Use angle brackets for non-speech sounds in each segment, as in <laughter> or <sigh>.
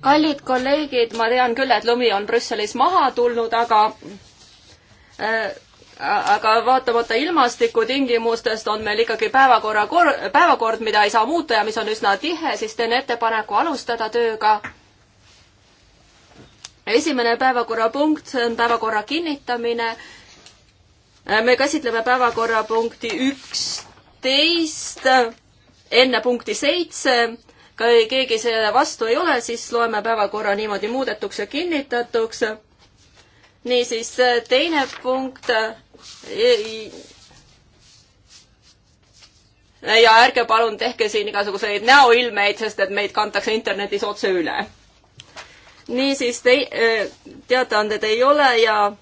kallid kolleegid, ma tean küll, et lumi on Brüsselis maha tulnud, aga äh, aga vaatamata ilmastikutingimustest on meil ikkagi päevakorra, päevakord, mida ei saa muuta ja mis on üsna tihe, siis teen ettepaneku alustada tööga. esimene päevakorrapunkt, see on päevakorra kinnitamine. Äh, me käsitleme päevakorrapunkti üksteist enne punkti seitse kui keegi selle vastu ei ole, siis loeme päevakorra niimoodi muudetuks ja kinnitatuks. niisiis, teine punkt e, ja ärge palun tehke siin igasuguseid näoilmeid, sest et meid kantakse internetis otse üle. niisiis, e, teadaanded ei ole ja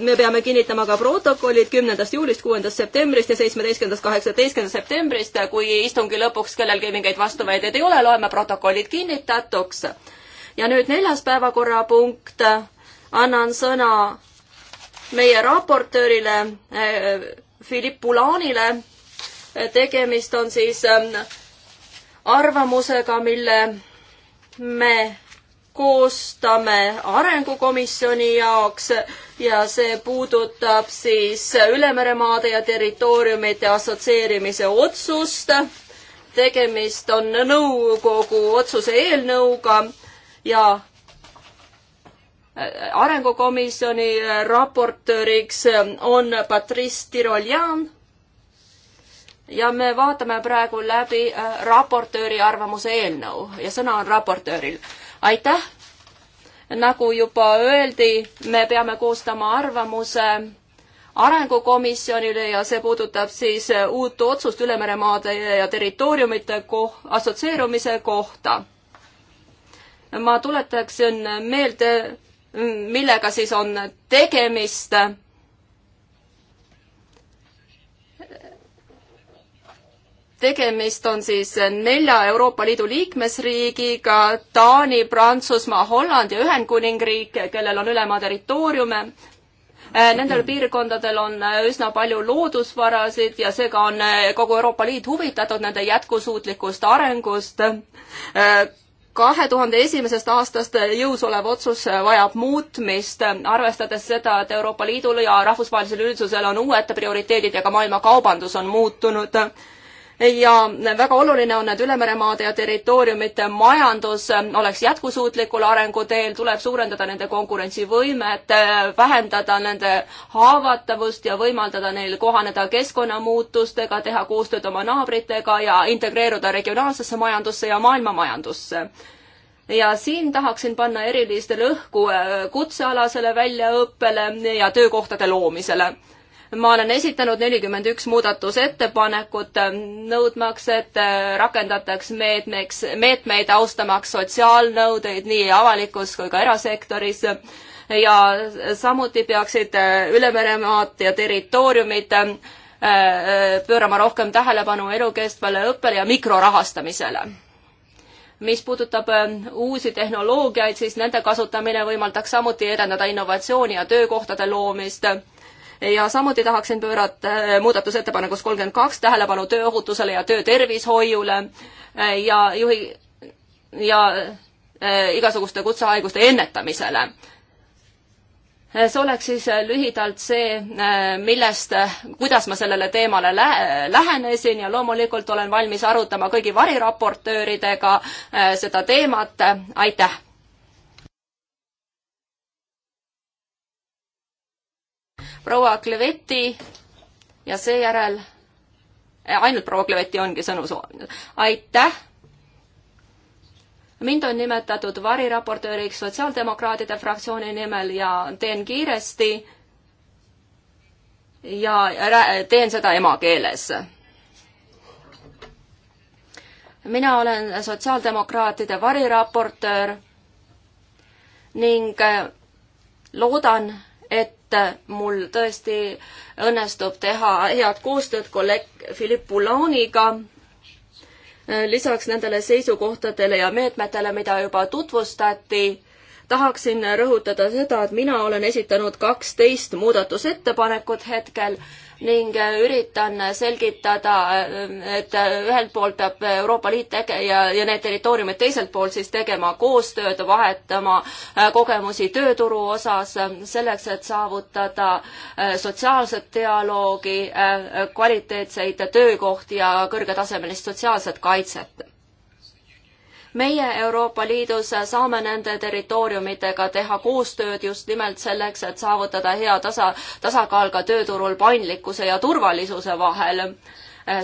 me peame kinnitama ka protokollid kümnendast juulist, kuuendast septembrist ja seitsmeteistkümnendast, kaheksateistkümnendast septembrist, kui istungi lõpuks kellelgi mingeid vastuväiteid ei ole, loeme protokollid kinnitatuks. ja nüüd neljas päevakorrapunkt, annan sõna meie raportöörile eh, Philipp Pulanile, tegemist on siis eh, arvamusega, mille me koostame arengukomisjoni jaoks ja see puudutab siis Ülemeremaade ja territooriumite assotsieerimise otsust. tegemist on nõukogu otsuse eelnõuga ja äh, arengukomisjoni äh, raportööriks äh, on Patrice Tiroljan ja me vaatame praegu läbi raportööri arvamuse eelnõu ja sõna on raportööril aitäh! nagu juba öeldi, me peame koostama arvamuse arengukomisjonile ja see puudutab siis uut otsust Ülemeremaade ja territooriumite koh-, assotsieerumise kohta. ma tuletaksin meelde, millega siis on tegemist tegemist on siis nelja Euroopa Liidu liikmesriigiga, Taani, Prantsusmaa, Holland ja Ühendkuningriik, kellel on üle maa territooriume. Äh, nendel piirkondadel on äh, üsna palju loodusvarasid ja seega on äh, kogu Euroopa Liit huvitatud nende jätkusuutlikust arengust kahe tuhande esimesest aastast jõus olev otsus vajab muutmist, arvestades seda, et Euroopa Liidul ja rahvusvahelisel üldsusel on uued prioriteedid ja ka maailma kaubandus on muutunud ja väga oluline on, et ülemeremaade ja territooriumite majandus oleks jätkusuutlikul arenguteel, tuleb suurendada nende konkurentsivõimet, vähendada nende haavatavust ja võimaldada neil kohaneda keskkonnamuutustega, teha koostööd oma naabritega ja integreeruda regionaalsesse majandusse ja maailmamajandusse ja siin tahaksin panna erilist rõhku äh, kutsealasele väljaõppele ja töökohtade loomisele ma olen esitanud nelikümmend üks muudatusettepanekut, ähm, nõudmaks, et äh, rakendataks meetmeks, meetmeid austamaks sotsiaalnõudeid nii avalikus kui ka erasektoris ja samuti peaksid äh, Ülemeremaad ja territooriumid äh, pöörama rohkem tähelepanu elukestvale õppele ja mikrorahastamisele mis puudutab ähm, uusi tehnoloogiaid, siis nende kasutamine võimaldaks samuti edendada innovatsiooni ja töökohtade loomist ja samuti tahaksin pöörata äh, muudatusettepanekus kolmkümmend kaks tähelepanu tööohutusele ja töötervishoiule äh, ja juhi ja äh, igasuguste kutsehaiguste ennetamisele. see oleks siis lühidalt see, millest, kuidas ma sellele teemale lä-, lähenesin ja loomulikult olen valmis arutama kõigi variraportööridega seda teemat, aitäh! proua Kleveti ja seejärel äh, ainult proua Kleveti ongi sõnu soovinud. aitäh! mind on nimetatud variraportööriks Sotsiaaldemokraatide fraktsiooni nimel ja teen kiiresti ja teen seda emakeeles. mina olen sotsiaaldemokraatide variraportöör ning äh, loodan, mul tõesti õnnestub teha head koostööd kolleeg Philipp Pulaaniga äh, lisaks nendele seisukohtadele ja meetmetele, mida juba tutvustati, tahaksin rõhutada seda, et mina olen esitanud kaksteist muudatusettepanekut hetkel ning äh, üritan selgitada, äh, et äh, ühelt poolt peab Euroopa Liit tege- ja, ja need territooriumid teiselt poolt siis tegema koostööd, vahetama kogemusi tööturu osas, selleks et saavutada sotsiaalset dialoogi, kvaliteetseid töökohti ja kõrgetasemelist sotsiaalset kaitset meie Euroopa Liidus saame nende territooriumitega teha koostööd just nimelt selleks, et saavutada hea tasa, tasakaal ka tööturul paindlikkuse ja turvalisuse vahel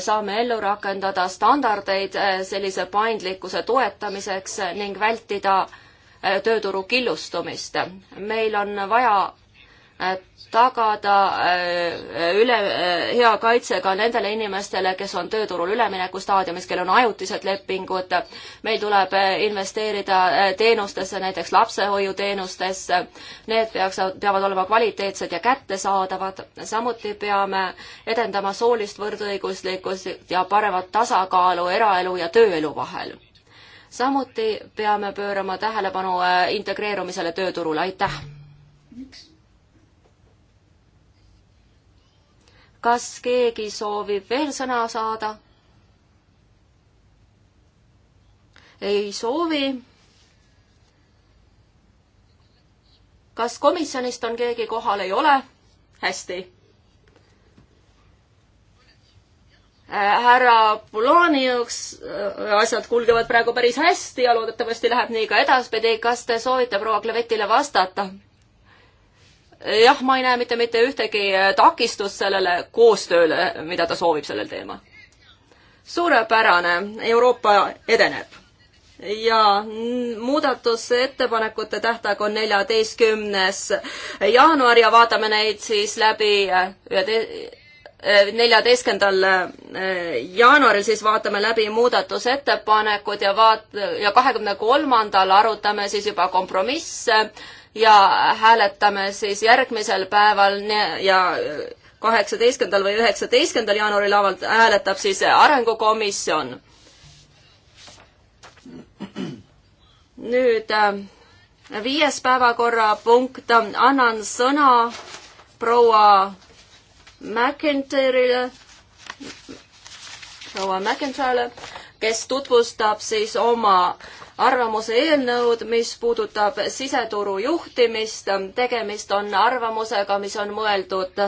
saame ellu rakendada standardeid eh, sellise paindlikkuse toetamiseks ning vältida eh, tööturu killustumist. meil on vaja tagada äh, äh, üle, äh, hea kaitse ka nendele inimestele, kes on tööturul üleminekustaadiumis, kellel on ajutised lepingud. meil tuleb investeerida teenustesse, näiteks lapsehoiuteenustesse. Need peaks, peavad olema kvaliteetsed ja kättesaadavad. samuti peame edendama soolist võrdõiguslikkust ja paremat tasakaalu eraelu ja tööelu vahel. samuti peame pöörama tähelepanu integreerumisele tööturule, aitäh! miks? kas keegi soovib veel sõna saada? ei soovi. kas komisjonist on keegi kohal, ei ole? hästi. härra Pulaani jaoks äh, asjad kulgevad praegu päris hästi ja loodetavasti läheb nii ka edaspidi. kas te soovite proua Klevetile vastata? jah, ma ei näe mitte, mitte ühtegi äh, takistust sellele koostööle, mida ta soovib sellel teemal. suurepärane, Euroopa edeneb ja muudatusettepanekute tähtaeg on neljateistkümnes jaanuar ja vaatame neid siis läbi äh, äh, neljateistkümnendal jaanuaril siis vaatame läbi muudatusettepanekud ja vaat- ja kahekümne kolmandal arutame siis juba kompromisse ja hääletame siis järgmisel päeval ja kaheksateistkümnendal või üheksateistkümnendal jaanuaril avald-, hääletab siis Arengukomisjon. nüüd äh, viies päevakorrapunkt, annan sõna proua McIntyre'ile, proua McIntyre'ile, kes tutvustab siis oma äh, arvamuse eelnõud, mis puudutab siseturu juhtimist. tegemist on arvamusega, mis on mõeldud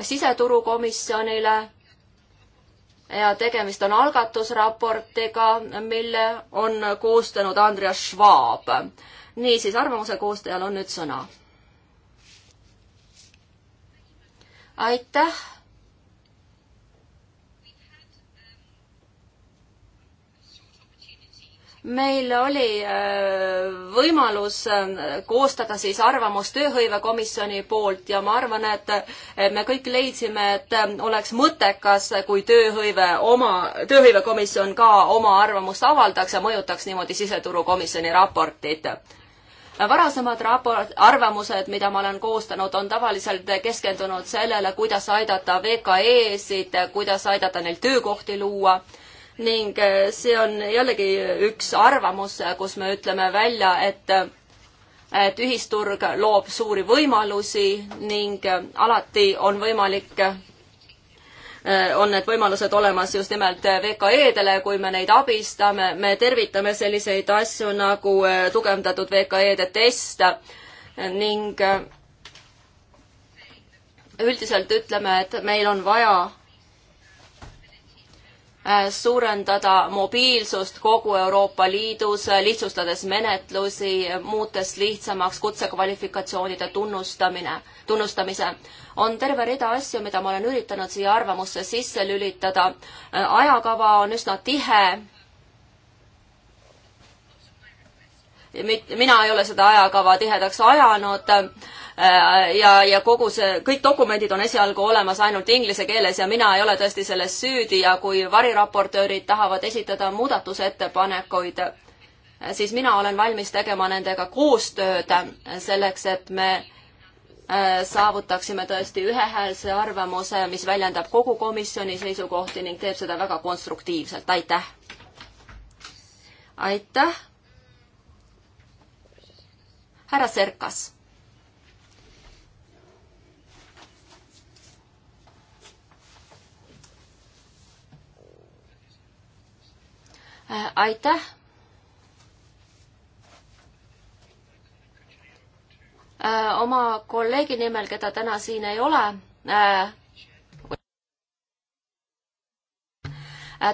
siseturukomisjonile ja tegemist on algatusraportiga, mille on koostanud Andreas Schwab. niisiis, arvamuse koostajal on nüüd sõna. aitäh meil oli äh, võimalus äh, koostada siis arvamus tööhõivekomisjoni poolt ja ma arvan, et me kõik leidsime, et äh, oleks mõttekas, kui tööhõive oma, tööhõivekomisjon ka oma arvamust avaldaks ja mõjutaks niimoodi siseturukomisjoni raportit varasemad raport, arvamused, mida ma olen koostanud, on tavaliselt keskendunud sellele, kuidas aidata VKE-sid, kuidas aidata neil töökohti luua ning eh, see on jällegi üks arvamus, kus me ütleme välja, et et ühisturg loob suuri võimalusi ning eh, alati on võimalik, eh, on need võimalused olemas just nimelt VKE-dele, kui me neid abistame, me tervitame selliseid asju nagu tugevdatud VKE-de test ning üldiselt ütleme, et meil on vaja Äh, suurendada mobiilsust kogu Euroopa Liidus, äh, lihtsustades menetlusi, muutes lihtsamaks kutsekvalifikatsioonide tunnustamine, tunnustamise. on terve rida asju, mida ma olen üritanud siia arvamusse sisse lülitada. Äh, ajakava on üsna tihe. mina ei ole seda ajakava tihedaks ajanud Äh, ja, ja kogu see, kõik dokumendid on esialgu olemas ainult inglise keeles ja mina ei ole tõesti selles süüdi ja kui variraportöörid tahavad esitada muudatusettepanekuid, äh, siis mina olen valmis tegema nendega koostööd äh, selleks, et me saavutaksime tõesti ühehäälse arvamuse, mis väljendab kogu komisjoni seisukohti ning teeb seda väga konstruktiivselt, aitäh! aitäh! härra Serkas Äh, aitäh. Äh, oma kolleegi nimel, keda täna siin ei ole, äh,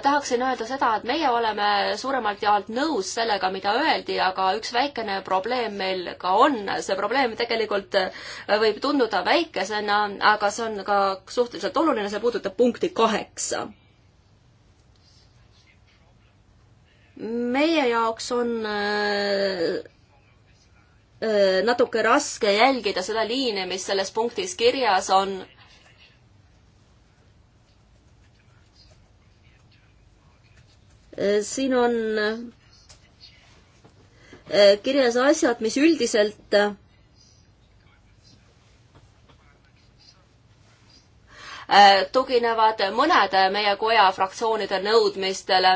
tahaksin öelda seda, et meie oleme suuremalt jaolt nõus sellega, mida öeldi, aga üks väikene probleem meil ka on. see probleem tegelikult võib tunduda väikesena, aga see on ka suhteliselt oluline, see puudutab punkti kaheksa meie jaoks on äh, äh, natuke raske jälgida seda liine, mis selles punktis kirjas on. Äh, siin on kirjas asjad, mis üldiselt tuginevad mõnede meie koja fraktsioonide nõudmistele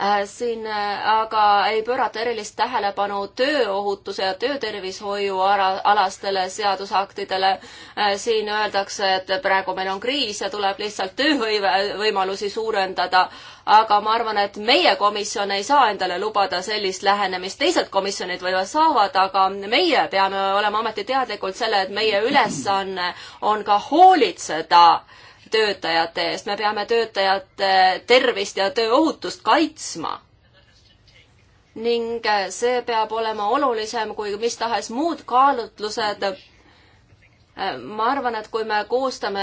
Äh, siin äh, aga ei pöörata erilist tähelepanu tööohutuse ja töötervishoiu alastele seadusaktidele. Äh, siin öeldakse, et praegu meil on kriis ja tuleb lihtsalt tööhõive võimalusi suurendada, aga ma arvan, et meie komisjon ei saa endale lubada sellist lähenemist, teised komisjonid võivad, saavad, aga meie peame olema ometi teadlikud selle, et meie ülesanne on, on ka hoolitseda äh, töötajate eest, me peame töötajate tervist ja tööohutust kaitsma. ning see peab olema olulisem kui mis tahes muud kaalutlused. ma arvan, et kui me koostame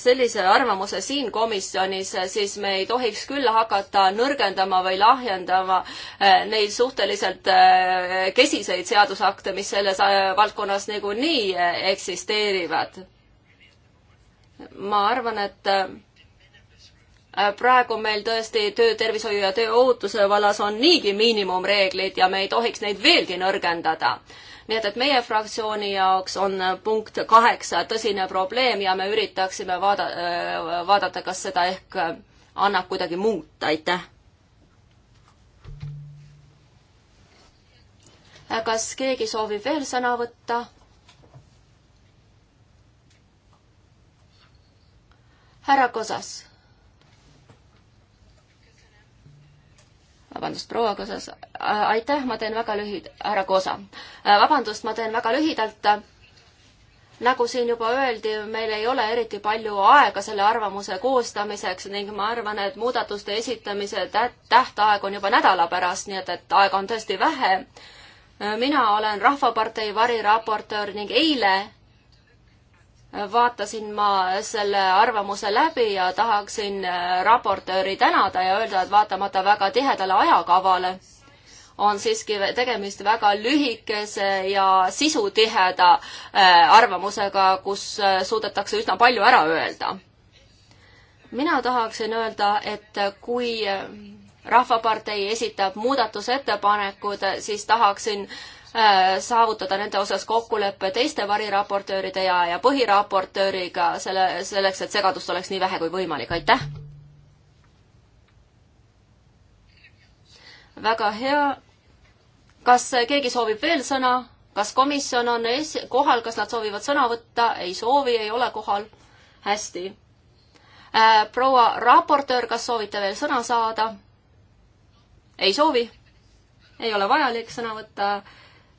sellise arvamuse siin komisjonis, siis me ei tohiks küll hakata nõrgendama või lahjendama eh, neid suhteliselt eh, kesiseid seadusakte, mis selles eh, valdkonnas niikuinii eksisteerivad ma arvan, et äh, praegu meil tõesti töötervishoiu ja tööohutuse vallas on niigi miinimumreeglid ja me ei tohiks neid veelgi nõrgendada nii et, et meie fraktsiooni jaoks on äh, punkt kaheksa tõsine probleem ja me üritaksime vaada, äh, vaadata, kas seda ehk annab kuidagi muuta, aitäh. kas keegi soovib veel sõna võtta? härra Kosas. vabandust, proua Kosas, äh, aitäh, ma teen väga lühid-, härra Kosa. Äh, vabandust, ma teen väga lühidalt. nagu siin juba öeldi, meil ei ole eriti palju aega selle arvamuse koostamiseks ning ma arvan, et muudatuste esitamise tähtaeg on juba nädala pärast, nii et, et aega on tõesti vähe äh, mina olen Rahvapartei variraportöör ning eile vaatasin ma selle arvamuse läbi ja tahaksin äh, raportööri tänada ja öelda, et vaatamata väga tihedale ajakavale on siiski tegemist väga lühikese ja sisutiheda äh, arvamusega, kus äh, suudetakse üsna palju ära öelda. mina tahaksin öelda, et kui Rahvapartei esitab muudatusettepanekud, siis tahaksin äh, Äh, saavutada nende osas kokkulepe teiste variraportööride ja, ja põhiraportööriga selle, selleks, et segadust oleks nii vähe kui võimalik, aitäh! väga hea. kas keegi soovib veel sõna? kas komisjon on es-, kohal, kas nad soovivad sõna võtta? ei soovi, ei ole kohal. hästi äh,. proua raportöör, kas soovite veel sõna saada? ei soovi? ei ole vajalik sõna võtta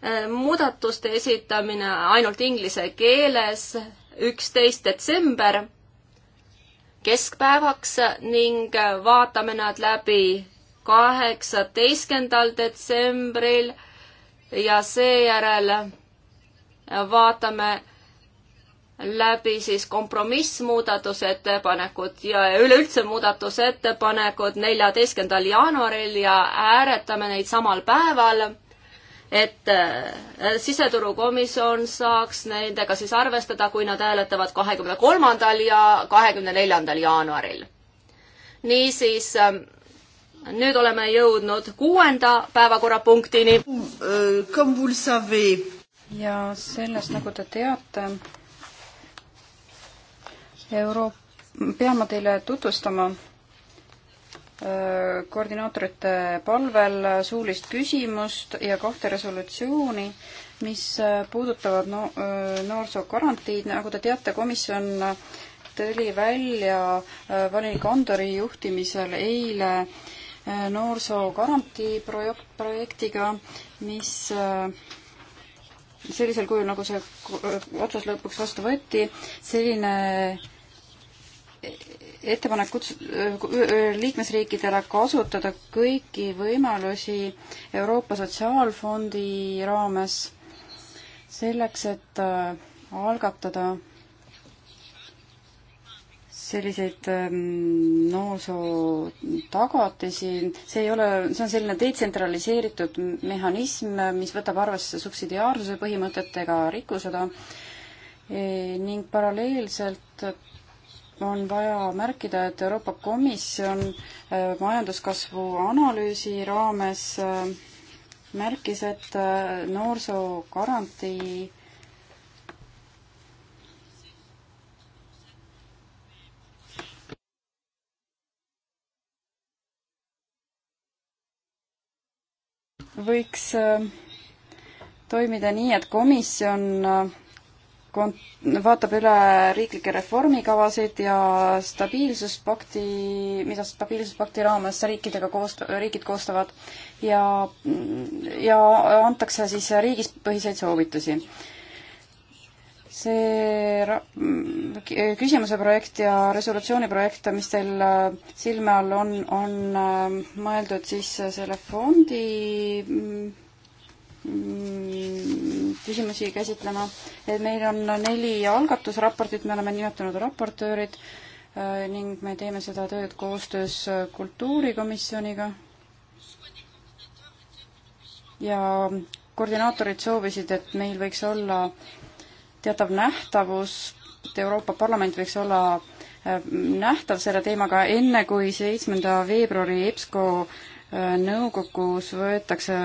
Äh, muudatuste esitamine ainult inglise keeles üksteist detsember keskpäevaks ning äh, vaatame nad läbi kaheksateistkümnendal detsembril ja seejärel äh, vaatame läbi siis kompromissmuudatusettepanekud ja üleüldse muudatusettepanekud neljateistkümnendal jaanuaril ja hääletame neid samal päeval et äh, siseturukomisjon saaks nendega siis arvestada, kui nad hääletavad kahekümne kolmandal ja kahekümne neljandal jaanuaril. niisiis, ähm, nüüd oleme jõudnud kuuenda päevakorrapunktini. ja sellest, nagu te teate, Euro-, pean ma teile tutvustama koordinaatorite palvel suulist küsimust ja kahte resolutsiooni, mis puudutavad no, noorsoogarantiid, nagu te teate, komisjon tõi välja volinik Andori juhtimisel eile noorsoogarantii projekt, projektiga, mis sellisel kujul, nagu see otsus lõpuks vastu võeti, selline ettepanek kuts-, liikmesriikidele kasutada kõiki võimalusi Euroopa Sotsiaalfondi raames selleks, et äh, algatada selliseid ähm, noorsootagatisi, see ei ole, see on selline detsentraliseeritud mehhanism, mis võtab arvesse subsidiaarsuse põhimõtetega rikkusega e, ning paralleelselt on vaja märkida, et Euroopa Komisjon äh, majanduskasvu analüüsi raames äh, märkis, et äh, noorsoogarantii võiks toimida nii, et komisjon kont-, vaatab üle riiklikke reformikavasid ja stabiilsuspakti, mida stabiilsuspakti raames riikidega koost-, riigid koostavad ja, ja antakse siis riigispõhiseid soovitusi. see ra-, küsimuse projekt ja resolutsiooni projekt, mis teil silme all on, on äh, mõeldud siis selle fondi Mm, küsimusi käsitlema. meil on neli algatusraportit, me oleme nimetanud raportöörid äh, ning me teeme seda tööd koostöös kultuurikomisjoniga. ja koordinaatorid soovisid, et meil võiks olla teatav nähtavus, et Euroopa Parlament võiks olla äh, nähtav selle teemaga enne, kui seitsmenda veebruari EBSCO äh, nõukogus võetakse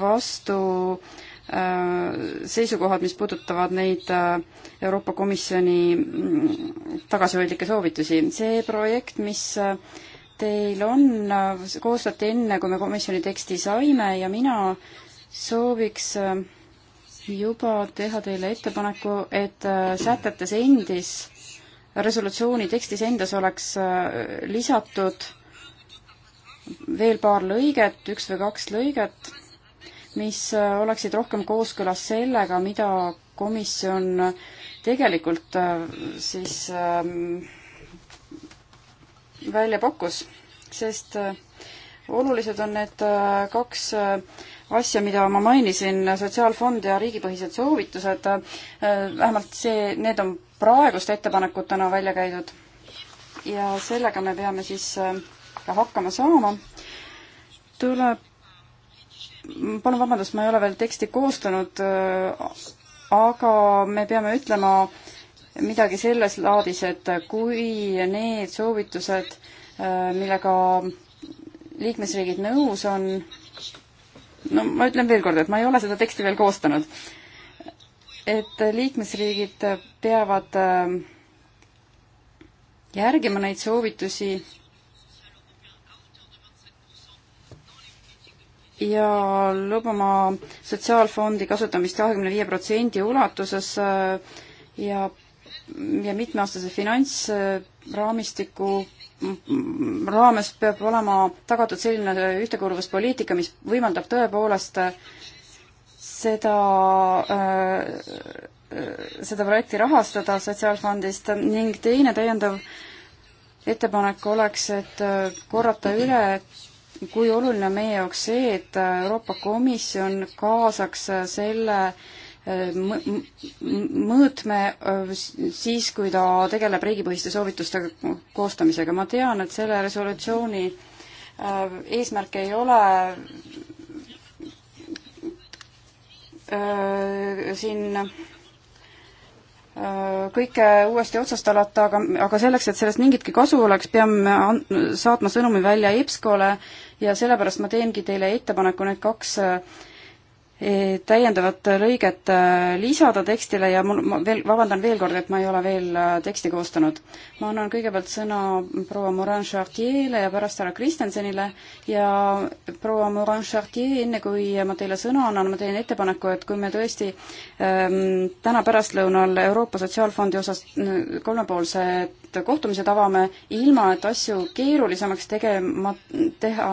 vastu äh, seisukohad, mis puudutavad neid äh, Euroopa Komisjoni mm, tagasihoidlikke soovitusi. see projekt, mis äh, teil on, koostati enne, kui me komisjoni teksti saime ja mina sooviks juba teha teile ettepaneku, et sätetes endis, resolutsiooni tekstis endas oleks lisatud veel paar lõiget, üks või kaks lõiget mis äh, oleksid rohkem kooskõlas sellega, mida komisjon tegelikult äh, siis ähm, välja pakkus, sest äh, olulised on need kaks asja, mida ma mainisin, sotsiaalfond ja riigipõhised soovitused, vähemalt see, need on praeguste ettepanekutena välja käidud ja sellega me peame siis ka hakkama saama. tuleb palun vabandust, ma ei ole veel teksti koostanud, äh, aga me peame ütlema midagi selles laadis, et kui need soovitused, äh, millega liikmesriigid nõus on, no ma ütlen veel kord, et ma ei ole seda teksti veel koostanud, et liikmesriigid peavad äh, järgima neid soovitusi ja lubama sotsiaalfondi kasutamist kahekümne viie protsendi ulatuses äh, ja, ja mitmeaastase finantsraamistiku raames peab olema tagatud selline ühtekuuluvuspoliitika, mis võimaldab tõepoolest seda äh, seda projekti rahastada Sotsiaalfondist ning teine täiendav ettepanek oleks, et äh, korrata üle, et kui oluline on meie jaoks see, et Euroopa Komisjon kaasaks selle äh, mõõtme äh, siis, kui ta tegeleb riigipõhiste soovituste koostamisega. ma tean, et selle resolutsiooni äh, eesmärk ei ole siin kõike uuesti otsast alata, aga, aga selleks, et sellest mingitki kasu oleks, peame saatma sõnumi välja EBSCO-le ja sellepärast ma teengi teile ettepaneku need kaks äh, täiendavat lõiget äh, lisada tekstile ja mul, ma veel, vabandan veel kord, et ma ei ole veel äh, teksti koostanud. ma annan kõigepealt sõna proua Morin Chartier'le ja pärast härra Kristensenile ja proua Morin Chartier, enne kui ma teile sõna annan, ma teen ettepaneku, et kui me tõesti ähm, täna pärastlõunal Euroopa Sotsiaalfondi osas äh, kolmepoolsed kohtumised avame, ilma et asju keerulisemaks tegema, teha,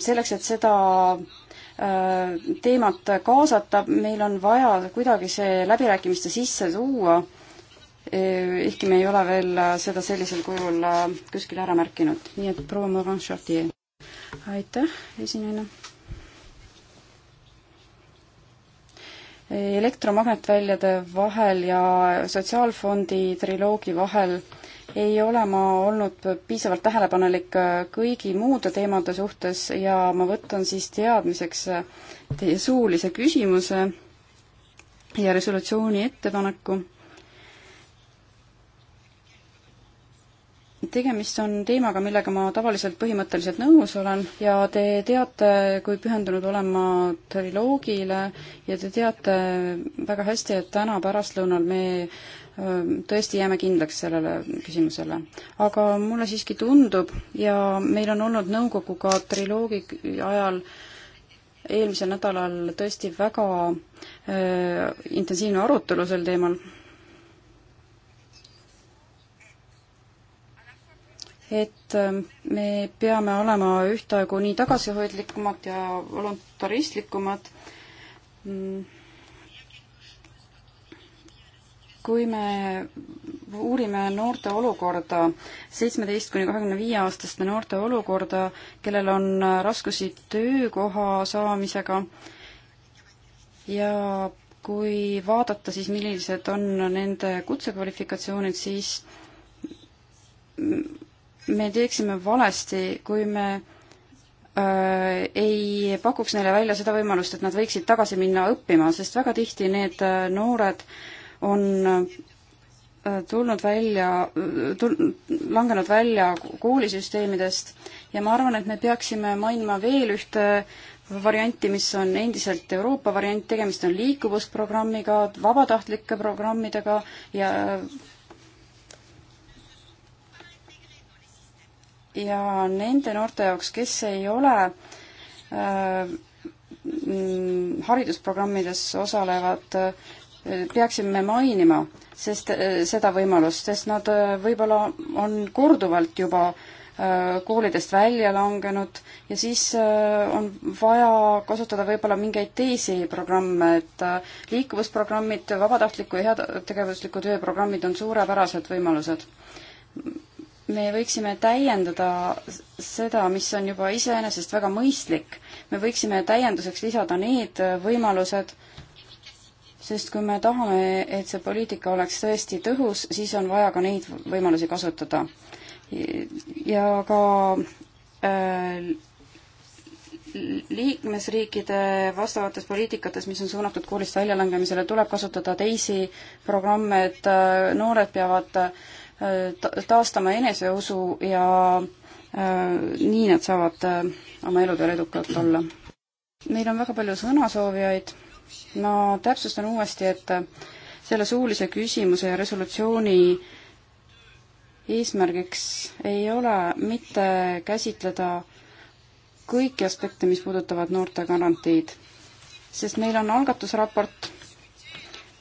selleks, et seda Äh, teemat kaasata, meil on vaja kuidagi see läbirääkimiste sisse tuua, äh, ehkki me ei ole veel äh, seda sellisel kujul kuskil ära märkinud, nii et proua Morin-Chartier. aitäh, esinejana. elektromagnetväljade vahel ja sotsiaalfondi triloogi vahel ei ole ma olnud piisavalt tähelepanelik äh, kõigi muude teemade suhtes ja ma võtan siis teadmiseks äh, teie suulise küsimuse ja resolutsiooni ettepaneku. tegemist on teemaga, millega ma tavaliselt põhimõtteliselt nõus olen ja te teate, kui pühendunud olen ma triloogile ja te teate väga hästi, et täna pärastlõunal me tõesti jääme kindlaks sellele küsimusele. aga mulle siiski tundub ja meil on olnud nõukoguga triloogi ajal eelmisel nädalal tõesti väga äh, intensiivne arutelu sel teemal. et äh, me peame olema ühtaegu nii tagasihoidlikumad ja voluntaristlikumad mm kui me uurime noorte olukorda, seitsmeteist kuni kahekümne viie aastaste noorte olukorda, kellel on raskusi töökoha saamisega ja kui vaadata siis, millised on nende kutsekvalifikatsioonid, siis me teeksime valesti, kui me äh, ei pakuks neile välja seda võimalust, et nad võiksid tagasi minna õppima, sest väga tihti need noored äh, on äh, tulnud välja, tul-, langenud välja koolisüsteemidest ja ma arvan, et me peaksime mainima veel ühte varianti, mis on endiselt Euroopa variant, tegemist on liikuvusprogrammiga, vabatahtlike programmidega ja ja nende noorte jaoks, kes ei ole äh, mm, haridusprogrammides osalevad äh, peaksime mainima, sest äh, seda võimalust, sest nad äh, võib-olla on korduvalt juba äh, koolidest välja langenud ja siis on vaja kasutada võib-olla mingeid teisi programme, et liikuvusprogrammid, vabatahtliku ja heategevusliku töö programmid on suurepärased võimalused. me võiksime täiendada seda, mis on juba iseenesest väga mõistlik, me võiksime täienduseks lisada need võimalused, sest kui me tahame, et see poliitika oleks tõesti tõhus, siis on vaja ka neid võimalusi kasutada. ja ka äh, liikmesriikide vastavates poliitikates, mis on suunatud koolist väljalangemisele, tuleb kasutada teisi programme, et äh, noored peavad äh, taastama eneseusu ja äh, nii nad saavad äh, oma eludel edukad olla. meil on väga palju sõnasoovijaid ma täpsustan uuesti, et selle suulise küsimuse ja resolutsiooni eesmärgiks ei ole mitte käsitleda kõiki aspekte, mis puudutavad noorte garantiid, sest meil on algatusraport,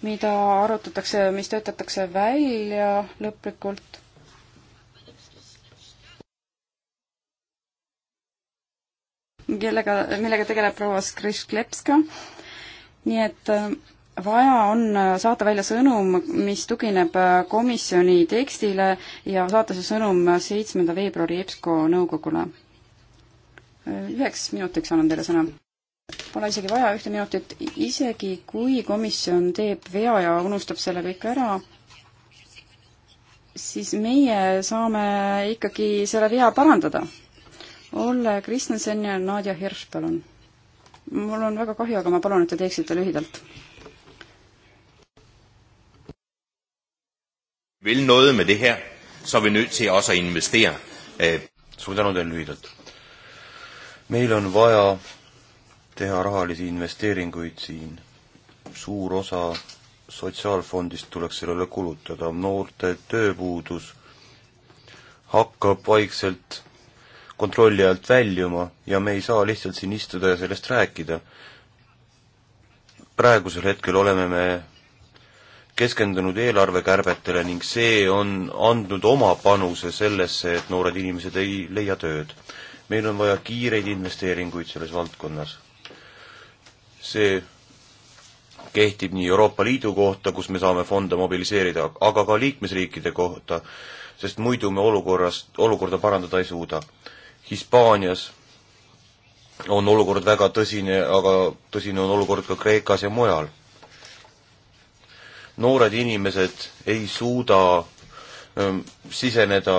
mida arutatakse, mis töötatakse välja lõplikult kellega, millega tegeleb proua Skrišklepska nii et äh, vaja on äh, saata välja sõnum, mis tugineb äh, komisjoni tekstile ja saata see sõnum seitsmenda veebruari EBSCO nõukogule. üheks minutiks annan teile sõna. Pole isegi vaja ühte minutit, isegi kui komisjon teeb vea ja unustab selle kõik ära, siis meie saame ikkagi selle vea parandada. Olle Kristjanson ja Nadja Hirš, palun mul on väga kahju, aga ma palun, et te teeksite lühidalt. vil noget med det her, så er vi nødt til også at investere. Øh. suur tänu teile lühidalt. meil on vaja teha rahalisi investeeringuid siin. suur osa sotsiaalfondist tuleks sellele kulutada, noorte tööpuudus hakkab vaikselt kontrolli alt väljuma ja me ei saa lihtsalt siin istuda ja sellest rääkida. praegusel hetkel oleme me keskendunud eelarvekärbetele ning see on andnud oma panuse sellesse, et noored inimesed ei leia tööd. meil on vaja kiireid investeeringuid selles valdkonnas. see kehtib nii Euroopa Liidu kohta, kus me saame fonde mobiliseerida, aga ka liikmesriikide kohta, sest muidu me olukorrast, olukorda parandada ei suuda. Hispaanias on olukord väga tõsine, aga tõsine on olukord ka Kreekas ja mujal. noored inimesed ei suuda ähm, siseneda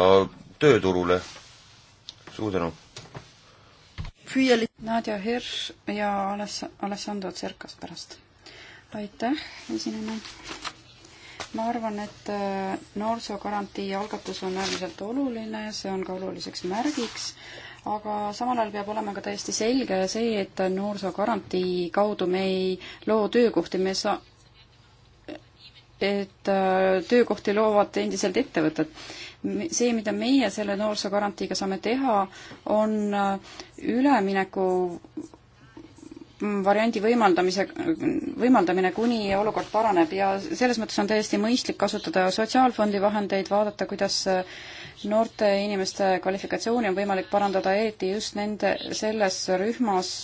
tööturule. suur tänu. Nadja Hirš ja Aless-, Alessandro Tserkas pärast. aitäh, esinejana ma arvan, et äh, noorsoogarantii algatus on äärmiselt oluline, see on ka oluliseks märgiks, aga samal ajal peab olema ka täiesti selge see, et noorsoogarantii kaudu me ei loo töökohti, me saa-, et äh, töökohti loovad endiselt ettevõtted see, mida meie selle noorsoogarantiiga saame teha, on äh, ülemineku variandi võimaldamise, võimaldamine, kuni olukord paraneb ja selles mõttes on täiesti mõistlik kasutada sotsiaalfondi vahendeid, vaadata, kuidas äh, noorte inimeste kvalifikatsiooni on võimalik parandada, eriti just nende, selles rühmas,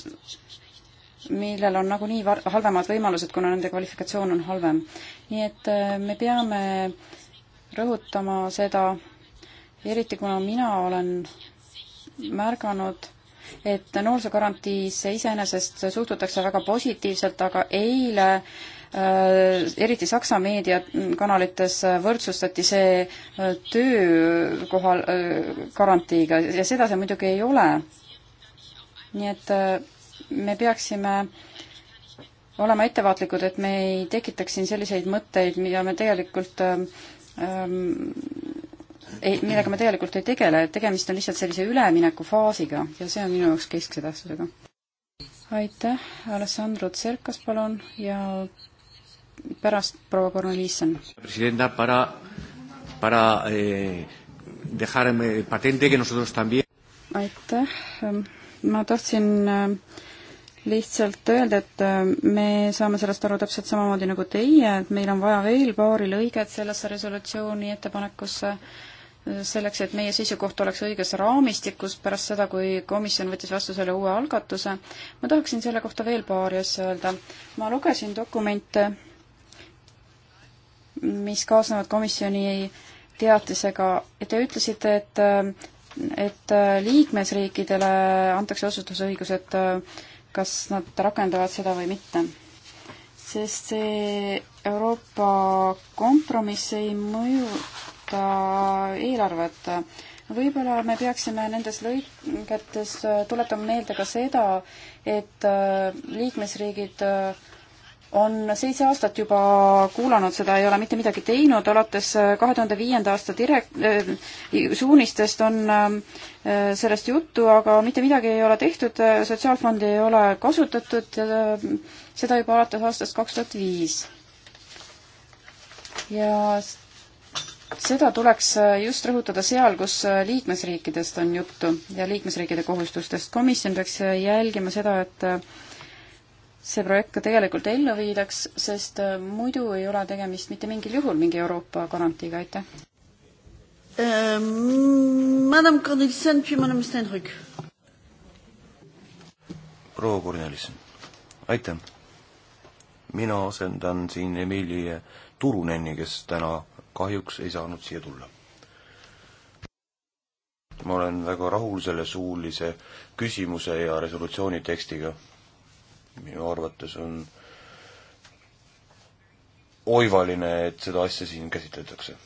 millel on nagunii halvemad võimalused, kuna nende kvalifikatsioon on halvem. nii et äh, me peame rõhutama seda, eriti kuna mina olen märganud et noorsoogarantiisse iseenesest suhtutakse väga positiivselt, aga eile äh, eriti Saksa meediakanalites võrdsustati see äh, töökohal äh, garantiiga ja seda see muidugi ei ole. nii et me peaksime olema ettevaatlikud, et me ei tekitaks siin selliseid mõtteid, mida me tegelikult ähm, ei, millega me tegelikult ei tegele, et tegemist on lihtsalt sellise üleminekufaasiga ja see on minu jaoks keskse tähtsusega. aitäh, Alessandro Tserkas, palun, ja pärast proua Kornelisson. presidenta, para, para eh, dejar eh, patente que nosotros también aitäh, ma tahtsin eh, lihtsalt öelda, et eh, me saame sellest aru täpselt samamoodi nagu teie, et meil on vaja veel paari lõiget sellesse resolutsiooni ettepanekusse selleks, et meie seisukoht oleks õiges raamistikus pärast seda, kui komisjon võttis vastu selle uue algatuse. ma tahaksin selle kohta veel paari asja öelda. ma lugesin dokumente, mis kaasnevad komisjoni teatisega ja te ütlesite, et, et liikmesriikidele antakse osutusõigus, et kas nad rakendavad seda või mitte. sest see Euroopa kompromiss ei mõju ka eelarvet. võib-olla me peaksime nendes lõigetes äh, tuletama meelde ka seda, et äh, liikmesriigid äh, on seitse aastat juba kuulanud seda, ei ole mitte midagi teinud, alates kahe tuhande viienda aasta direk- äh,, suunistest on äh, sellest juttu, aga mitte midagi ei ole tehtud, sotsiaalfondi ei ole kasutatud äh,, seda juba alates aastast kaks tuhat viis. ja seda tuleks äh, just rõhutada seal, kus äh, liikmesriikidest on juttu ja liikmesriikide kohustustest. komisjon peaks äh, jälgima seda, et see projekt ka tegelikult ellu viidaks, sest muidu ei ole tegemist mitte mingil juhul mingi Euroopa garantiiga, aitäh ähm,. Madame Cornelissen, puis Madame Stenrück. proua Cornelissen, aitäh. mina asendan siin Emilie Turunenni, kes täna kahjuks ei saanud siia tulla. ma olen väga rahul selle suulise küsimuse ja resolutsiooni tekstiga. minu arvates on oivaline, et seda asja siin käsitletakse.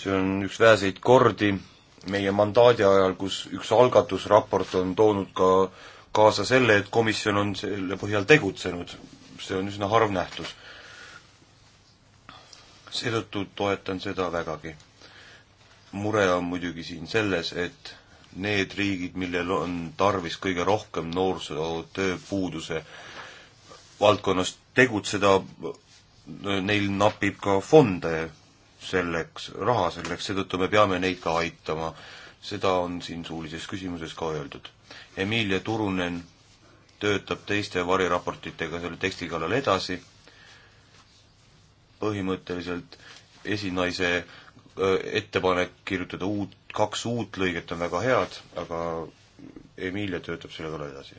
see on üks väheseid kordi meie mandaadi ajal, kus üks algatusraport on toonud ka kaasa selle, et komisjon on selle põhjal tegutsenud. see on üsna harv nähtus seetõttu toetan seda vägagi. mure on muidugi siin selles, et need riigid, millel on tarvis kõige rohkem noorsootööpuuduse valdkonnas tegutseda, neil napib ka fonde selleks, raha selleks, seetõttu me peame neid ka aitama. seda on siin suulises küsimuses ka öeldud. Emilia Turunen töötab teiste variraportitega selle teksti kallal edasi põhimõtteliselt esinaise ettepanek kirjutada uut, kaks uut lõiget on väga head, aga Emilia töötab selle kallal edasi.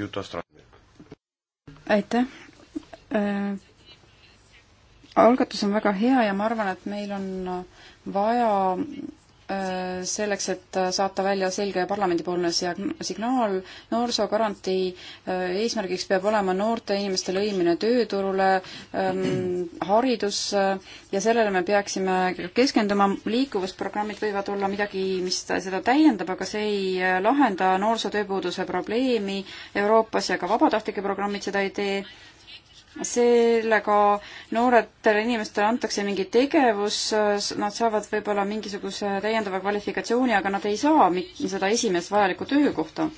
Juta Strand. aitäh äh,. algatus on väga hea ja ma arvan, et meil on vaja Äh, selleks, et äh, saata välja selge parlamendipoolne signaal. noorsoogarantii äh, eesmärgiks peab olema noorte inimeste lõimine tööturule, ähm, <clears throat> haridus ja sellele me peaksime keskenduma. liikuvusprogrammid võivad olla midagi, mis seda täiendab, aga see ei lahenda noorsootööpuuduse probleemi Euroopas ja ka vabatahtlike programmid seda ei tee sellega nooretele inimestele antakse mingi tegevus, nad saavad võib-olla mingisuguse täiendava kvalifikatsiooni, aga nad ei saa seda esimest vajalikku töökohta.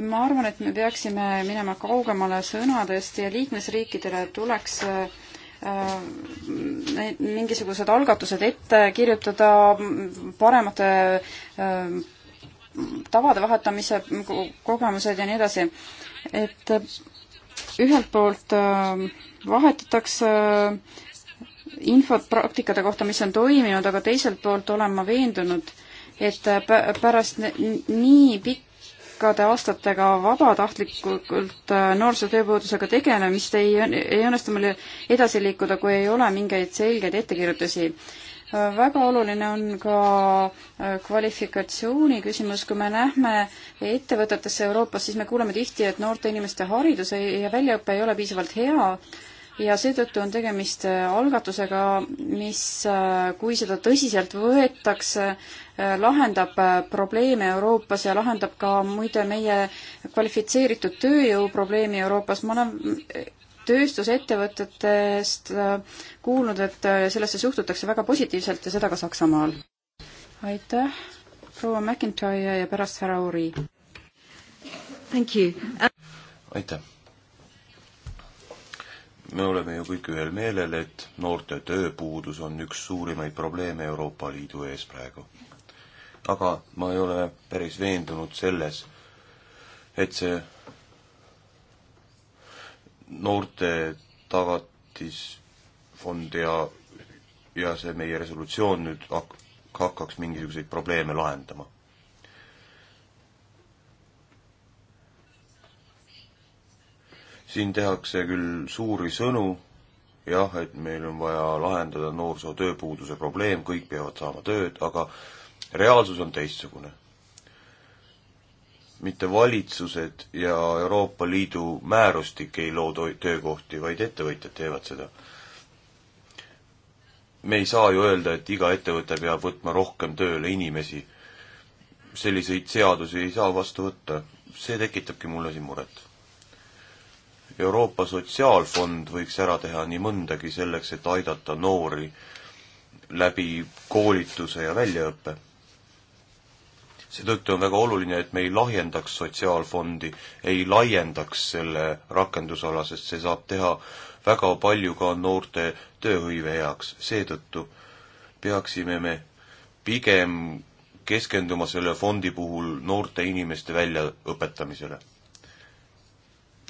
ma arvan, et me peaksime minema kaugemale sõnadest ja liikmesriikidele tuleks need äh, mingisugused algatused ette kirjutada paremate äh, tavade vahetamise kogemused ja nii edasi. et ühelt poolt äh, vahetatakse äh, infot praktikate kohta, mis on toiminud, aga teiselt poolt olen ma veendunud, et äh, pärast nii pikkade aastatega vabatahtlikult noorsootööpuudusega tegelemist ei, ei õnnestu meil edasi liikuda, kui ei ole mingeid selgeid ettekirjutusi väga oluline on ka äh, kvalifikatsiooni küsimus, kui me lähme ettevõtetesse Euroopas, siis me kuuleme tihti, et noorte inimeste haridus ja väljaõpe ei ole piisavalt hea ja seetõttu on tegemist äh, algatusega, mis, äh, kui seda tõsiselt võetakse, lahendab probleeme Euroopas ja lahendab ka muide meie kvalifitseeritud tööjõu probleemi Euroopas. ma olen tööstusettevõtetest äh, kuulnud, et äh, sellesse suhtutakse väga positiivselt ja seda ka Saksamaal. aitäh, proua McIntyre ja pärast härra Uri. aitäh me oleme ju kõik ühel meelel, et noorte tööpuudus on üks suurimaid probleeme Euroopa Liidu ees praegu. aga ma ei ole päris veendunud selles, et see noorte tagatisfond ja, ja see meie resolutsioon nüüd hak-, hakkaks mingisuguseid probleeme lahendama. siin tehakse küll suuri sõnu, jah, et meil on vaja lahendada noorsootööpuuduse probleem, kõik peavad saama tööd, aga reaalsus on teistsugune mitte valitsused ja Euroopa Liidu määrustik ei loo töökohti, vaid ettevõtjad teevad seda. me ei saa ju öelda, et iga ettevõte peab võtma rohkem tööle inimesi. selliseid seadusi ei saa vastu võtta, see tekitabki mulle siin muret. Euroopa Sotsiaalfond võiks ära teha nii mõndagi selleks, et aidata noori läbi koolituse ja väljaõppe seetõttu on väga oluline, et me ei lahjendaks sotsiaalfondi, ei laiendaks selle rakendusala, sest see saab teha väga palju ka noorte tööhõive heaks, seetõttu peaksime me pigem keskenduma selle fondi puhul noorte inimeste väljaõpetamisele.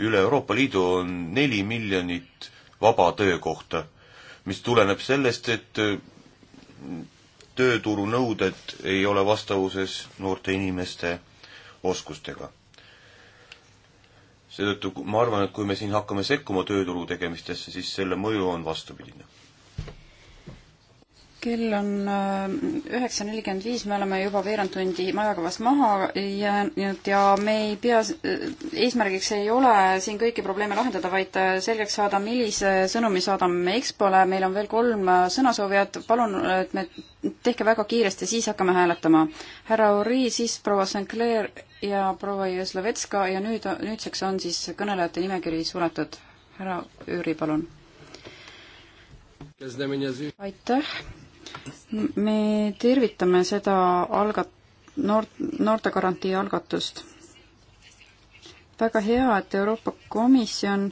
üle Euroopa Liidu on neli miljonit vaba töökohta, mis tuleneb sellest, et tööturunõuded ei ole vastavuses noorte inimeste oskustega. seetõttu ma arvan, et kui me siin hakkame sekkuma tööturu tegemistesse, siis selle mõju on vastupidine kell on äh, üheksa nelikümmend viis, me oleme juba veerand tundi majakavas maha jäänud ja me ei pea, äh, eesmärgiks ei ole siin kõiki probleeme lahendada, vaid äh, selgeks saada, millise sõnumi saadame EXPO-le, meil on veel kolm sõnasoovijat, palun, et me tehke väga kiiresti, siis hakkame hääletama. härra Ori, siis proua Sinclair ja proua Jõslovetska ja nüüd, nüüdseks on siis kõnelejate nimekiri suletud. härra Üüri, palun. aitäh me tervitame seda algat-, noort, noortegarantii algatust. väga hea, et Euroopa Komisjon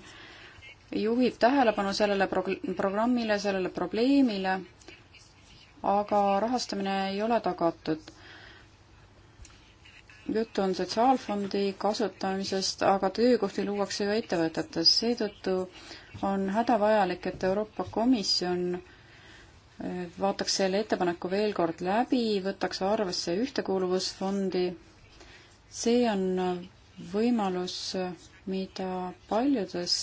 juhib tähelepanu sellele prog-, programmile, sellele probleemile, aga rahastamine ei ole tagatud juttu on sotsiaalfondi kasutamisest, aga töökohti luuakse ju ettevõtetes, seetõttu on hädavajalik, et Euroopa Komisjon vaataks selle ettepaneku veel kord läbi, võtaks arvesse ühtekuuluvusfondi. see on võimalus, mida paljudes,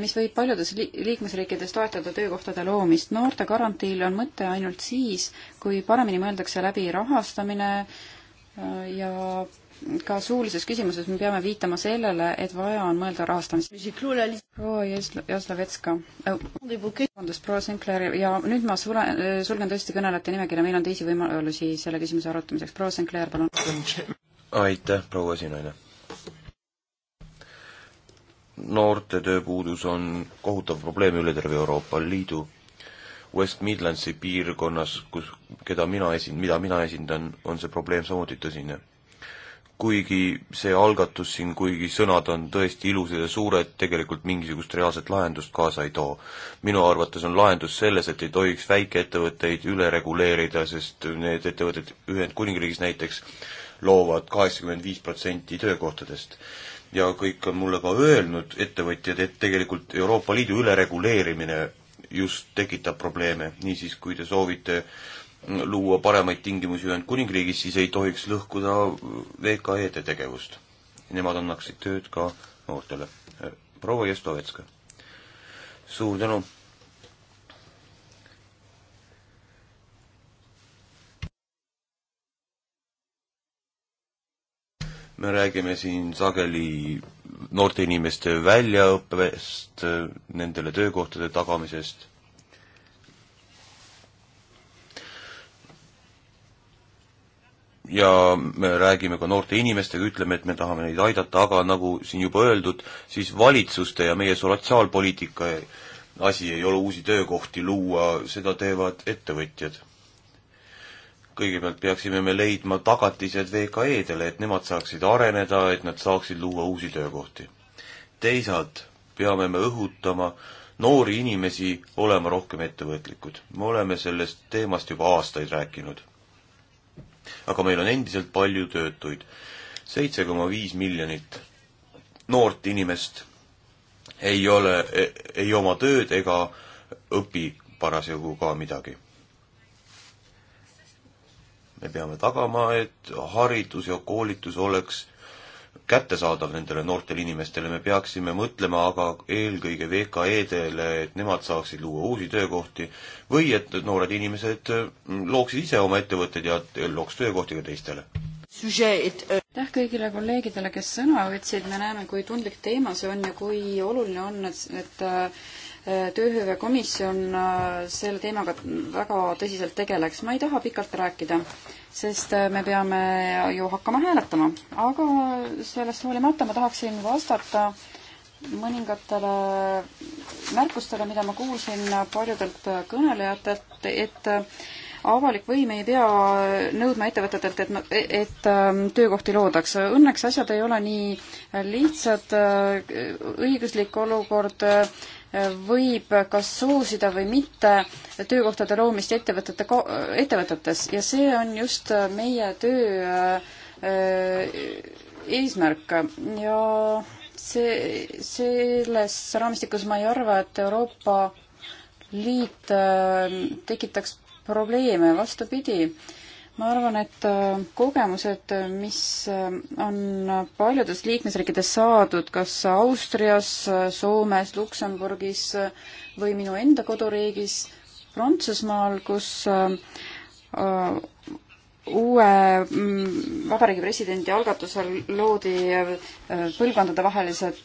mis võib paljudes liikmesriikides toetada töökohtade loomist. noorte garantiil on mõte ainult siis, kui paremini mõeldakse läbi rahastamine äh, ja ka suulises küsimuses me peame viitama sellele, et vaja on mõelda rahastamist. proua Jaslovetska, vabandust, proua Sinclair ja nüüd ma sule, sulgen tõesti kõnelejate nimekirja, meil on teisi võimalusi selle küsimuse arutamiseks. proua Sinclair, palun. aitäh, proua esinaine. noorte tööpuudus on kohutav probleem üle terve Euroopa Liidu. West Midlandsi piirkonnas, kus, keda mina esin-, mida mina esindan, on see probleem samuti tõsine kuigi see algatus siin, kuigi sõnad on tõesti ilusad ja suured, tegelikult mingisugust reaalset lahendust kaasa ei too. minu arvates on lahendus selles, et ei tohiks väikeettevõtteid üle reguleerida, sest need ettevõtted Ühendkuningriigis näiteks loovad kaheksakümmend viis protsenti töökohtadest. ja kõik on mulle ka öelnud, ettevõtjad, et tegelikult Euroopa Liidu ülereguleerimine just tekitab probleeme, niisiis kui te soovite äh, luua paremaid tingimusi Ühendkuningriigis, siis ei tohiks lõhkuda VKE-de tegevust. Nemad annaksid tööd ka noortele. proua Jestovetska. suur tänu. me räägime siin sageli noorte inimeste väljaõppest, nendele töökohtade tagamisest ja me räägime ka noorte inimestega, ütleme, et me tahame neid aidata, aga nagu siin juba öeldud, siis valitsuste ja meie sotsiaalpoliitika asi ei ole uusi töökohti luua, seda teevad ettevõtjad. kõigepealt peaksime me leidma tagatised VKE-dele, et nemad saaksid areneda, et nad saaksid luua uusi töökohti. teisalt peame me õhutama noori inimesi olema rohkem ettevõtlikud. me oleme sellest teemast juba aastaid rääkinud aga meil on endiselt palju töötuid. seitse koma viis miljonit noort inimest ei ole, ei oma tööd ega õpi parasjagu ka midagi. me peame tagama, et haridus ja koolitus oleks kättesaadav nendele noortele inimestele, me peaksime mõtlema aga eelkõige VKE-dele, et nemad saaksid luua uusi töökohti või et noored inimesed mm, looksid ise oma ettevõtted ja looks töökohti ka teistele. Euh, aitäh kõigile kolleegidele, kes sõna võtsid, me näeme, kui tundlik teema see on ja kui oluline on, et, et tööhõivekomisjon äh, selle teemaga väga tõsiselt tegeleks. ma ei taha pikalt rääkida, sest äh, me peame ju hakkama hääletama, aga sellest hoolimata ma tahaksin vastata mõningatele märkustele, mida ma kuulsin paljudelt kõnelejatelt, et äh, avalik võim ei pea nõudma ettevõtetelt, et, et, et töökohti loodaks. Õnneks asjad ei ole nii lihtsad, õiguslik olukord äh, võib kas soosida või mitte töökohtade loomist ettevõtete, ettevõtetes ja see on just meie töö äh, eesmärk ja see, selles raamistikus ma ei arva, et Euroopa Liit äh, tekitaks probleeme, vastupidi ma arvan, et äh, kogemused, äh, mis äh, on paljudes liikmesriikides saadud, kas Austrias, Soomes, Luksemburgis või minu enda koduriigis Prantsusmaal, kus uue mm, vabariigi presidendi algatusel loodi põlvkondadevahelised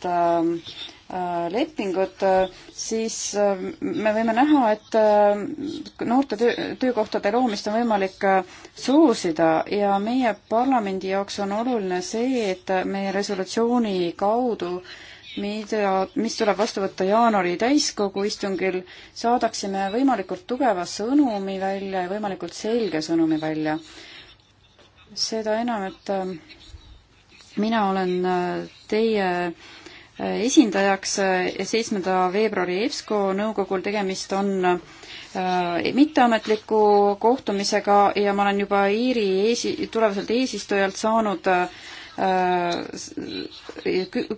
Äh, lepingut, äh, siis äh, me võime näha, et noorte töö, töökohtade loomist on võimalik soosida ja meie parlamendi jaoks on oluline see, et meie resolutsiooni kaudu mida, mis tuleb vastu võtta jaanuari täiskogu istungil, saadaksime võimalikult tugeva sõnumi välja ja võimalikult selge sõnumi välja. seda enam, et mina olen teie äh, Äh, esindajaks äh, seitsmenda veebruari EBSCO nõukogul, tegemist on äh, mitteametliku kohtumisega ja ma olen juba Iiri eesi-, tulevaselt eesistujalt saanud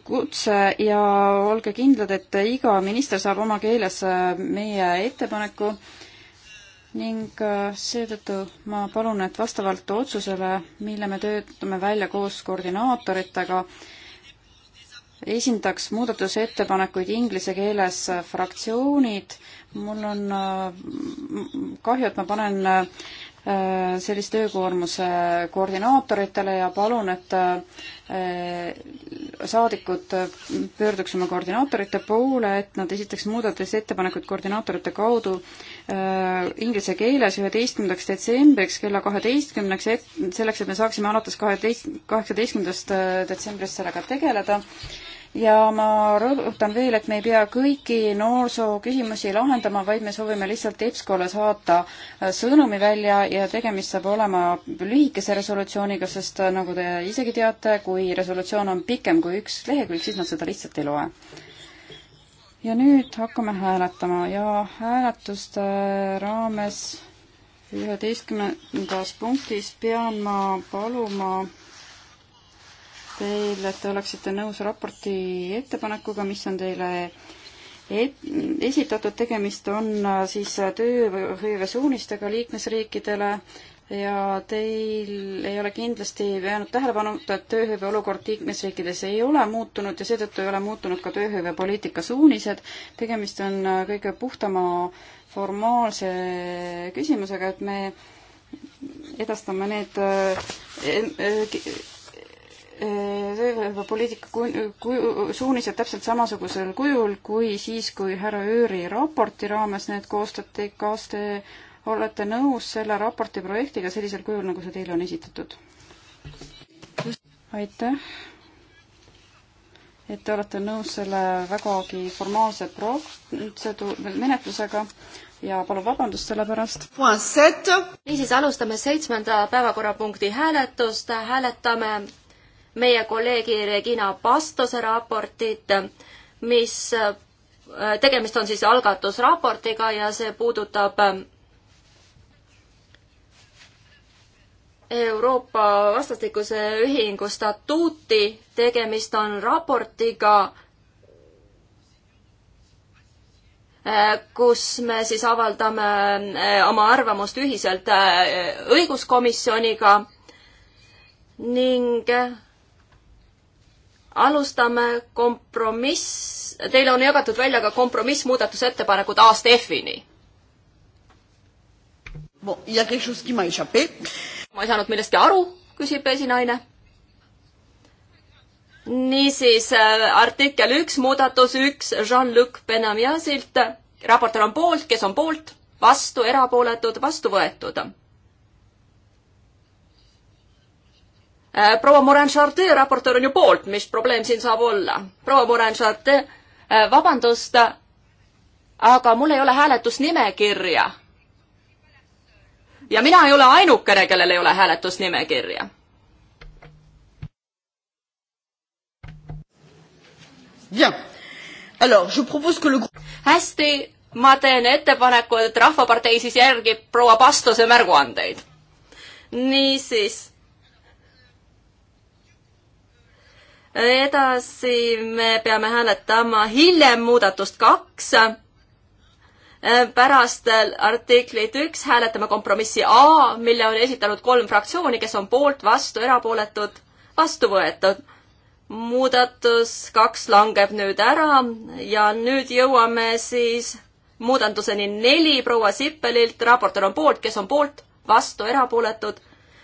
kutse ja olge kindlad, et iga minister saab oma keeles meie ettepaneku ning seetõttu ma palun, et vastavalt otsusele, mille me töötame välja koos koordinaatoritega, esindaks muudatusettepanekuid inglise keeles äh, fraktsioonid. mul on äh, kahju, et ma panen äh, Äh, sellist töökoormuse koordinaatoritele ja palun, et äh, saadikud pöörduks oma koordinaatorite poole, et nad esitaks muudatusettepanekud koordinaatorite kaudu äh, inglise keeles üheteistkümnendaks detsembriks kella kaheteistkümneks, et selleks, et me saaksime alates kaheteist, kaheksateistkümnendast detsembrist sellega tegeleda ja ma rõhutan veel, et me ei pea kõiki noorsoo küsimusi lahendama, vaid me soovime lihtsalt EBSCO-le saata äh, sõnumi välja ja tegemist saab olema lühikese resolutsiooniga, sest äh, nagu te isegi teate, kui resolutsioon on pikem kui üks lehekülg, siis nad seda lihtsalt ei loe. ja nüüd hakkame hääletama ja hääletuste äh, raames üheteistkümnendas punktis pean ma paluma teil, et te oleksite nõus raporti ettepanekuga, mis on teile et, esitatud, tegemist on äh, siis äh, tööhõive suunistega liikmesriikidele ja teil ei ole kindlasti jäänud tähelepanuta, et tööhõive olukord liikmesriikides ei ole muutunud ja seetõttu ei ole muutunud ka tööhõivepoliitika suunised. tegemist on äh, kõige puhtama formaalse küsimusega, et me edastame need tööhõivepoliitika kuju, suunised täpselt samasugusel kujul kui siis, kui härra Üüri raporti raames need koostati. kas te olete nõus selle raporti projektiga sellisel kujul, nagu see teile on esitatud? aitäh, et te olete nõus selle vägagi formaalse protsedu-, menetlusega ja palun vabandust selle pärast. niisiis, alustame seitsmenda päevakorrapunkti hääletust, hääletame meie kolleegi Regina Pastose raportit, mis, äh, tegemist on siis algatusraportiga ja see puudutab äh, Euroopa vastastikuse ühingu statuuti, tegemist on raportiga, äh, kus me siis avaldame oma arvamust ühiselt õiguskomisjoniga ning alustame kompromiss, teile on jagatud välja ka kompromissmuudatusettepanekud aasta F-ini. ma ei saanud millestki aru, küsib esinaine. niisiis äh, artikkel üks, muudatus üks Jean-Luc Benamiasilt. raportöör on poolt, kes on poolt, vastu, erapooletud, vastu võetud Äh, proua Morin Chartier, raportöör on ju poolt, mis probleem siin saab olla? proua Morin Chartier, äh, vabandust, aga mul ei ole hääletusnimekirja. ja mina ei ole ainukene, kellel ei ole hääletusnimekirja. Le... hästi, ma teen ettepaneku, et Rahvapartei siis järgib proua Pastose märguandeid. niisiis edasi me peame hääletama hiljem muudatust kaks. pärast artiklit üks hääletame kompromissi A, mille on esitanud kolm fraktsiooni, kes on poolt, vastu, erapooletud, vastu võetud. muudatus kaks langeb nüüd ära ja nüüd jõuame siis muudatuseni neli proua Sippelilt, raportöör on poolt, kes on poolt, vastu, erapooletud,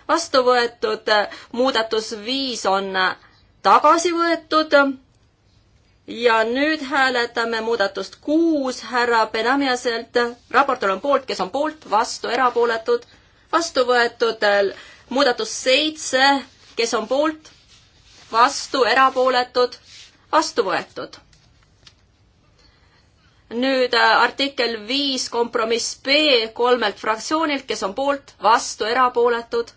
vastu võetud, muudatus viis on äh, tagasi võetud. ja nüüd hääletame muudatust kuus härra Benamiaselt. raportöör on poolt, kes on poolt, vastu, erapooletud, vastu võetud. muudatus seitse, kes on poolt, vastu, erapooletud, vastu võetud nüüd äh, artikkel viis kompromiss B kolmelt fraktsioonilt, kes on poolt, vastu, erapooletud,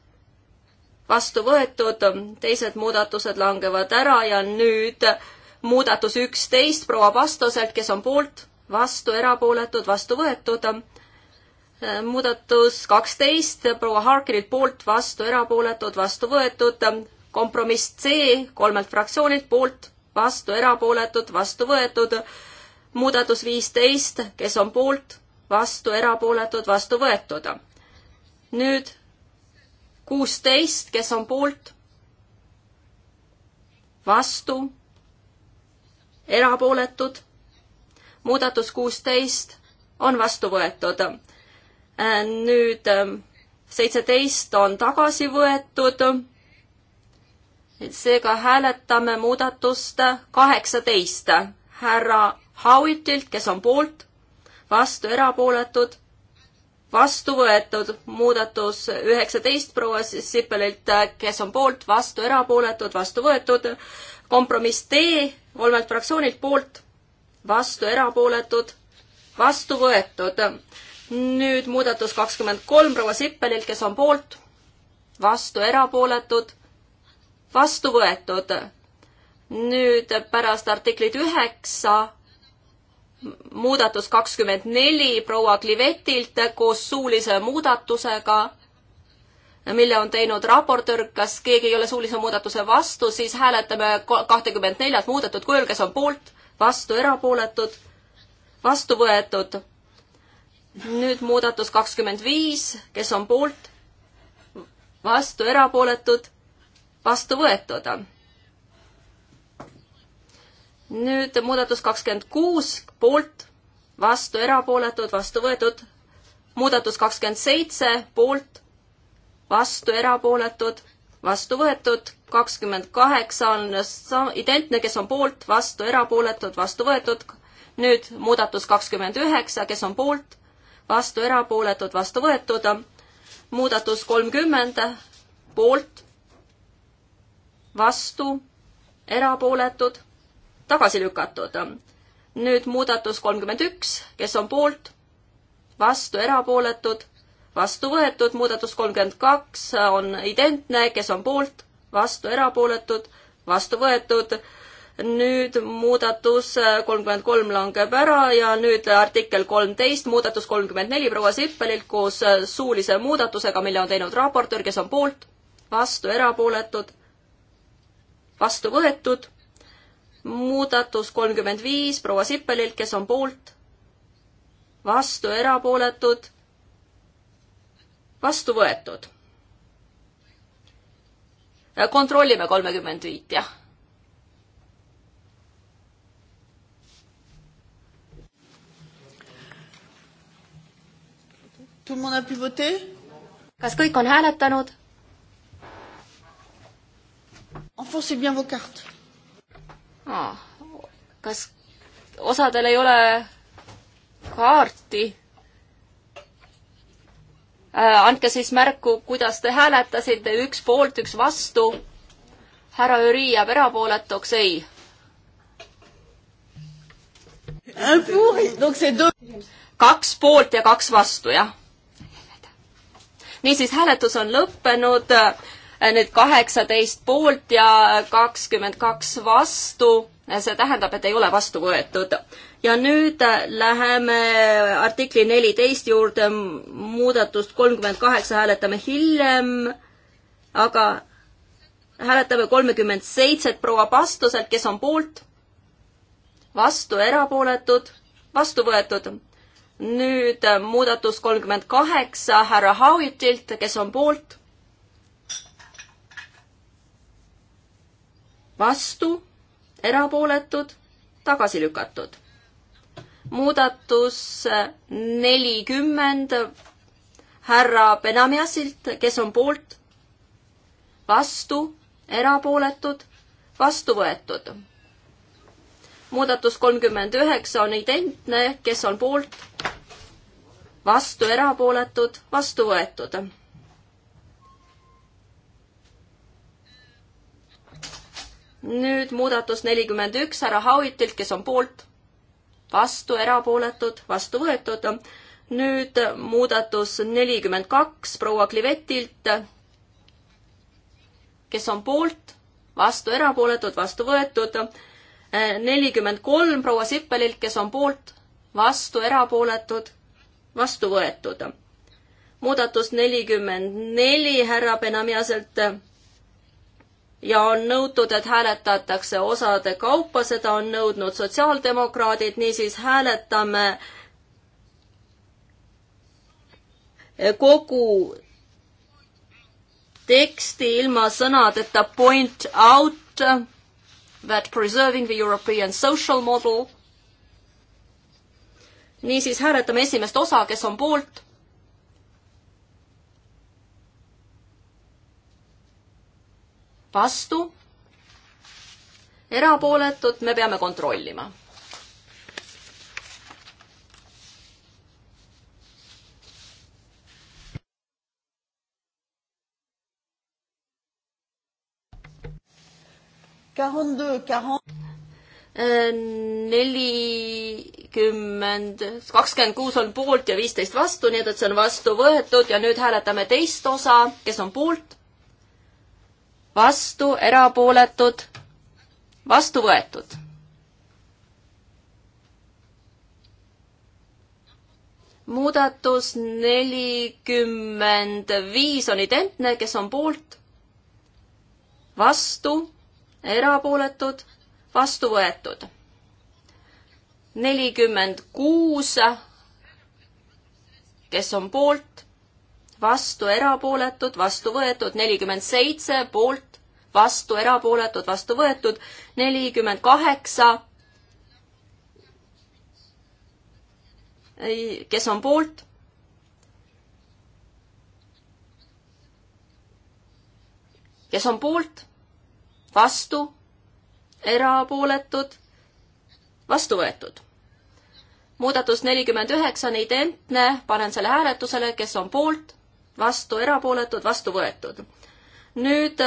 vastu võetud, teised muudatused langevad ära ja nüüd muudatus üksteist proua Pastoselt, kes on poolt, vastu, erapooletud, vastu võetud. muudatus kaksteist proua Harkinilt poolt, vastu, erapooletud, vastu võetud. kompromiss C kolmelt fraktsioonilt poolt, vastu, erapooletud, vastu võetud. muudatus viisteist, kes on poolt, vastu, erapooletud, vastu võetud. nüüd kuusteist, kes on poolt? vastu? erapooletud? muudatus kuusteist on vastu võetud. Äh, nüüd ähm, seitseteist on tagasi võetud. seega hääletame muudatust kaheksateist härra Howitilt, kes on poolt, vastu erapooletud vastu võetud muudatus üheksateist proua Sippelilt, kes on poolt, vastu, erapooletud, vastu võetud. kompromiss D kolmelt fraktsioonilt poolt, vastu, erapooletud, vastu võetud. nüüd muudatus kakskümmend kolm proua Sippelilt, kes on poolt, vastu, erapooletud, vastu võetud. nüüd pärast artiklit üheksa muudatus kakskümmend neli proua Klivetilt koos suulise muudatusega, mille on teinud raportöör, kas keegi ei ole suulise muudatuse vastu, siis hääletame kahtekümmend neljat muudetud kujul, kes on poolt, vastu, erapooletud, vastu võetud. nüüd muudatus kakskümmend viis, kes on poolt, vastu, erapooletud, vastu võetud nüüd muudatus kakskümmend kuus, poolt, vastu, erapooletud, vastu võetud. muudatus kakskümmend seitse, poolt, vastu, erapooletud, vastu võetud. kakskümmend kaheksa on identne, kes on poolt, vastu, erapooletud, vastu võetud. nüüd muudatus kakskümmend üheksa, kes on poolt, vastu, erapooletud, vastu võetud. muudatus kolmkümmend, poolt, vastu, erapooletud tagasi lükatud. nüüd muudatus kolmkümmend üks, kes on poolt, vastu, erapooletud, vastu võetud, muudatus kolmkümmend kaks on identne, kes on poolt, vastu, erapooletud, vastu võetud nüüd muudatus kolmkümmend kolm langeb ära ja nüüd artikkel kolmteist, muudatus kolmkümmend neli proua Sippelilt koos suulise muudatusega, mille on teinud raportöör, kes on poolt, vastu, erapooletud, vastu võetud muudatus kolmkümmend viis proua Sippelilt, kes on poolt, vastu erapooletud, vastu võetud. kontrollime kolmekümmend viit, jah. kas kõik on hääletanud? Enfoncez bien vos cartes ah,. kas osadel ei ole kaarti? Äh, andke siis märku, kuidas te hääletasite, üks poolt, üks vastu. härra Jüri jääb erapooletuks, ei. kaks poolt ja kaks vastu, jah. niisiis, hääletus on lõppenud Eh, nüüd kaheksateist poolt ja kakskümmend kaks vastu. Eh, see tähendab, et ei ole vastu võetud. ja nüüd eh, läheme artikli neliteist juurde, muudatust kolmkümmend kaheksa hääletame hiljem, aga hääletame kolmekümmend seitset proua Pastuselt, kes on poolt, vastu erapooletud, vastu võetud. nüüd muudatus kolmkümmend kaheksa härra Hauitilt, kes on poolt vastu, erapooletud, tagasi lükatud. muudatus nelikümmend härra Benamiasilt, kes on poolt, vastu, erapooletud, vastu võetud. muudatus kolmkümmend üheksa on identne, kes on poolt, vastu, erapooletud, vastu võetud nüüd muudatus nelikümmend üks härra Hauitilt, kes on poolt, vastu, erapooletud, vastu võetud. nüüd muudatus nelikümmend kaks proua Klivetilt, kes on poolt, vastu, erapooletud, vastu võetud. nelikümmend kolm proua Sippelilt, kes on poolt, vastu, erapooletud, vastu võetud. muudatus nelikümmend neli härra Benamiaselt ja on nõutud, et hääletatakse osade kaupa, seda on nõudnud sotsiaaldemokraadid, niisiis hääletame kogu teksti ilma sõnadeta point out that preserving the European social model. niisiis hääletame esimest osa, kes on poolt vastu, erapooletud, me peame kontrollima. Äh, nelikümmend, kakskümmend kuus on poolt ja viisteist vastu, nii et, et see on vastu võetud ja nüüd hääletame teist osa, kes on poolt vastu, erapooletud, vastu võetud. muudatus nelikümmend viis on identne, kes on poolt, vastu, erapooletud, vastu võetud. nelikümmend kuus, kes on poolt vastu erapooletud, vastu võetud, nelikümmend seitse poolt, vastu erapooletud, vastu võetud, nelikümmend kaheksa. kes on poolt? kes on poolt? vastu? erapooletud? vastu võetud muudatus nelikümmend üheksa on identne, panen selle hääletusele, kes on poolt, vastu erapooletud, vastu võetud. nüüd,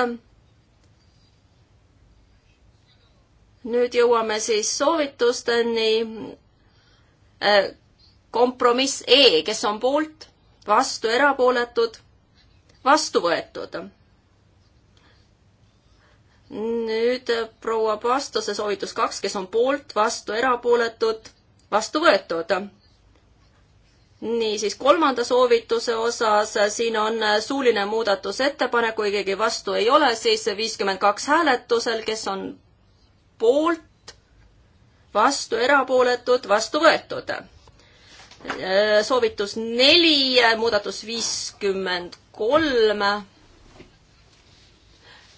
nüüd jõuame siis soovitusteni. Eh, kompromiss E, kes on poolt, vastu erapooletud, vastu võetud. nüüd eh, proua Pastose soovitus kaks, kes on poolt, vastu erapooletud, vastu võetud niisiis, kolmanda soovituse osas äh, siin on äh, suuline muudatusettepanek, kui keegi vastu ei ole, siis viiskümmend kaks hääletusel, kes on poolt, vastu erapooletud, vastu võetud. Äh, soovitus neli, muudatus viiskümmend kolm.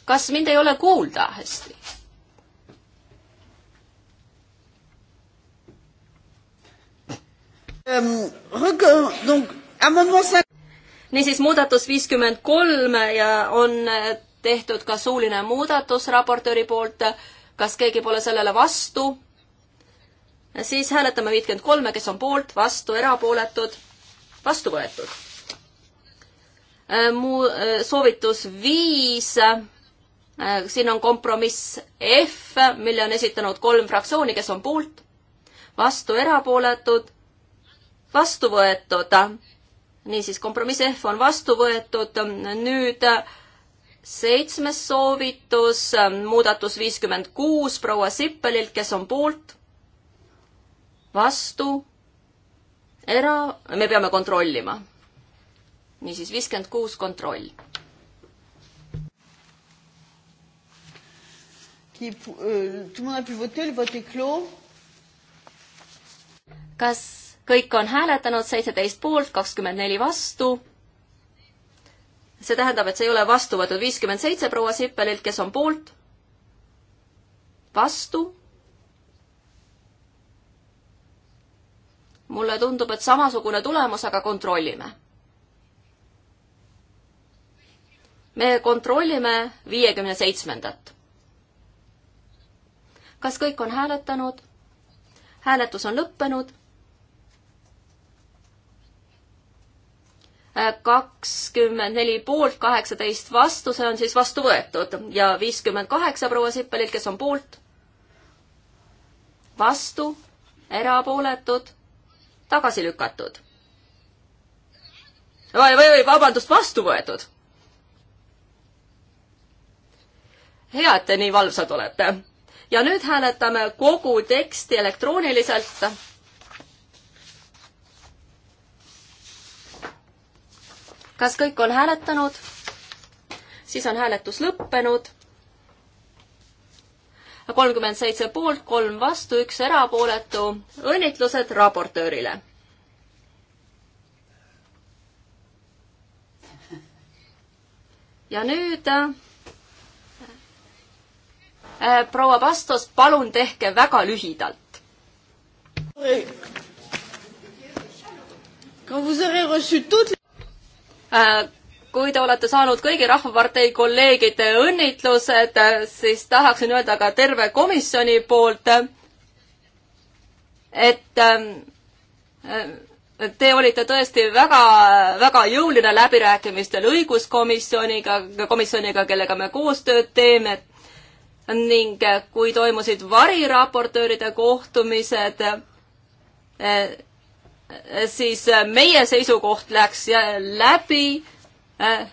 kas mind ei ole kuulda hästi? Euh, niisiis, muudatus viiskümmend kolm ja on äh, tehtud ka suuline muudatus raportööri poolt. kas keegi pole sellele vastu? siis hääletame viitkümmend kolme, kes on poolt, vastu, erapooletud, vastu võetud. Äh, mu äh, soovitus viis. siin on kompromiss F, mille on esitanud kolm fraktsiooni, kes on poolt, vastu, erapooletud vastu võetud. niisiis, kompromiss F on vastu võetud, nüüd seitsmes soovitus, muudatus viiskümmend kuus proua Sippelilt, kes on poolt, vastu, era-, me peame kontrollima. niisiis, viiskümmend kuus, kontroll. Euh, tout le monde a pu voter, le vote est clos. Kas kõik on hääletanud, seitseteist poolt, kakskümmend neli vastu. see tähendab, et see ei ole vastu võetud viiskümmend seitse proua Sippelilt, kes on poolt, vastu. mulle tundub, et samasugune tulemus, aga kontrollime. me kontrollime viiekümne seitsmendat. kas kõik on hääletanud? hääletus on lõppenud kakskümmend neli poolt, kaheksateist vastu, see on siis vastu võetud ja viiskümmend kaheksa proua Sippelilt, kes on poolt, vastu, erapooletud, tagasi lükatud. või, või vabandust, vastu võetud. hea, et te nii valvsad olete. ja nüüd hääletame kogu teksti elektrooniliselt kas kõik on hääletanud? siis on hääletus lõppenud. kolmkümmend seitse poolt, kolm vastu, üks erapooletu. õnnitlused raportöörile. ja nüüd äh, proua Pastos, palun tehke väga lühidalt. Quand vous aurez reçu toutes Äh, kui te olete saanud kõigi Rahvapartei kolleegide õnnitlused, äh, siis tahaksin öelda ka terve komisjoni poolt, et ähm, äh, Te olite tõesti väga, väga jõuline läbirääkimistel õiguskomisjoniga, komisjoniga, kellega me koostööd teeme ning kui toimusid variraportööride kohtumised, siis äh, meie seisukoht läks läbi. Äh,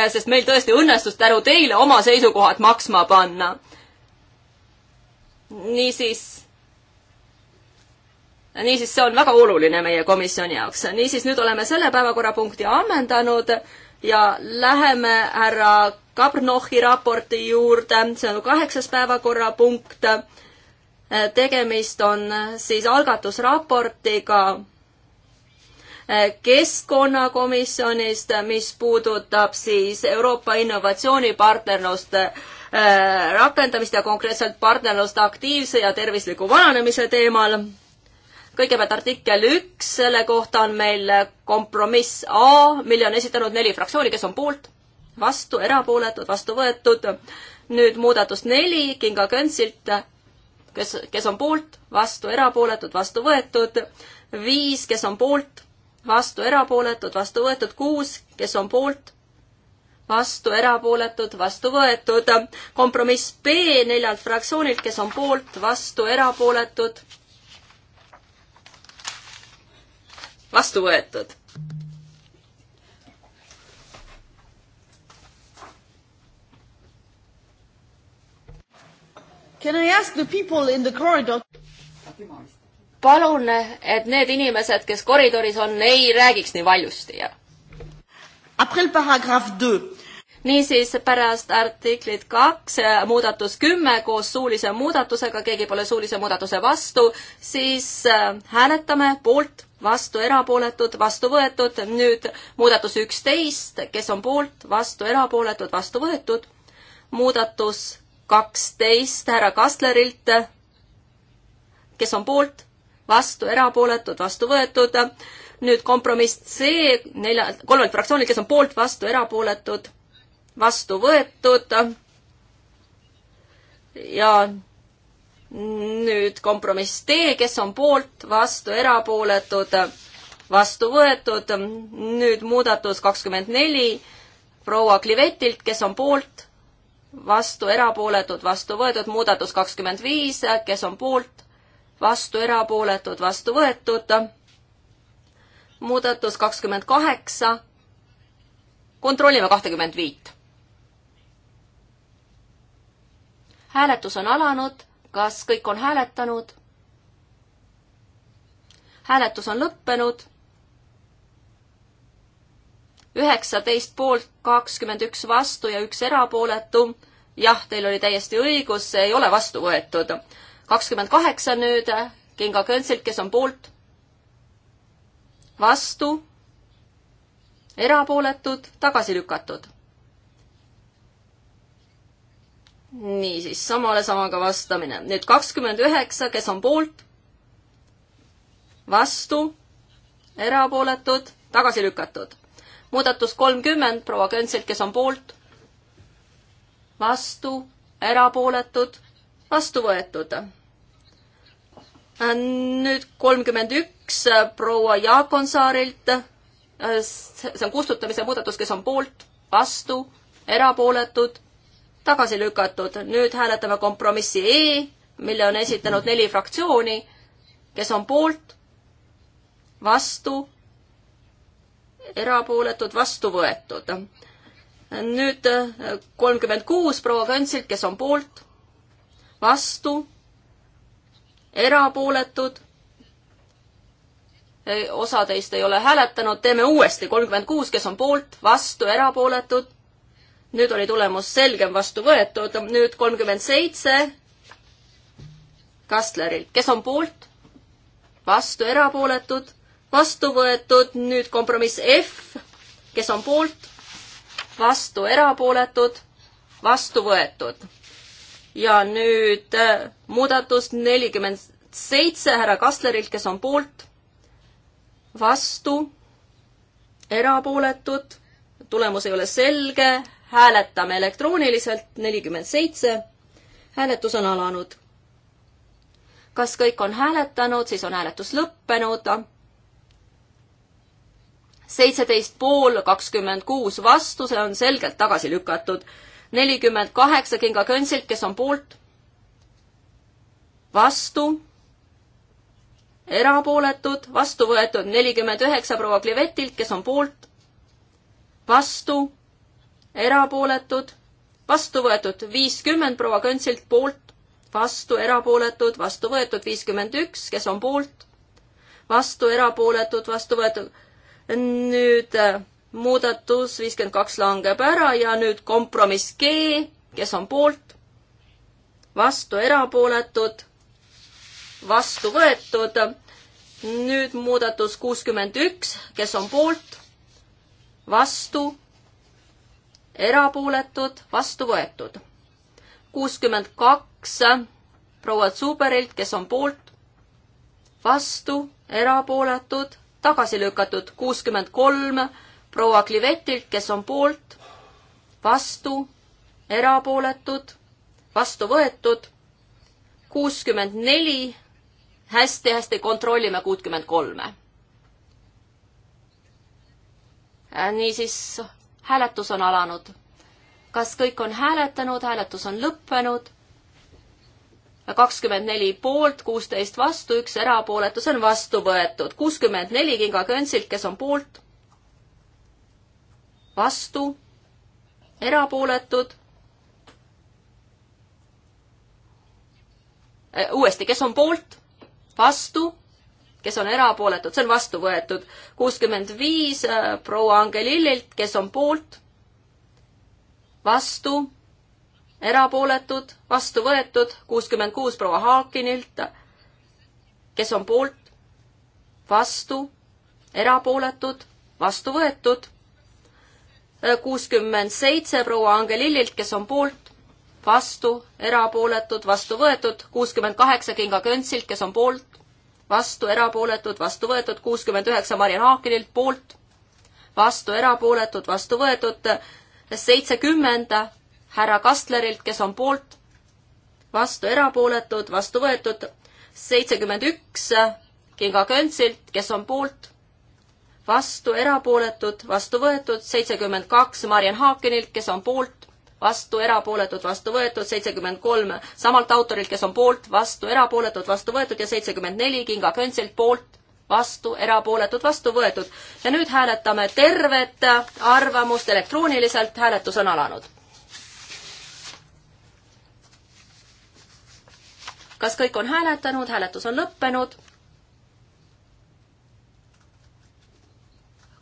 äh, sest meil tõesti õnnestus tänu teile oma seisukohad maksma panna. niisiis, niisiis see on väga oluline meie komisjoni jaoks. niisiis nüüd oleme selle päevakorrapunkti ammendanud ja läheme härra Kabrnochi raporti juurde, see on kaheksas päevakorrapunkt tegemist on siis algatusraportiga keskkonnakomisjonist, mis puudutab siis Euroopa innovatsioonipartnerluste äh, rakendamist ja konkreetselt partnerlust aktiivse ja tervisliku vananemise teemal. kõigepealt artikkel üks, selle kohta on meil kompromiss A, mille on esitanud neli fraktsiooni, kes on poolt, vastu, erapooletud, vastu võetud. nüüd muudatus neli Kinga Könsilt kes, kes on poolt, vastu, erapooletud, vastu võetud, viis, kes on poolt, vastu, erapooletud, vastu võetud, kuus, kes on poolt, vastu, erapooletud, vastu võetud. kompromiss B neljalt fraktsioonilt, kes on poolt, vastu, erapooletud, vastu võetud Can I ask the people in the corridor? palun, et need inimesed, kes koridoris on, ei räägiks nii valjusti ja. niisiis pärast artiklit kaks, muudatus kümme koos suulise muudatusega, keegi pole suulise muudatuse vastu, siis äh, hääletame poolt, vastu, erapooletud, vastu võetud, nüüd muudatus üksteist, kes on poolt, vastu, erapooletud, vastu võetud, muudatus kaksteist härra Kastlerilt, kes on poolt, vastu, erapooletud, vastu võetud. nüüd kompromiss C nelja, kolmelt fraktsioonilt, kes on poolt, vastu, erapooletud, vastu võetud. ja nüüd kompromiss D, kes on poolt, vastu, erapooletud, vastu võetud. nüüd muudatus kakskümmend neli proua Klivetilt, kes on poolt, vastu erapooletud, vastu võetud, muudatus kakskümmend viis, kes on poolt, vastu erapooletud, vastu võetud, muudatus kakskümmend kaheksa, kontrollime kahtekümmend viit. hääletus on alanud, kas kõik on hääletanud? hääletus on lõppenud üheksateist poolt, kakskümmend üks vastu ja üks erapooletu. jah, teil oli täiesti õigus, see ei ole vastu võetud. kakskümmend kaheksa nüüd Kinga Könsilt, kes on poolt, vastu, erapooletud, tagasi lükatud. niisiis, samale samaga vastamine. nüüd kakskümmend üheksa, kes on poolt, vastu, erapooletud, tagasi lükatud muudatus kolmkümmend proua Köntsilt, kes on poolt, vastu, erapooletud, vastu võetud. nüüd kolmkümmend üks proua Jaakonsaarilt, see on kustutamise muudatus, kes on poolt, vastu, erapooletud, tagasi lükatud. nüüd hääletame kompromissi E, mille on esitanud neli fraktsiooni, kes on poolt, vastu, erapooletud, vastu võetud. nüüd äh, kolmkümmend kuus proua Kantsilt, kes on poolt, vastu, erapooletud, osa teist ei ole hääletanud, teeme uuesti, kolmkümmend kuus, kes on poolt, vastu, erapooletud, nüüd oli tulemus selgem, vastu võetud, nüüd kolmkümmend seitse Kastlerilt, kes on poolt, vastu, erapooletud vastu võetud, nüüd kompromiss F, kes on poolt, vastu erapooletud, vastu võetud. ja nüüd äh, muudatus nelikümmend seitse härra Kastlerilt, kes on poolt, vastu, erapooletud, tulemus ei ole selge, hääletame elektrooniliselt, nelikümmend seitse, hääletus on alanud. kas kõik on hääletanud, siis on hääletus lõppenud seitseteist pool, kakskümmend kuus vastu, see on selgelt tagasi lükatud. nelikümmend kaheksa Kinga Könsilt, kes on poolt, vastu, erapooletud, vastu võetud nelikümmend üheksa proua Klivetilt, kes on poolt, vastu, erapooletud, vastu võetud viiskümmend proua Könsilt poolt, vastu, erapooletud, vastu võetud viiskümmend üks, kes on poolt, vastu, erapooletud, vastu võetud nüüd äh, muudatus viiskümmend kaks langeb ära ja nüüd kompromiss G, kes on poolt, vastu erapooletud, vastu võetud. nüüd muudatus kuuskümmend üks, kes on poolt, vastu, erapooletud, vastu võetud. kuuskümmend kaks proua Zuberilt, kes on poolt, vastu, erapooletud tagasi lükatud kuuskümmend kolm proua Klivetilt, kes on poolt, vastu, erapooletud, vastu võetud, kuuskümmend neli, hästi-hästi kontrollime kuutkümmend kolme. Äh, niisiis, hääletus on alanud. kas kõik on hääletanud, hääletus on lõppenud? kakskümmend neli poolt, kuusteist vastu, üks erapooletu, see on vastu võetud. kuuskümmend neli Kinga Könsilt, kes on poolt, vastu, erapooletud. Äh, uuesti, kes on poolt, vastu, kes on erapooletud, see on vastu võetud. kuuskümmend viis äh, proua Angelillilt, kes on poolt, vastu erapooletud, vastu võetud, kuuskümmend kuus proua Haakinilt, kes on poolt, vastu, erapooletud, vastu võetud, kuuskümmend seitse proua Angelillilt, kes on poolt, vastu, erapooletud, vastu võetud, kuuskümmend kaheksa Kinga Köntsilt, kes on poolt, vastu, erapooletud, vastu võetud, kuuskümmend üheksa Mariann Haakinilt, poolt, vastu, erapooletud, vastu võetud, seitsekümmend härra Kastlerilt, kes on poolt, vastu erapooletud, vastu võetud, seitsekümmend üks Kinga Köntsilt, kes on poolt, vastu erapooletud, vastu võetud, seitsekümmend kaks Mariann Haakenilt, kes on poolt, vastu erapooletud, vastu võetud, seitsekümmend kolm samalt autorilt, kes on poolt, vastu erapooletud, vastu võetud ja seitsekümmend neli Kinga Köntsilt poolt, vastu erapooletud, vastu võetud. ja nüüd hääletame tervet arvamust elektrooniliselt, hääletus on alanud kas kõik on hääletanud, hääletus on lõppenud?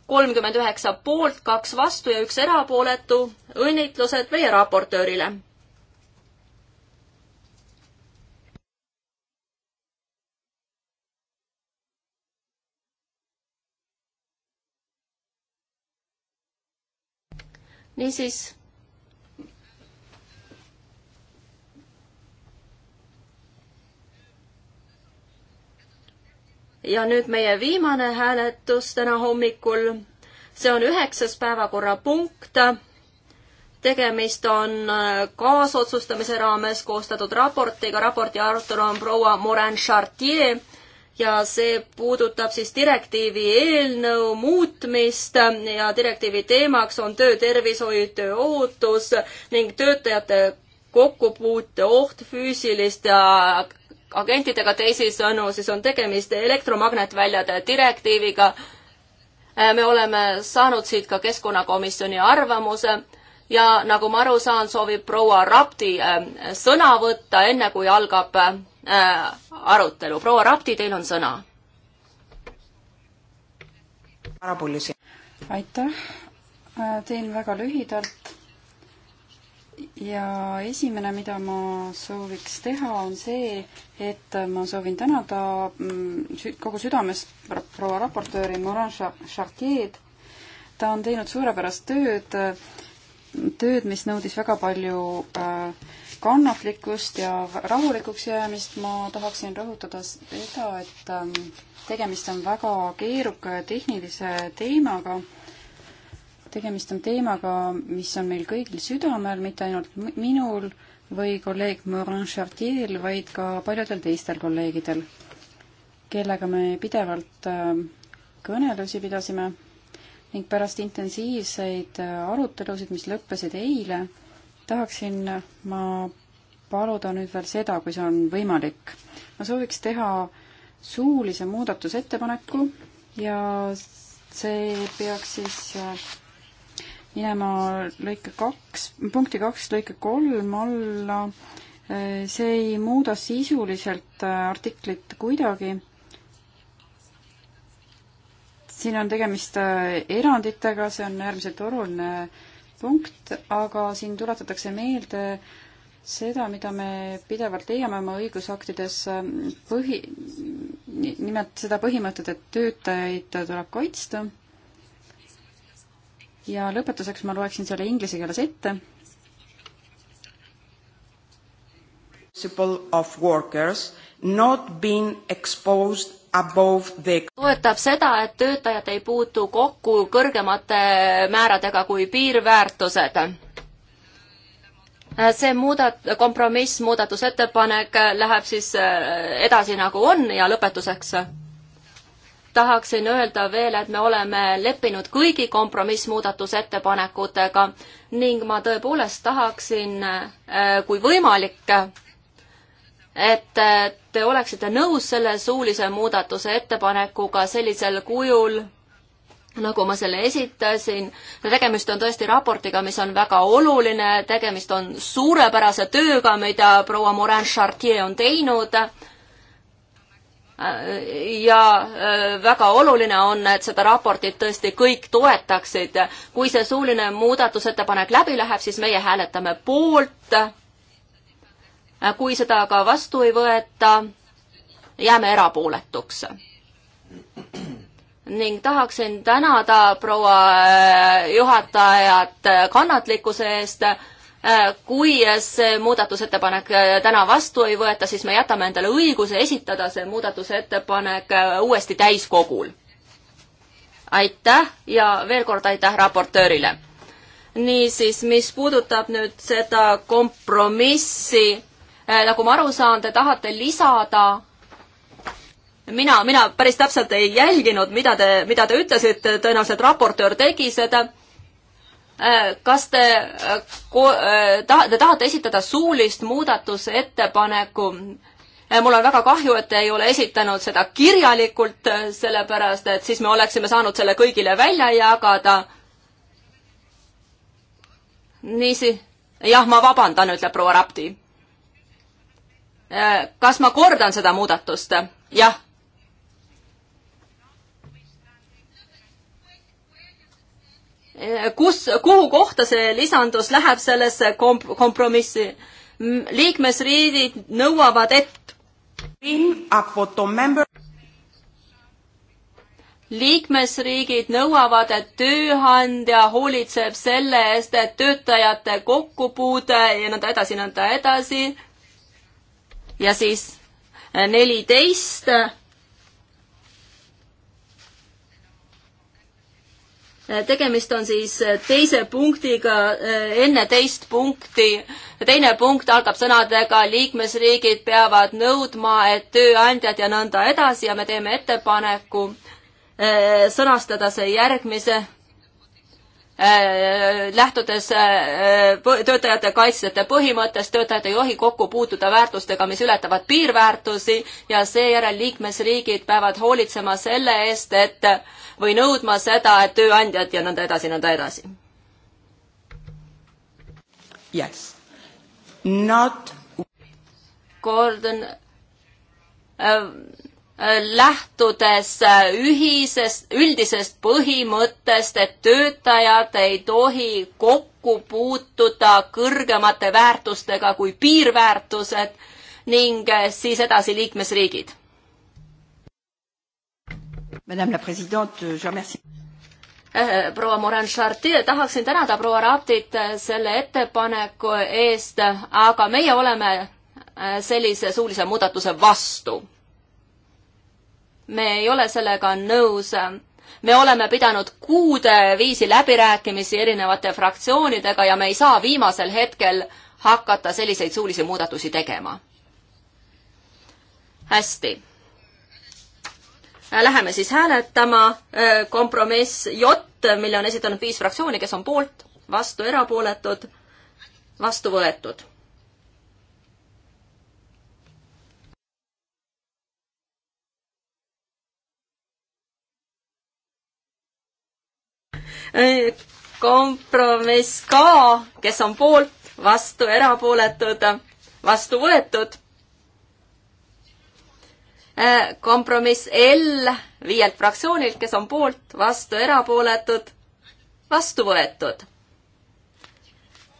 kolmkümmend üheksa poolt, kaks vastu ja üks erapooletu. õnnitlused meie raportöörile niisiis ja nüüd meie viimane hääletus täna hommikul. see on üheksas päevakorrapunkt. tegemist on äh, kaasotsustamise raames koostatud raportiga, raporti autor on proua Morin Chartier ja see puudutab siis direktiivi eelnõu muutmist ja direktiivi teemaks on töötervishoid, tööohutus ning töötajate kokkupuuteoht füüsilist ja agentidega, teisisõnu siis on tegemist elektromagnetväljade direktiiviga. Äh, me oleme saanud siit ka keskkonnakomisjoni arvamuse ja nagu ma aru saan, soovib proua Rapti äh, sõna võtta, enne kui algab äh, arutelu. proua Rapti, teil on sõna. aitäh, teen väga lühidalt ja esimene, mida ma sooviks teha, on see, et ma soovin tänada mm, kogu südamest proua raportööri Morin Chartier'd. ta on teinud suurepärast tööd, tööd, mis nõudis väga palju äh, kannatlikkust ja rahulikuks jäämist. ma tahaksin rõhutada seda, et ähm, tegemist on väga keeruka ja tehnilise teemaga tegemist on teemaga, mis on meil kõigil südamel, mitte ainult minul või kolleeg Morin Chartier'l, vaid ka paljudel teistel kolleegidel, kellega me pidevalt äh, kõnelusi pidasime ning pärast intensiivseid äh, arutelusid, mis lõppesid eile, tahaksin ma paluda nüüd veel seda, kui see on võimalik. ma sooviks teha suulise muudatusettepaneku ja see peaks siis äh, minema lõike kaks, punkti kaks lõike kolm alla. see ei muuda sisuliselt äh, artiklit kuidagi. siin on tegemist äh, eranditega, see on äärmiselt oluline punkt, aga siin tuletatakse meelde seda, mida me pidevalt leiame oma õigusaktides äh, põhi, nimelt seda põhimõtet, et töötajaid tuleb kaitsta ja lõpetuseks ma loeksin selle inglise keeles ette. Principle of workers not being exposed above the toetab seda, et töötajad ei puutu kokku kõrgemate määradega kui piirväärtused. see muudat-, kompromiss, muudatusettepanek läheb siis edasi, nagu on ja lõpetuseks tahaksin öelda veel, et me oleme leppinud kõigi kompromissmuudatusettepanekutega ning ma tõepoolest tahaksin, äh, kui võimalik, et äh, te oleksite nõus selle suulise muudatuse ettepanekuga sellisel kujul, nagu ma selle esitasin, tegemist on tõesti raportiga, mis on väga oluline, tegemist on suurepärase tööga, mida proua Morin Chartier on teinud ja äh, väga oluline on, et seda raportit tõesti kõik toetaksid. kui see suuline muudatusettepanek läbi läheb, siis meie hääletame poolt. Äh, kui seda aga vastu ei võeta, jääme erapooletuks. ning tahaksin tänada proua äh, juhatajat kannatlikkuse eest Äh, kui see muudatusettepanek äh, täna vastu ei võeta, siis me jätame endale õiguse esitada see muudatusettepanek äh, uuesti täiskogul. aitäh ja veel kord aitäh raportöörile. niisiis, mis puudutab nüüd seda kompromissi, nagu ma aru saan, te tahate lisada mina, mina päris täpselt ei jälginud, mida te, mida te ütlesite, tõenäoliselt raportöör tegi seda Äh, kas te, äh, äh, te tahate esitada suulist muudatusettepaneku? mul on väga kahju, et te ei ole esitanud seda kirjalikult, sellepärast et siis me oleksime saanud selle kõigile välja jagada. niisi, jah, ma vabandan, ütleb proua Rapti. kas ma kordan seda muudatust? jah kus, kuhu kohta see lisandus läheb sellesse komp-, kompromissi? liikmesriigid nõuavad, et liikmesriigid nõuavad, et tööandja hoolitseb selle eest, et töötajate kokkupuude ja nõnda edasi, nõnda edasi. ja siis eh, neliteist Äh, tegemist on siis äh, teise punktiga, äh, enne teist punkti. teine punkt algab sõnadega liikmesriigid peavad nõudma, et tööandjad ja nõnda edasi ja me teeme ettepaneku sõnastada see järgmise lähtudes töötajate kaitsjate põhimõttest, töötajad ei tohi kokku puutuda väärtustega, mis ületavad piirväärtusi ja seejärel liikmesriigid peavad hoolitsema selle eest, et või nõudma seda, et tööandjad ja nõnda edasi, nõnda edasi. Yes. Not. Gordon äh, äh lähtudes äh, ühisest, üldisest põhimõttest, et töötajad ei tohi kokku puutuda kõrgemate väärtustega kui piirväärtused ning äh, siis edasi liikmesriigid. Äh, proua Morin Chartier, tahaksin tänada proua Raptit äh, selle ettepaneku eest, aga meie oleme äh, sellise suulise muudatuse vastu. me ei ole sellega nõus me oleme pidanud kuude viisi läbirääkimisi erinevate fraktsioonidega ja me ei saa viimasel hetkel hakata selliseid suulisi muudatusi tegema. hästi Äh, läheme siis hääletama. Äh, kompromiss J, mille on esitanud viis fraktsiooni, kes on poolt, vastu, erapooletud, vastu võetud. Äh, kompromiss K, kes on poolt, vastu, erapooletud, vastu võetud Äh, kompromiss L viielt fraktsioonilt, kes on poolt, vastu, erapooletud, vastu võetud.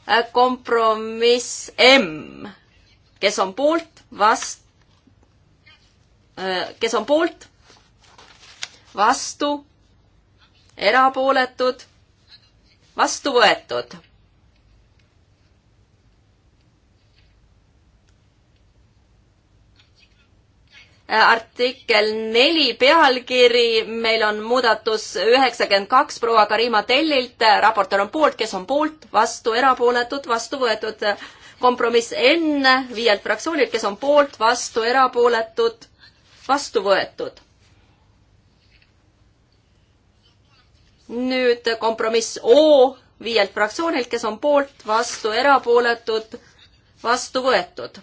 Äh, kompromiss M, kes on poolt, vast-, äh, kes on poolt, vastu, erapooletud, vastu võetud Äh, artikkel neli pealkiri, meil on muudatus üheksakümmend kaks proua Karima Tellilt, raportöör on poolt, kes on poolt, vastu, erapooletud, vastu võetud. kompromiss N viielt fraktsioonilt, kes on poolt, vastu, erapooletud, vastu võetud. nüüd kompromiss O viielt fraktsioonilt, kes on poolt, vastu, erapooletud, vastu võetud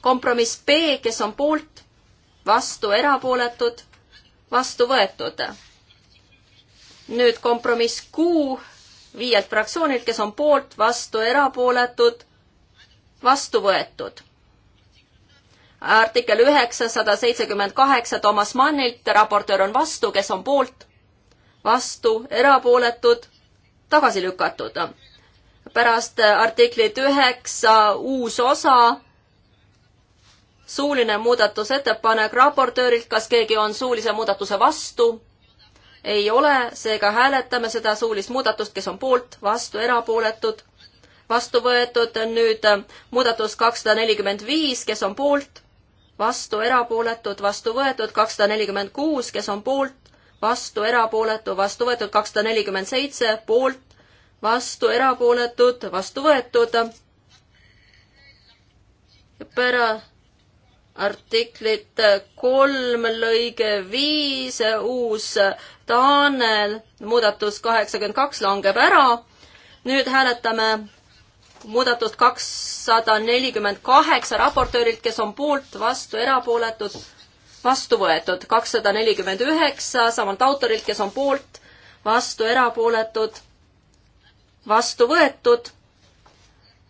kompromiss B, kes on poolt, vastu, erapooletud, vastu võetud. nüüd kompromiss Q viielt fraktsioonilt, kes on poolt, vastu, erapooletud, vastu võetud. artikkel üheksasada seitsekümmend kaheksa Toomas Mannilt, raportöör on vastu, kes on poolt, vastu, erapooletud, tagasi lükatud. pärast artiklit üheksa uus osa suuline muudatusettepanek raportöörilt, kas keegi on suulise muudatuse vastu? ei ole, seega hääletame seda suulist muudatust, kes on poolt, vastu, erapooletud, vastu võetud, nüüd äh, muudatus kakssada nelikümmend viis, kes on poolt, vastu, erapooletud, vastu võetud, kakssada nelikümmend kuus, kes on poolt, vastu, erapooletu, vastu võetud, kakssada nelikümmend seitse, poolt, vastu, erapooletud, vastu võetud. pärast artiklit kolm lõige viis, uus Taanel, muudatus kaheksakümmend kaks langeb ära. nüüd hääletame muudatust kakssada nelikümmend kaheksa raportöörilt, kes on poolt, vastu, erapooletud, vastu võetud. kakssada nelikümmend üheksa samalt autorilt, kes on poolt, vastu, erapooletud, vastu võetud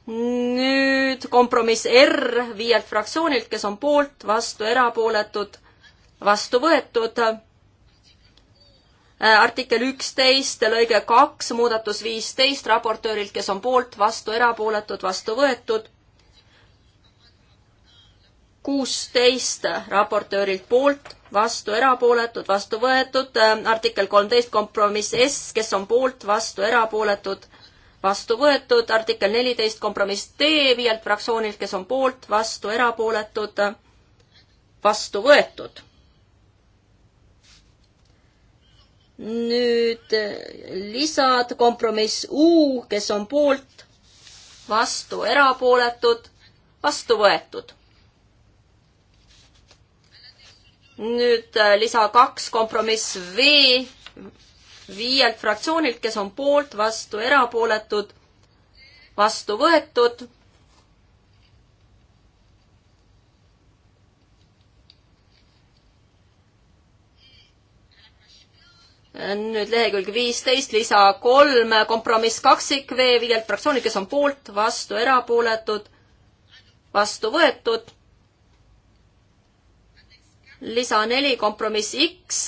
nüüd kompromiss R viielt fraktsioonilt, kes on poolt, vastu, erapooletud, vastu võetud. Äh, artikkel üksteist, lõige kaks, muudatus viisteist raportöörilt, kes on poolt, vastu, erapooletud, vastu võetud. kuusteist raportöörilt poolt, vastu, erapooletud, vastu võetud. Äh, artikkel kolmteist kompromiss S, kes on poolt, vastu, erapooletud vastu võetud, artikkel neliteist kompromiss D viielt fraktsioonilt, kes on poolt, vastu, erapooletud, vastu võetud. nüüd eh, lisad kompromiss U, kes on poolt, vastu, erapooletud, vastu võetud. nüüd eh, lisa kaks kompromiss V viielt fraktsioonilt, kes on poolt, vastu, erapooletud, vastu võetud. nüüd lehekülg viisteist, lisa kolm, kompromiss kaksik V viielt fraktsioonilt, kes on poolt, vastu, erapooletud, vastu võetud lisa neli kompromiss X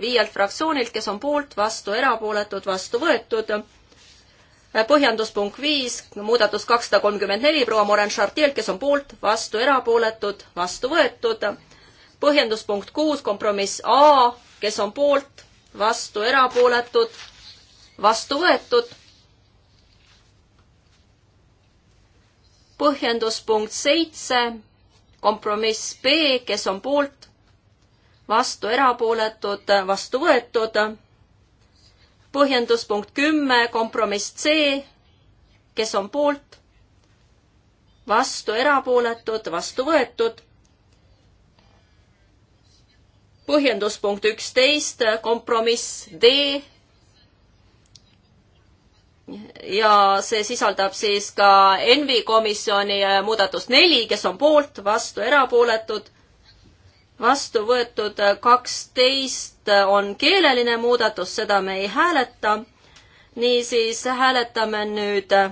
viielt fraktsioonilt, kes on poolt, vastu, erapooletud, vastu võetud. põhjenduspunkt viis, muudatus kakssada kolmkümmend neli proua Moren Chartielt, kes on poolt, vastu, erapooletud, vastu võetud. põhjenduspunkt kuus, kompromiss A, kes on poolt, vastu, erapooletud, vastu võetud. põhjenduspunkt seitse, kompromiss B, kes on poolt, vastu erapooletud, vastu võetud. põhjendus punkt kümme, kompromiss C, kes on poolt, vastu erapooletud, vastu võetud. põhjendus punkt üksteist, kompromiss D, ja see sisaldab siis ka Envi komisjoni muudatust neli, kes on poolt, vastu, erapooletud, vastu võetud äh, kaksteist äh, on keeleline muudatus, seda me ei hääleta. niisiis hääletame nüüd äh,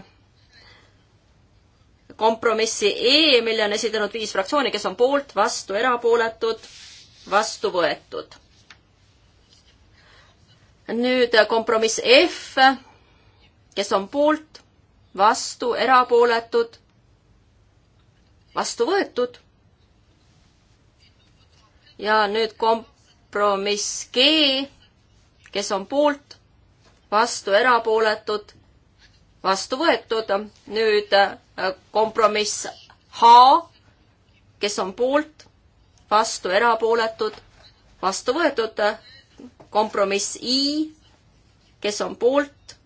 kompromissi E, mille on esitanud viis fraktsiooni, kes on poolt, vastu, erapooletud, vastu võetud. nüüd kompromiss F, kes on poolt, vastu, erapooletud, vastu võetud ja nüüd kompromiss G, kes on poolt, vastu erapooletud, vastu võetud, nüüd äh, kompromiss H, kes on poolt, vastu erapooletud, vastu võetud, kompromiss I, kes on poolt,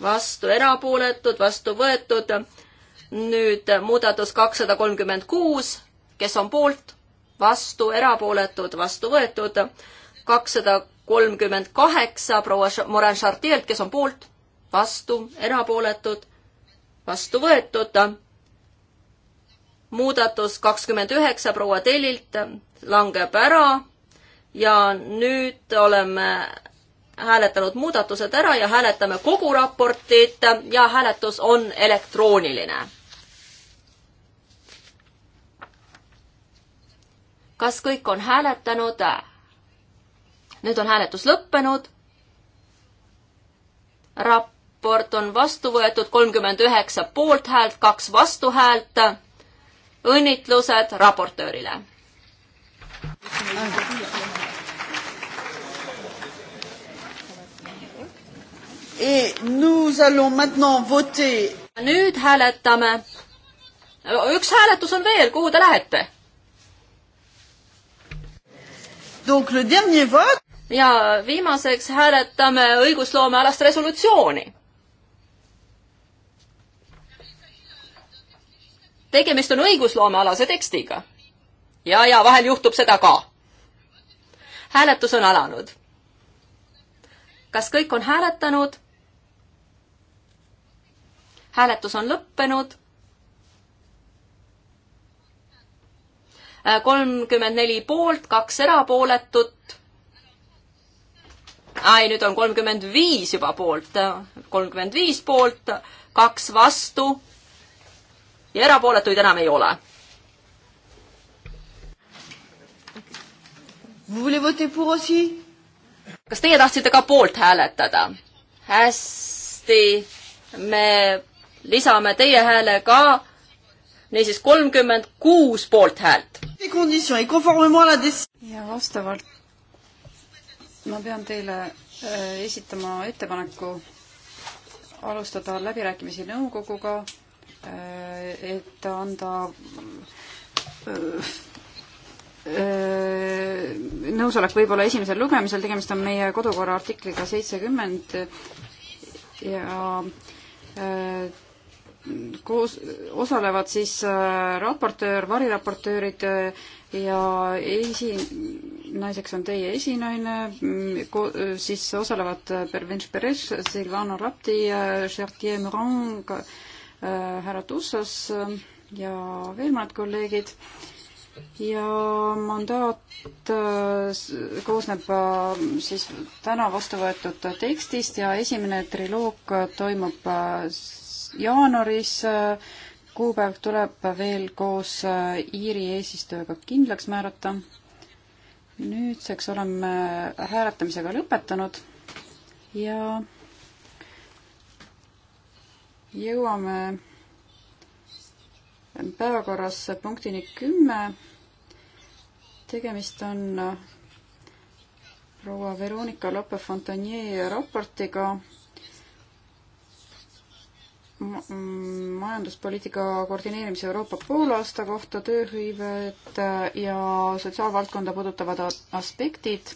vastu erapooletud, vastu võetud, nüüd muudatus kakssada kolmkümmend kuus, kes on poolt, vastu, erapooletud, vastu võetud, kakssada kolmkümmend kaheksa proua Morin Chartielt, kes on poolt, vastu, erapooletud, vastu võetud, muudatus kakskümmend üheksa proua Tellilt langeb ära ja nüüd oleme hääletanud muudatused ära ja hääletame kogu raportit ja hääletus on elektrooniline kas kõik on hääletanud? nüüd on hääletus lõppenud. raport on vastu võetud kolmkümmend üheksa poolthäält, kaks vastuhäält. õnnitlused raportöörile. nüüd hääletame. üks hääletus on veel, kuhu te lähete? Donc le dernier vote. ja viimaseks hääletame õigusloomealast resolutsiooni. tegemist on õigusloomealase tekstiga. ja, ja vahel juhtub seda ka. hääletus on alanud. kas kõik on hääletanud? hääletus on lõppenud kolmkümmend neli poolt, kaks erapooletut. ei, nüüd on kolmkümmend viis juba poolt, kolmkümmend viis poolt, kaks vastu ja erapooletuid enam ei ole. kas teie tahtsite ka poolt hääletada? hästi, me lisame teie hääle ka niisiis kolmkümmend kuus poolthäält conditions et conformément à la décision. ja vastavalt ma pean teile äh, esitama ettepaneku alustada läbirääkimisi nõukoguga, äh, et anda äh, nõusolek võib-olla esimesel lugemisel, tegemist on meie kodukorra artikliga seitsekümmend ja koos, osalevad siis äh, raportöör, variraportöörid äh, ja esi-, naiseks on teie esinaine, mm, siis osalevad äh, Pervenš Perez, Silvano Rapti, Chartier Morang, härra Tussas ja veel mõned kolleegid ja mandaat koosneb siis täna vastu võetud tekstist ja esimene triloog toimub jaanuaris kuupäev tuleb veel koos äh, Iiri eesistujaga kindlaks määrata. nüüdseks oleme hääletamisega lõpetanud ja jõuame päevakorras punktini kümme. tegemist on äh, proua Veronika Lope-Fontanier raportiga Mm, majanduspoliitika koordineerimise Euroopa poolaasta kohta tööhõivet äh, ja sotsiaalvaldkonda puudutavad aspektid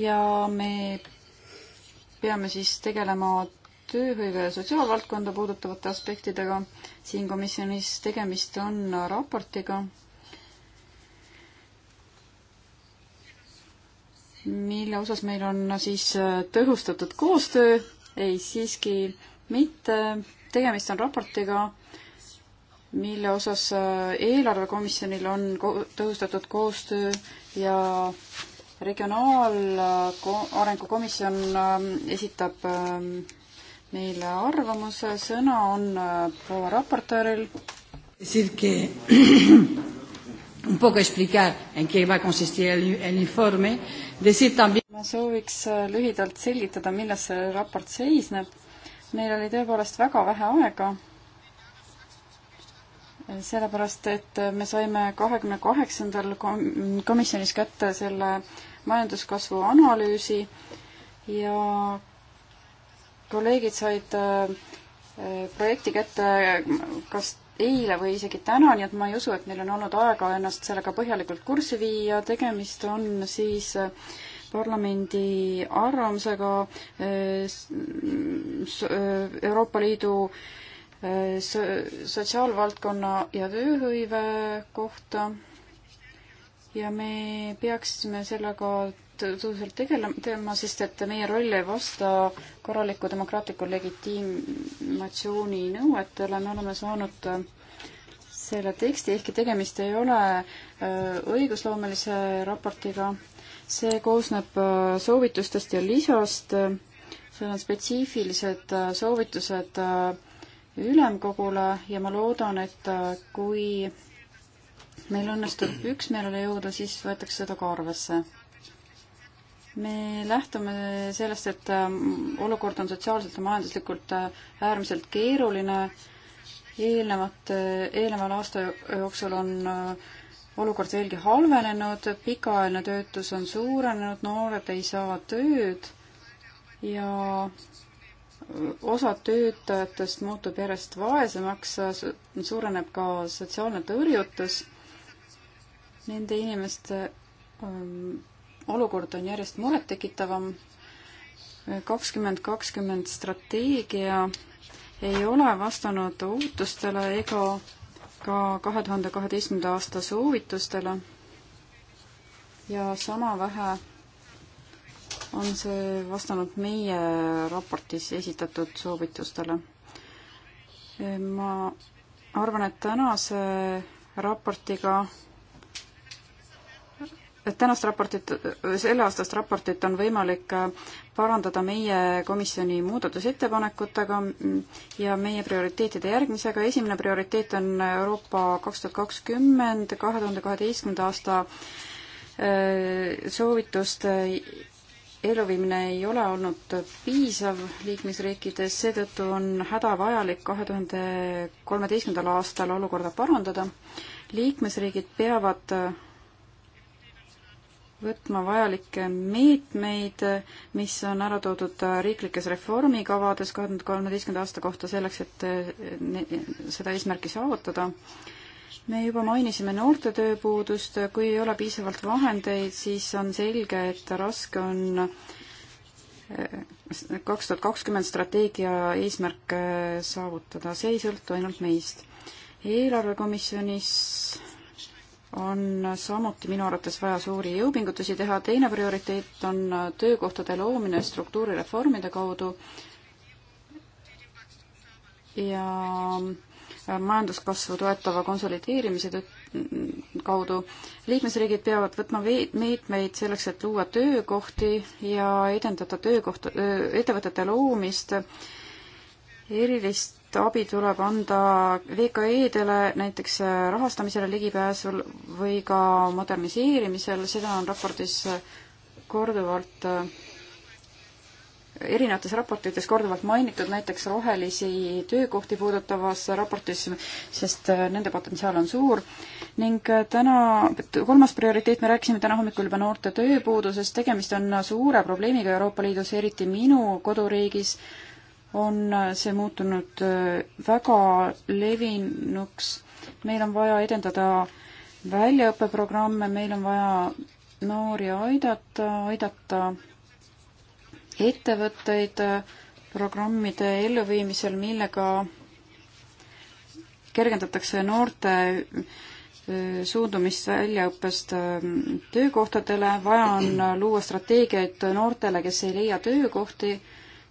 ja me peame siis tegelema tööhõive ja sotsiaalvaldkonda puudutavate aspektidega siin komisjonis. tegemist on raportiga, mille osas meil on siis äh, tõhustatud koostöö, ei siiski mitte tegemist on raportiga, mille osas äh, eelarvekomisjonil on ko tõhustatud koostöö ja regionaalarengu komisjon ähm, esitab ähm, meile arvamuse, sõna on äh, proua raportööril. <coughs> Un poco explicar en qué va a consistir el, el informe, decir también ma sooviks äh, lühidalt selgitada, milles see raport seisneb meil oli tõepoolest väga vähe aega, sellepärast et me saime kahekümne kaheksandal komisjonis kätte selle majanduskasvu analüüsi ja kolleegid said äh, projekti kätte kas eile või isegi täna, nii et ma ei usu, et neil on olnud aega ennast sellega põhjalikult kurssi viia, tegemist on siis äh, parlamendi arvamusega eh, eh, Euroopa Liidu eh, sotsiaalvaldkonna ja tööhõive kohta ja me peaksime sellega tõhusalt tegelema, sest et meie roll ei vasta korraliku demokraatliku legitiimatsiooni nõuetele, me oleme saanud selle teksti, ehkki tegemist ei ole õigusloomelise raportiga, see koosneb äh, soovitustest ja lisast, seal on spetsiifilised äh, soovitused äh, ülemkogule ja ma loodan, et kui meil õnnestub üksmeelele jõuda, siis võetakse seda ka arvesse. me lähtume sellest, et olukord on sotsiaalselt ja majanduslikult äärmiselt keeruline, eelnevat, eelneval aasta jooksul on äh, olukord veelgi halvenenud, pikaajaline töötus on suurenenud, noored ei saa tööd ja osa töötajatest muutub järjest vaesemaks, suureneb ka sotsiaalne tõrjutus. Nende inimeste ähm, olukord on järjest murettekitavam. kakskümmend kakskümmend strateegia ei ole vastanud ootustele ega ka kahe tuhande kaheteistkümnenda aasta soovitustele ja sama vähe on see vastanud meie raportis esitatud soovitustele. ma arvan, et tänase raportiga tänast raportit, selleaastast raportit on võimalik äh, parandada meie komisjoni muudatusettepanekutega mm, ja meie prioriteetide järgmisega. esimene prioriteet on Euroopa kaks tuhat kakskümmend, kahe tuhande kaheteistkümnenda aasta äh, soovituste elluviimine ei ole olnud piisav liikmesriikides, seetõttu on hädavajalik kahe tuhande kolmeteistkümnendal aastal olukorda parandada. liikmesriigid peavad võtma vajalikke meetmeid, mis on ära toodud riiklikes reformikavades kahe tuhande kolmeteistkümnenda aasta kohta selleks, et eh, seda eesmärki saavutada. me juba mainisime noorte tööpuudust, kui ei ole piisavalt vahendeid, siis on selge, et raske on eh, kaks tuhat kakskümmend strateegia eesmärke saavutada, see ei sõltu ainult meist. eelarvekomisjonis on samuti minu arvates vaja suuri jõupingutusi teha, teine prioriteet on töökohtade loomine struktuurireformide kaudu ja majanduskasvu toetava konsolideerimise kaudu. liikmesriigid peavad võtma meetmeid selleks, et luua töökohti ja edendada töökoht, ettevõtete loomist, erilist abi tuleb anda VKE-dele näiteks äh, rahastamisele ligipääsul või ka moderniseerimisel, seda on raportis äh, korduvalt, äh, erinevates raportites korduvalt mainitud, näiteks rohelisi töökohti puudutavas raportis, sest nende potentsiaal on suur. ning täna, kolmas prioriteet, me rääkisime täna hommikul juba noorte tööpuudusest, tegemist on suure probleemiga Euroopa Liidus, eriti minu koduriigis on äh, see muutunud äh, väga levinuks. meil on vaja edendada väljaõppeprogramme, meil on vaja noori aidata, aidata ettevõtteid äh, programmide elluviimisel, millega kergendatakse noorte suundumist väljaõppest ähm, töökohtadele, vaja on luua strateegiaid noortele, kes ei leia töökohti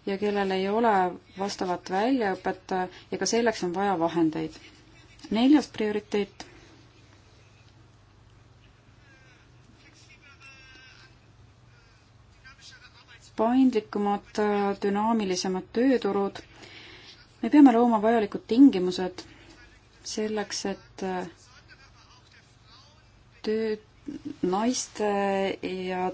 ja kellel ei ole vastavat väljaõpet ja ka selleks on vaja vahendeid. neljas prioriteet. paindlikumad, dünaamilisemad tööturud. me peame looma vajalikud tingimused selleks, et äh, töö, naiste ja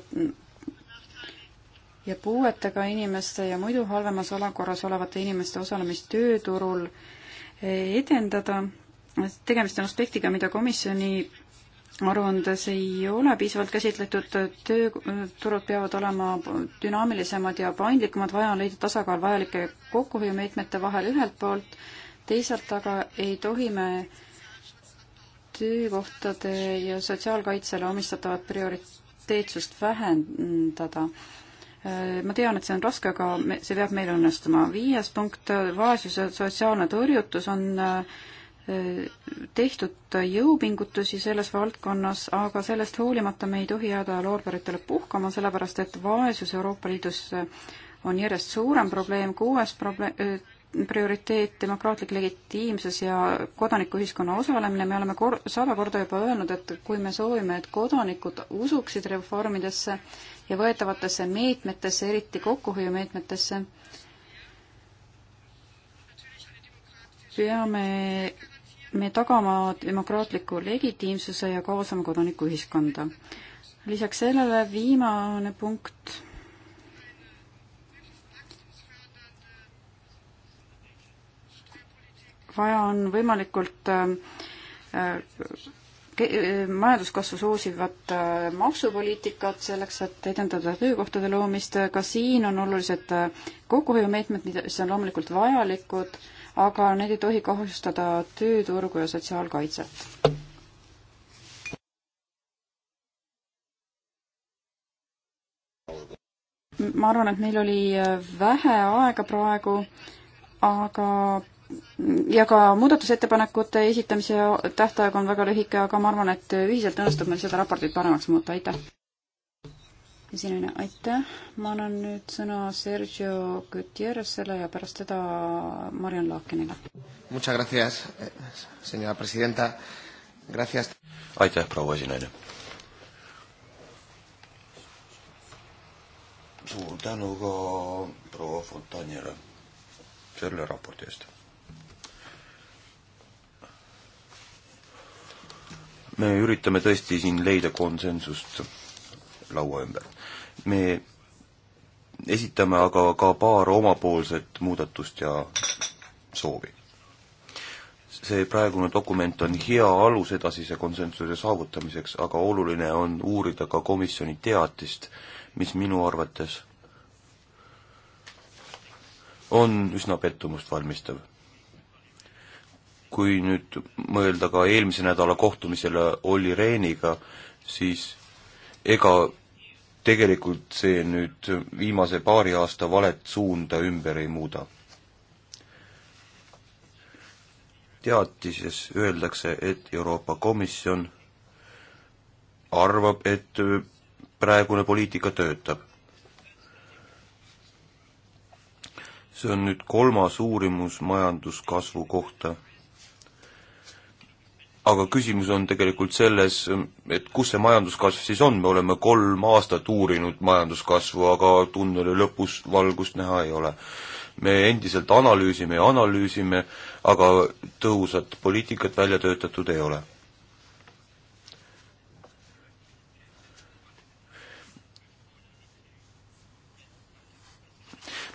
ja puuetega inimeste ja muidu halvemas olukorras olevate inimeste osalemist tööturul edendada. tegemist on aspektiga, mida komisjoni aruandes ei ole piisavalt käsitletud, tööturud peavad olema dünaamilisemad ja paindlikumad, vaja on leida tasakaal vajalike kokkuhoiumeetmete vahel ühelt poolt, teisalt aga ei tohi me töökohtade ja sotsiaalkaitsele omistatavat prioriteetsust vähendada Äh, ma tean, et see on raske, aga me, see peab meil õnnestuma. viies punkt, äh, vaesuse sotsiaalne tõrjutus on äh, tehtud jõupingutusi selles valdkonnas, aga sellest hoolimata me ei tohi jääda loorberitele puhkama, sellepärast et vaesus Euroopa Liidus on järjest suurem probleem, kuues probleem, prioriteet, demokraatlik legitiimsus ja kodanikuühiskonna osalemine, me oleme kor-, sada korda juba öelnud, et kui me soovime, et kodanikud usuksid reformidesse, ja võetavatesse meetmetesse, eriti kokkuhoiumeetmetesse, peame me tagama demokraatliku legitiimsuse ja kaasama kodanikuühiskonda. lisaks sellele viimane punkt vaja on võimalikult äh, majanduskasvu soosivat äh, maksupoliitikat selleks, et edendada töökohtade loomist, ka siin on olulised äh, kokkuhoiumeetmed, mis on loomulikult vajalikud, aga need ei tohi kahjustada tööturgu ja sotsiaalkaitset. ma arvan, et meil oli äh, vähe aega praegu, aga ja ka muudatusettepanekute esitamise tähtaeg on väga lühike, aga ma arvan, et ühiselt õnnestub meil seda raportit paremaks muuta, aitäh! esineja, aitäh! ma annan nüüd sõna Sergio Gutierrezele ja pärast teda Mariann Laakenile. Muchas gracias, senora presidenta, gracias! aitäh, proua esineja! suur tänu ka proua Fontanile selle raporti eest me üritame tõesti siin leida konsensust laua ümber. me esitame aga ka paar omapoolset muudatust ja soovi. see praegune dokument on hea alus edasise konsensuse saavutamiseks, aga oluline on uurida ka komisjoni teatist, mis minu arvates on üsna pettumust valmistav kui nüüd mõelda ka eelmise nädala kohtumisele Olli Rehniga, siis ega tegelikult see nüüd viimase paari aasta valet suunda ümber ei muuda. teatises öeldakse, et Euroopa Komisjon arvab, et praegune poliitika töötab. see on nüüd kolmas uurimus majanduskasvu kohta aga küsimus on tegelikult selles, et kus see majanduskasv siis on, me oleme kolm aastat uurinud majanduskasvu, aga tunneli lõpus valgust näha ei ole. me endiselt analüüsime ja analüüsime, aga tõhusat poliitikat välja töötatud ei ole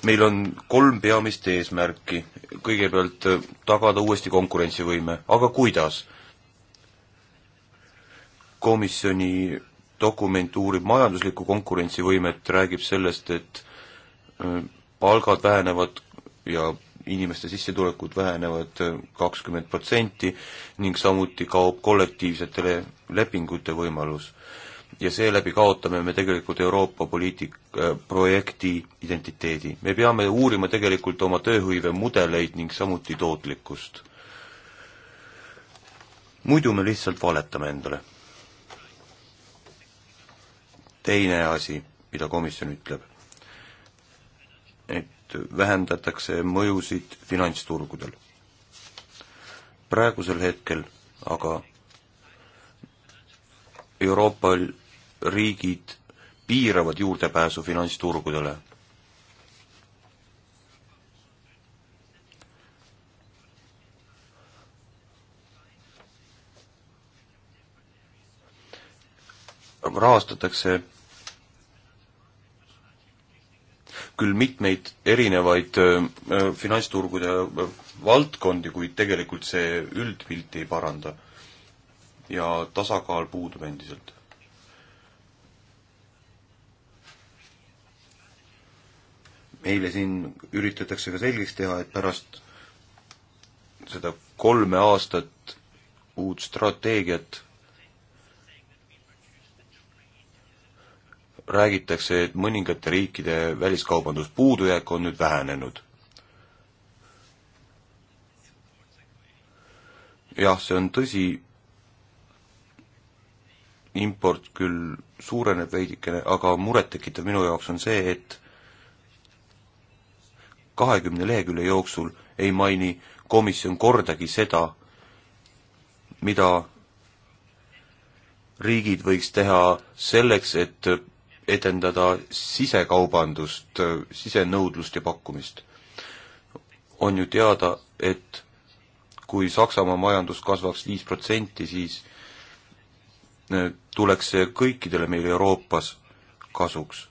meil on kolm peamist eesmärki. kõigepealt tagada uuesti konkurentsivõime, aga kuidas? komisjoni dokument uurib majanduslikku konkurentsivõimet, räägib sellest, et äh, palgad vähenevad ja inimeste sissetulekud vähenevad äh, kakskümmend protsenti ning samuti kaob kollektiivsetele lepingute võimalus. ja seeläbi kaotame me tegelikult Euroopa poliitik-, äh, projekti identiteedi. me peame uurima tegelikult oma tööhõivemudeleid ning samuti tootlikkust. muidu me lihtsalt valetame endale teine asi, mida komisjon ütleb, et vähendatakse mõjusid finantsturgudel. praegusel hetkel aga Euroopa riigid piiravad juurdepääsu finantsturgudele. rahastatakse küll mitmeid erinevaid finantsturgude valdkondi, kuid tegelikult see üldpilti ei paranda. ja tasakaal puudub endiselt. meile siin üritatakse ka selgeks teha, et pärast seda kolme aastat uut strateegiat räägitakse, et mõningate riikide väliskaubanduspuudujääk on nüüd vähenenud. jah, see on tõsi, import küll suureneb veidikene, aga murettekitav minu jaoks on see, et kahekümne lehekülje jooksul ei maini komisjon kordagi seda, mida riigid võiks teha selleks, et edendada sisekaubandust, sisenõudlust ja pakkumist. on ju teada, et kui Saksamaa majandus kasvaks viis protsenti, siis äh, tuleks see kõikidele meil Euroopas kasuks.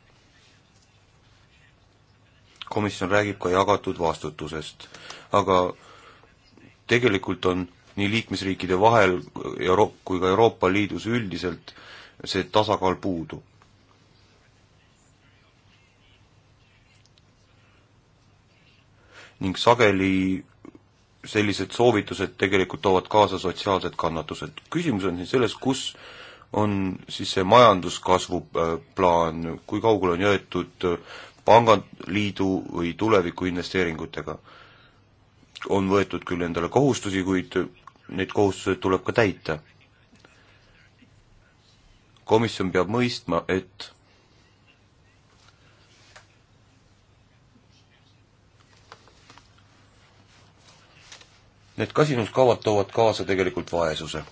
komisjon räägib ka jagatud vastutusest, aga tegelikult on nii liikmesriikide vahel Euro-, kui ka Euroopa Liidus üldiselt see tasakaal puudu ning sageli sellised soovitused tegelikult toovad kaasa sotsiaalsed kannatused. küsimus on siin selles, kus on siis see majanduskasvu äh, plaan, kui kaugele on jõetud äh, pangaliidu või tulevikuinvesteeringutega. on võetud küll endale kohustusi, kuid need kohustused tuleb ka täita. komisjon peab mõistma, et Need kasinuskavad toovad kaasa tegelikult vaesuse.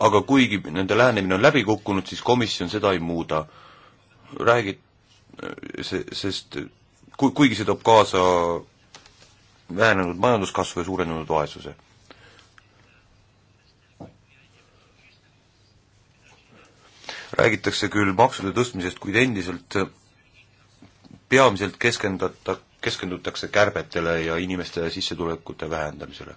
aga kuigi nende lähenemine on läbi kukkunud, siis komisjon seda ei muuda. räägid, see, sest ku-, kuigi see toob kaasa vähenenud majanduskasvu ja suurenenud vaesuse. räägitakse küll maksude tõstmisest, kuid endiselt peamiselt keskendata-, keskendutakse kärbetele ja inimeste sissetulekute vähendamisele.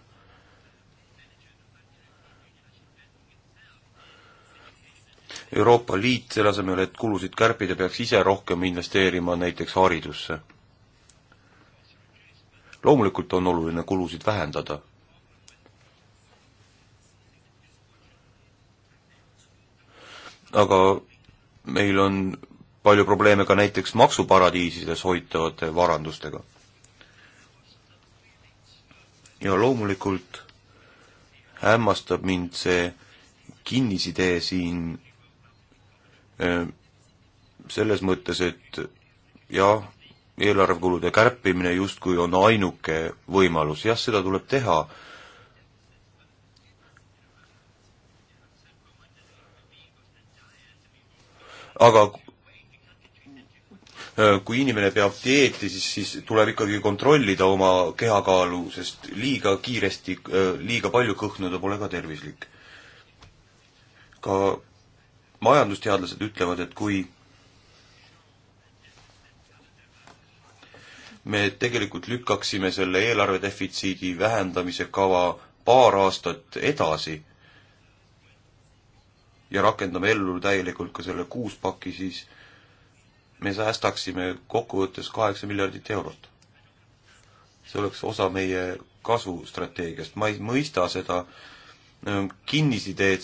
Euroopa Liit selle asemel, et kulusid kärpida, peaks ise rohkem investeerima näiteks haridusse. loomulikult on oluline kulusid vähendada aga meil on palju probleeme ka näiteks maksuparadiisides hoitavate varandustega. ja loomulikult hämmastab mind see kinnisidee siin äh, selles mõttes, et jah, eelarvekulude kärpimine justkui on ainuke võimalus, jah, seda tuleb teha, aga Äh, kui inimene peab dieeti, siis, siis tuleb ikkagi kontrollida oma kehakaalu, sest liiga kiiresti, äh, liiga palju kõhnuda pole ka tervislik. ka majandusteadlased ütlevad, et kui me tegelikult lükkaksime selle eelarve defitsiidi vähendamise kava paar aastat edasi ja rakendame ellu täielikult ka selle kuuspaki, siis me säästaksime kokkuvõttes kaheksa miljardit eurot. see oleks osa meie kasvustrateegiast, ma ei mõista seda ähm, kinnisideed,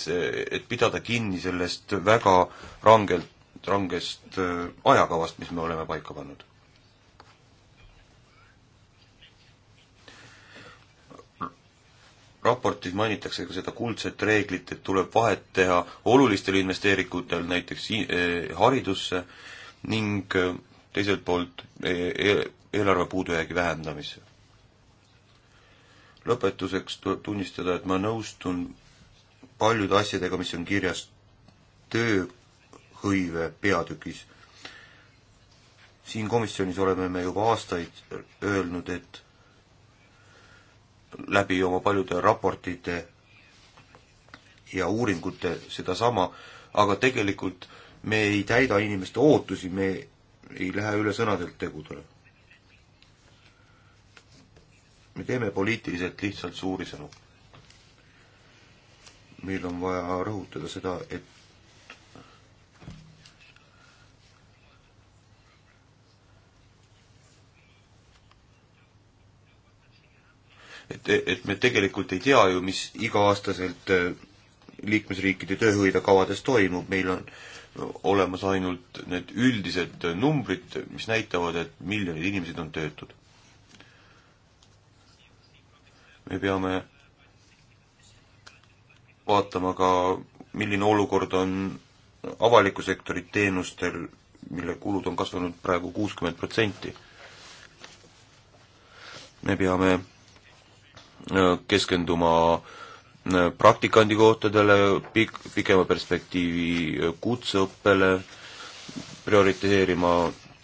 et pidada kinni sellest väga rangelt, rangest äh, ajakavast, mis me oleme paika pannud. raportis mainitakse ka seda kuldset reeglit, et tuleb vahet teha olulistel investeeringutel, näiteks äh, haridusse, ning äh, teiselt poolt e-, e-, eelarve puudujäägi vähendamisse. lõpetuseks tuleb tunnistada, et ma nõustun paljude asjadega, mis on kirjas tööhõive peatükis. siin komisjonis oleme me juba aastaid öelnud, et läbi oma paljude raportite ja uuringute sedasama, aga tegelikult me ei täida inimeste ootusi, me ei lähe üle sõnadelt tegudele. me teeme poliitiliselt lihtsalt suuri sõnu. meil on vaja rõhutada seda, et et, et me tegelikult ei tea ju, mis iga-aastaselt äh, liikmesriikide tööhõivekavades toimub, meil on äh, olemas ainult need üldised numbrid, mis näitavad, et miljonid inimesed on töötud. me peame vaatama ka, milline olukord on avaliku sektori teenustel, mille kulud on kasvanud praegu kuuskümmend protsenti. me peame keskenduma äh, Äh, praktikandikohtadele, pik-, pikema perspektiivi äh, kutseõppele, prioriteerima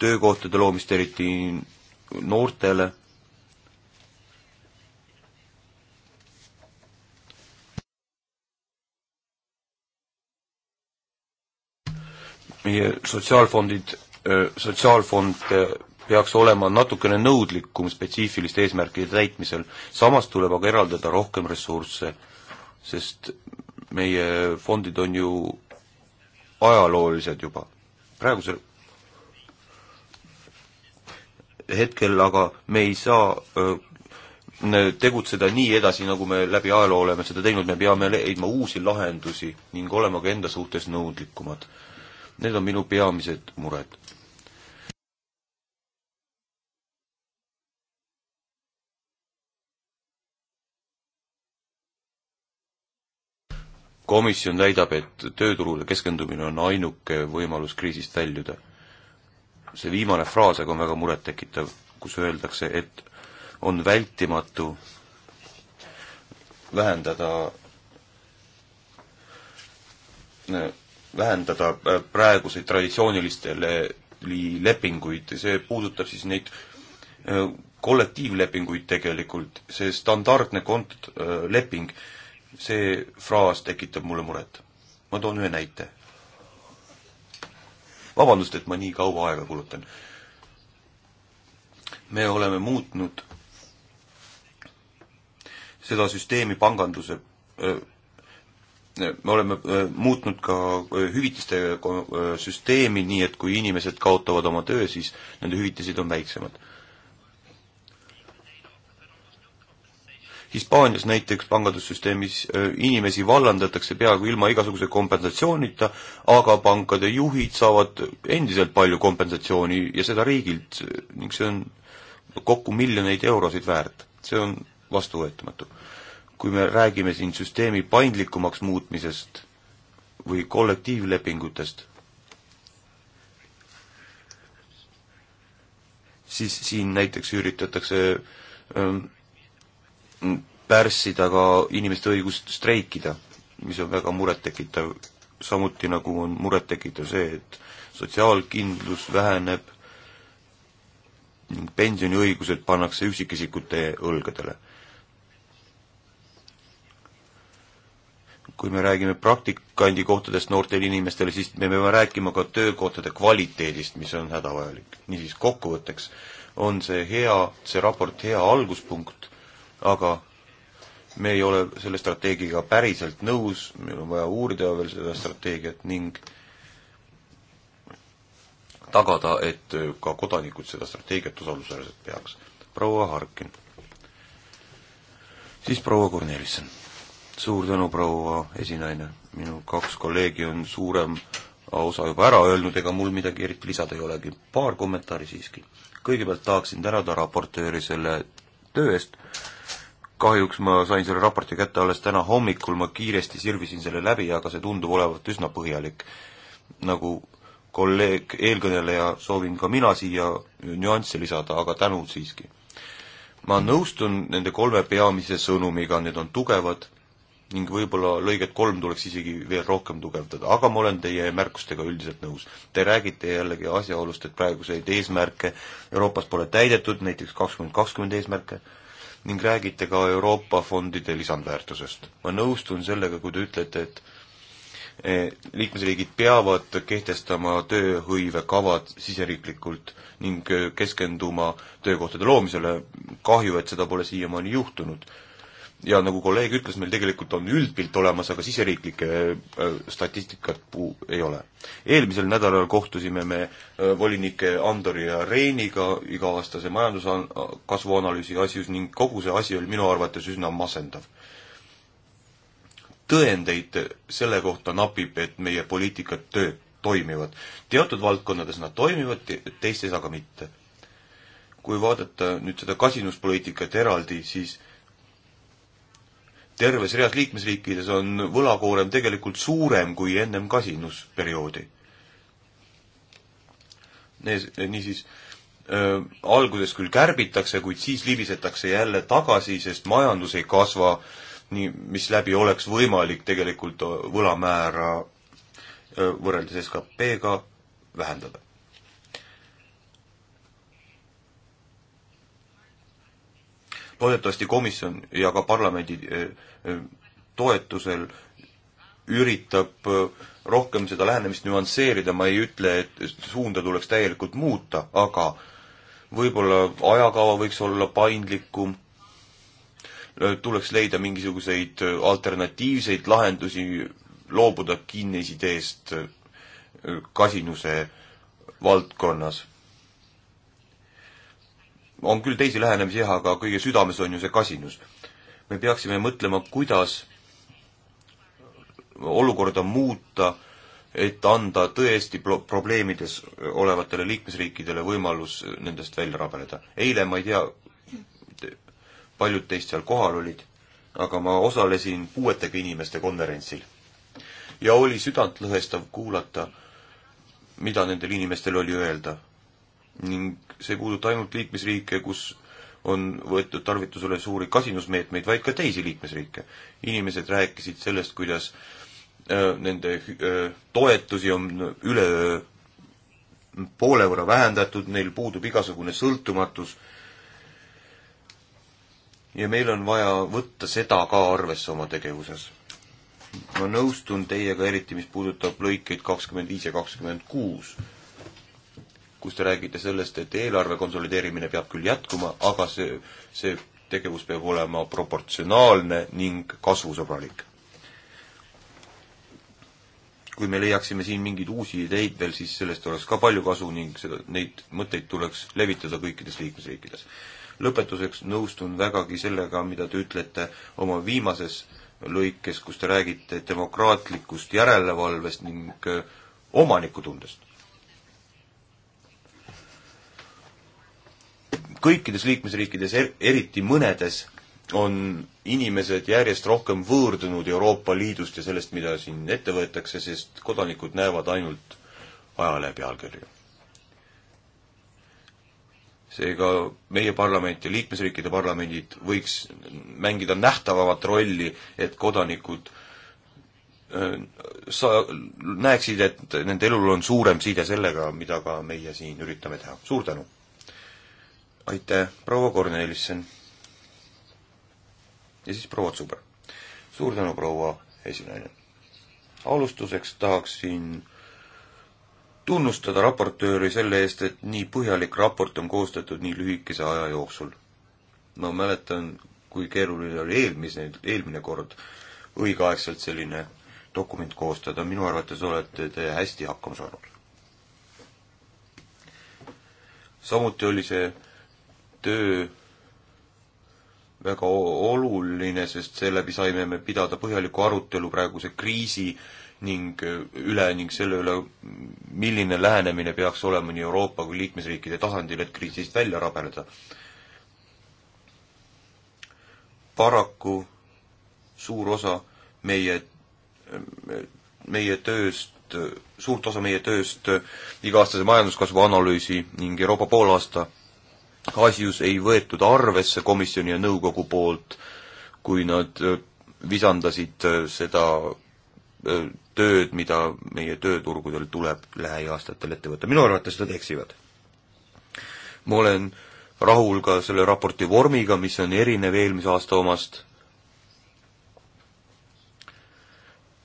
töökohtade loomist, eriti noortele meie sotsiaalfondid, äh, sotsiaalfond peaks olema natukene nõudlikum spetsiifiliste eesmärkide täitmisel, samas tuleb aga eraldada rohkem ressursse sest meie fondid on ju ajaloolised juba. praegusel hetkel aga me ei saa öö, tegutseda nii edasi, nagu me läbi ajaloo oleme seda teinud, me peame leidma uusi lahendusi ning olema ka enda suhtes nõudlikumad. Need on minu peamised mured komisjon väidab, et tööturule keskendumine on ainuke võimalus kriisist väljuda. see viimane fraas aga on väga murettekitav, kus öeldakse, et on vältimatu vähendada, vähendada praeguseid traditsioonilistele lepinguid, see puudutab siis neid kollektiivlepinguid tegelikult, see standardne kont-, leping äh, see fraas tekitab mulle muret. ma toon ühe näite. vabandust, et ma nii kaua aega kulutan. me oleme muutnud seda süsteemi panganduse me oleme muutnud ka hüvitiste süsteemi, nii et kui inimesed kaotavad oma töö, siis nende hüvitised on väiksemad Hispaanias näiteks pangandussüsteemis inimesi vallandatakse peaaegu ilma igasuguse kompensatsioonita, aga pankade juhid saavad endiselt palju kompensatsiooni ja seda riigilt ning see on kokku miljoneid eurosid väärt. see on vastuvõetamatu. kui me räägime siin süsteemi paindlikumaks muutmisest või kollektiivlepingutest, siis siin näiteks üritatakse ähm, pärssida ka inimeste õigust streikida, mis on väga murettekitav. samuti nagu on murettekitav see, et sotsiaalkindlus väheneb ning pensioniõigused pannakse üksikisikute õlgadele. kui me räägime praktikandi kohtadest noortele inimestele, siis me peame rääkima ka töökohtade kvaliteedist, mis on hädavajalik. niisiis, kokkuvõtteks on see hea, see raport hea alguspunkt aga me ei ole selle strateegiaga päriselt nõus, meil on vaja uurida veel seda strateegiat ning tagada, et ka kodanikud seda strateegiat usaldusväärselt peaks. proua Harkin. siis proua Kornelisson. suur tänu, proua esinaine. minu kaks kolleegi on suurem osa juba ära öelnud, ega mul midagi eriti lisada ei olegi. paar kommentaari siiski. kõigepealt tahaksin tänada raportööri selle töö eest, kahjuks ma sain selle raporti kätte alles täna hommikul, ma kiiresti sirvisin selle läbi, aga see tundub olevat üsna põhjalik. nagu kolleeg, eelkõneleja, soovin ka mina siia nüansse lisada, aga tänud siiski. ma nõustun nende kolme peamise sõnumiga, need on tugevad ning võib-olla lõiget kolm tuleks isegi veel rohkem tugevdada, aga ma olen teie märkustega üldiselt nõus. Te räägite jällegi asjaolust, et praeguseid eesmärke Euroopas pole täidetud, näiteks kakskümmend kakskümmend eesmärke, ning räägite ka Euroopa fondide lisandväärtusest. ma nõustun sellega, kui te ütlete, et e, liikmesriigid peavad kehtestama tööhõivekavad siseriiklikult ning keskenduma töökohtade loomisele, kahju, et seda pole siiamaani juhtunud ja nagu kolleeg ütles, meil tegelikult on üldpilt olemas, aga siseriiklike äh, statistikat puu ei ole. eelmisel nädalal kohtusime me äh, volinike Andori ja Reiniga iga-aastase majanduskasvu analüüsi asjus ning kogu see asi oli minu arvates üsna masendav. tõendeid selle kohta napib, et meie poliitikad töö-, toimivad. teatud valdkondades nad toimivad, teistes aga mitte. kui vaadata nüüd seda kasinuspoliitikat eraldi, siis terves reas liikmesriikides on võlakoorem tegelikult suurem kui ennem kasinusperioodi. niisiis äh,, alguses küll kärbitakse, kuid siis libisetakse jälle tagasi, sest majandus ei kasva, nii, misläbi oleks võimalik tegelikult võlamäära äh, võrreldes SKP-ga vähendada. loodetavasti komisjon ja ka parlamendi eh, eh, toetusel üritab eh, rohkem seda lähenemist nüansseerida, ma ei ütle, et suunda tuleks täielikult muuta, aga võib-olla ajakava võiks olla paindlikum, tuleks leida mingisuguseid alternatiivseid lahendusi, loobuda kinnisideest kasinuse valdkonnas on küll teisi lähenemisi jah, aga kõige südames on ju see kasinus. me peaksime mõtlema, kuidas olukorda muuta, et anda tõesti pro probleemides olevatele liikmesriikidele võimalus nendest välja rabeleda. eile ma ei tea, paljud teist seal kohal olid, aga ma osalesin puuetega inimeste konverentsil. ja oli südantlõhestav kuulata, mida nendel inimestel oli öelda. ning see ei puuduta ainult liikmesriike, kus on võetud tarvitusele suuri kasinusmeetmeid, vaid ka teisi liikmesriike. inimesed rääkisid sellest, kuidas äh, nende äh, toetusi on üleöö poole võrra vähendatud, neil puudub igasugune sõltumatus. ja meil on vaja võtta seda ka arvesse oma tegevuses. ma nõustun teiega eriti, mis puudutab lõikeid kakskümmend viis ja kakskümmend kuus kus te räägite sellest, et eelarve konsolideerimine peab küll jätkuma, aga see, see tegevus peab olema proportsionaalne ning kasvusõbralik. kui me leiaksime siin mingeid uusi ideid veel, siis sellest oleks ka palju kasu ning seda, neid mõtteid tuleks levitada kõikides liikmesriikides. lõpetuseks nõustun vägagi sellega, mida te ütlete oma viimases lõikes, kus te räägite demokraatlikust järelevalvest ning eh, omanikutundest. kõikides liikmesriikides, er-, eriti mõnedes, on inimesed järjest rohkem võõrdunud Euroopa Liidust ja sellest, mida siin ette võetakse, sest kodanikud näevad ainult ajalehe pealkirju. seega meie parlament ja liikmesriikide parlamendid võiks mängida nähtavamat rolli, et kodanikud äh, sa-, näeksid, et nende elul on suurem side sellega, mida ka meie siin üritame teha. suur tänu! aitäh, proua Kornelissen. ja siis proua Zuber. suur tänu, proua esinaine. alustuseks tahaksin tunnustada raportööri selle eest, et nii põhjalik raport on koostatud nii lühikese aja jooksul. ma mäletan, kui keeruline oli eelmise, eelmine kord õigeaegselt selline dokument koostada, minu arvates olete te hästi hakkama saanud. samuti oli see töö väga oluline, sest seeläbi saime me pidada põhjaliku arutelu praeguse kriisi ning äh, üle ning selle üle, milline lähenemine peaks olema nii Euroopa kui liikmesriikide tasandil, et kriisist välja rabeleda. paraku suur osa meie, äh, meie tööst, suurt osa meie tööst äh, iga-aastase majanduskasvu analüüsi ning Euroopa poolaasta asjus ei võetud arvesse komisjoni ja nõukogu poolt, kui nad visandasid seda tööd, mida meie tööturgudel tuleb lähiaastatel ette võtta. minu arvates nad eksivad. ma olen rahul ka selle raporti vormiga, mis on erinev eelmise aasta omast.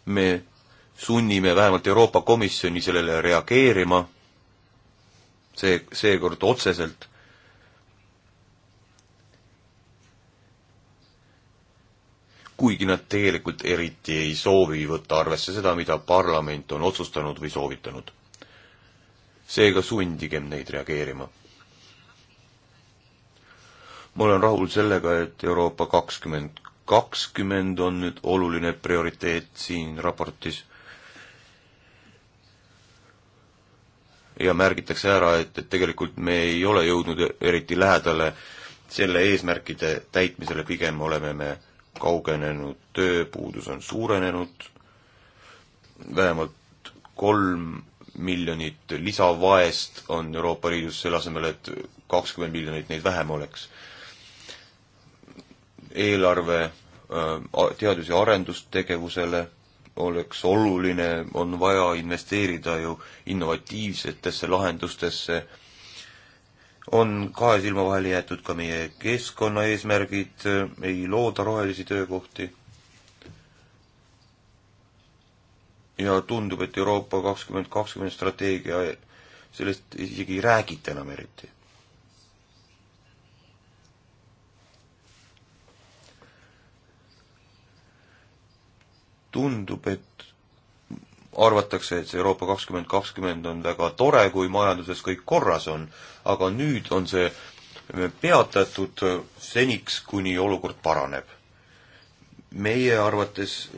me sunnime vähemalt Euroopa Komisjoni sellele reageerima, see, seekord otseselt kuigi nad tegelikult eriti ei soovi võtta arvesse seda, mida parlament on otsustanud või soovitanud. seega sundigem neid reageerima. ma olen rahul sellega, et Euroopa kakskümmend kakskümmend on nüüd oluline prioriteet siin raportis. ja märgitakse ära, et, et tegelikult me ei ole jõudnud eriti lähedale selle eesmärkide täitmisele, pigem oleme me äh, kaugenenud, tööpuudus on suurenenud, vähemalt kolm miljonit lisavaest on Euroopa Liidus, selle asemel, et kakskümmend miljonit neid vähem oleks. eelarve äh, teadus- ja arendustegevusele oleks oluline, on vaja investeerida ju innovatiivsetesse lahendustesse, on kahe silma vahele jäetud ka meie keskkonnaeesmärgid, ei looda rohelisi töökohti. ja tundub, et Euroopa kakskümmend kakskümmend strateegia, sellest isegi ei räägita enam eriti. tundub, et arvatakse, et see Euroopa kakskümmend kakskümmend on väga tore, kui majanduses kõik korras on, aga nüüd on see peatatud seniks, kuni olukord paraneb. meie arvates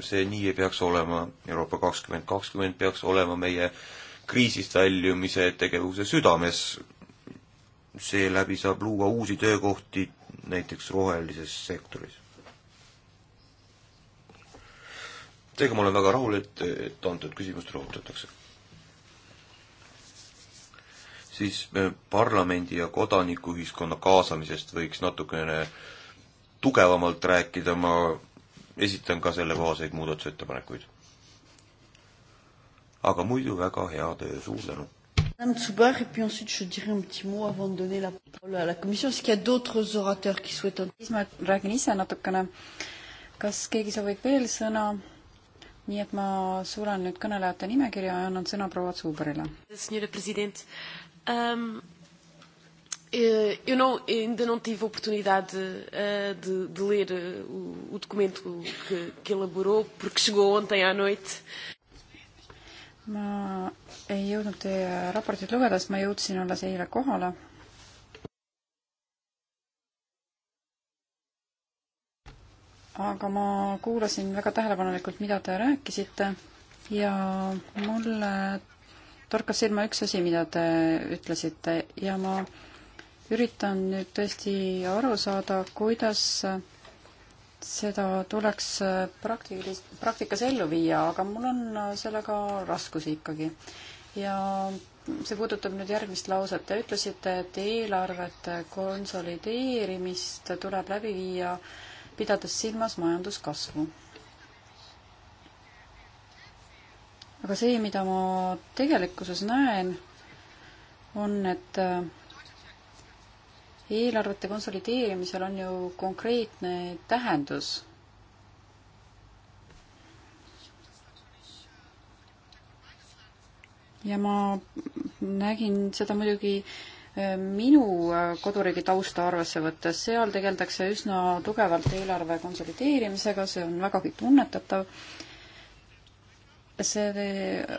see nii ei peaks olema, Euroopa kakskümmend kakskümmend peaks olema meie kriisist väljumise tegevuse südames. seeläbi saab luua uusi töökohti näiteks rohelises sektoris seega ma olen väga rahul, et, et antud küsimust rõhutatakse. siis eh, parlamendi ja kodanikuühiskonna kaasamisest võiks natukene tugevamalt rääkida, ma esitan ka sellekohaseid muudatusettepanekuid. aga muidu väga hea töö, suur tänu! Madame Tsubar, et puis ensuite je dirai un petit mot avant de donner la parole à la Commission. Est-ce qu'il y a d'autres orateurs qui souhaitent... siis ma räägin ise natukene. kas keegi soovib veel sõna? nii et ma sulen nüüd kõnelejate nimekirja ja annan sõna proua Zuberile. Um, eh, eu não, ainda não tive a oportunidade uh, de, de ler eh, o, o documento que, que elaborou, porque chegou ontem à noite. ma ei jõudnud teie raportit lugeda, sest ma jõudsin alles eile kohale aga ma kuulasin väga tähelepanelikult, mida te rääkisite ja mulle torkas silma üks asi, mida te ütlesite ja ma üritan nüüd tõesti aru saada, kuidas seda tuleks praktilis-, praktikas ellu viia, aga mul on sellega raskusi ikkagi. ja see puudutab nüüd järgmist lauset. Te ütlesite, et eelarvete konsolideerimist tuleb läbi viia äh, pidades silmas majanduskasvu. aga see, mida ma tegelikkuses näen, on, et äh, eelarvete konsolideerimisel on ju konkreetne tähendus. ja ma nägin seda muidugi äh, minu äh, koduriigi tausta arvesse võttes, seal tegeldakse üsna tugevalt eelarve konsolideerimisega, see on vägagi tunnetatav. see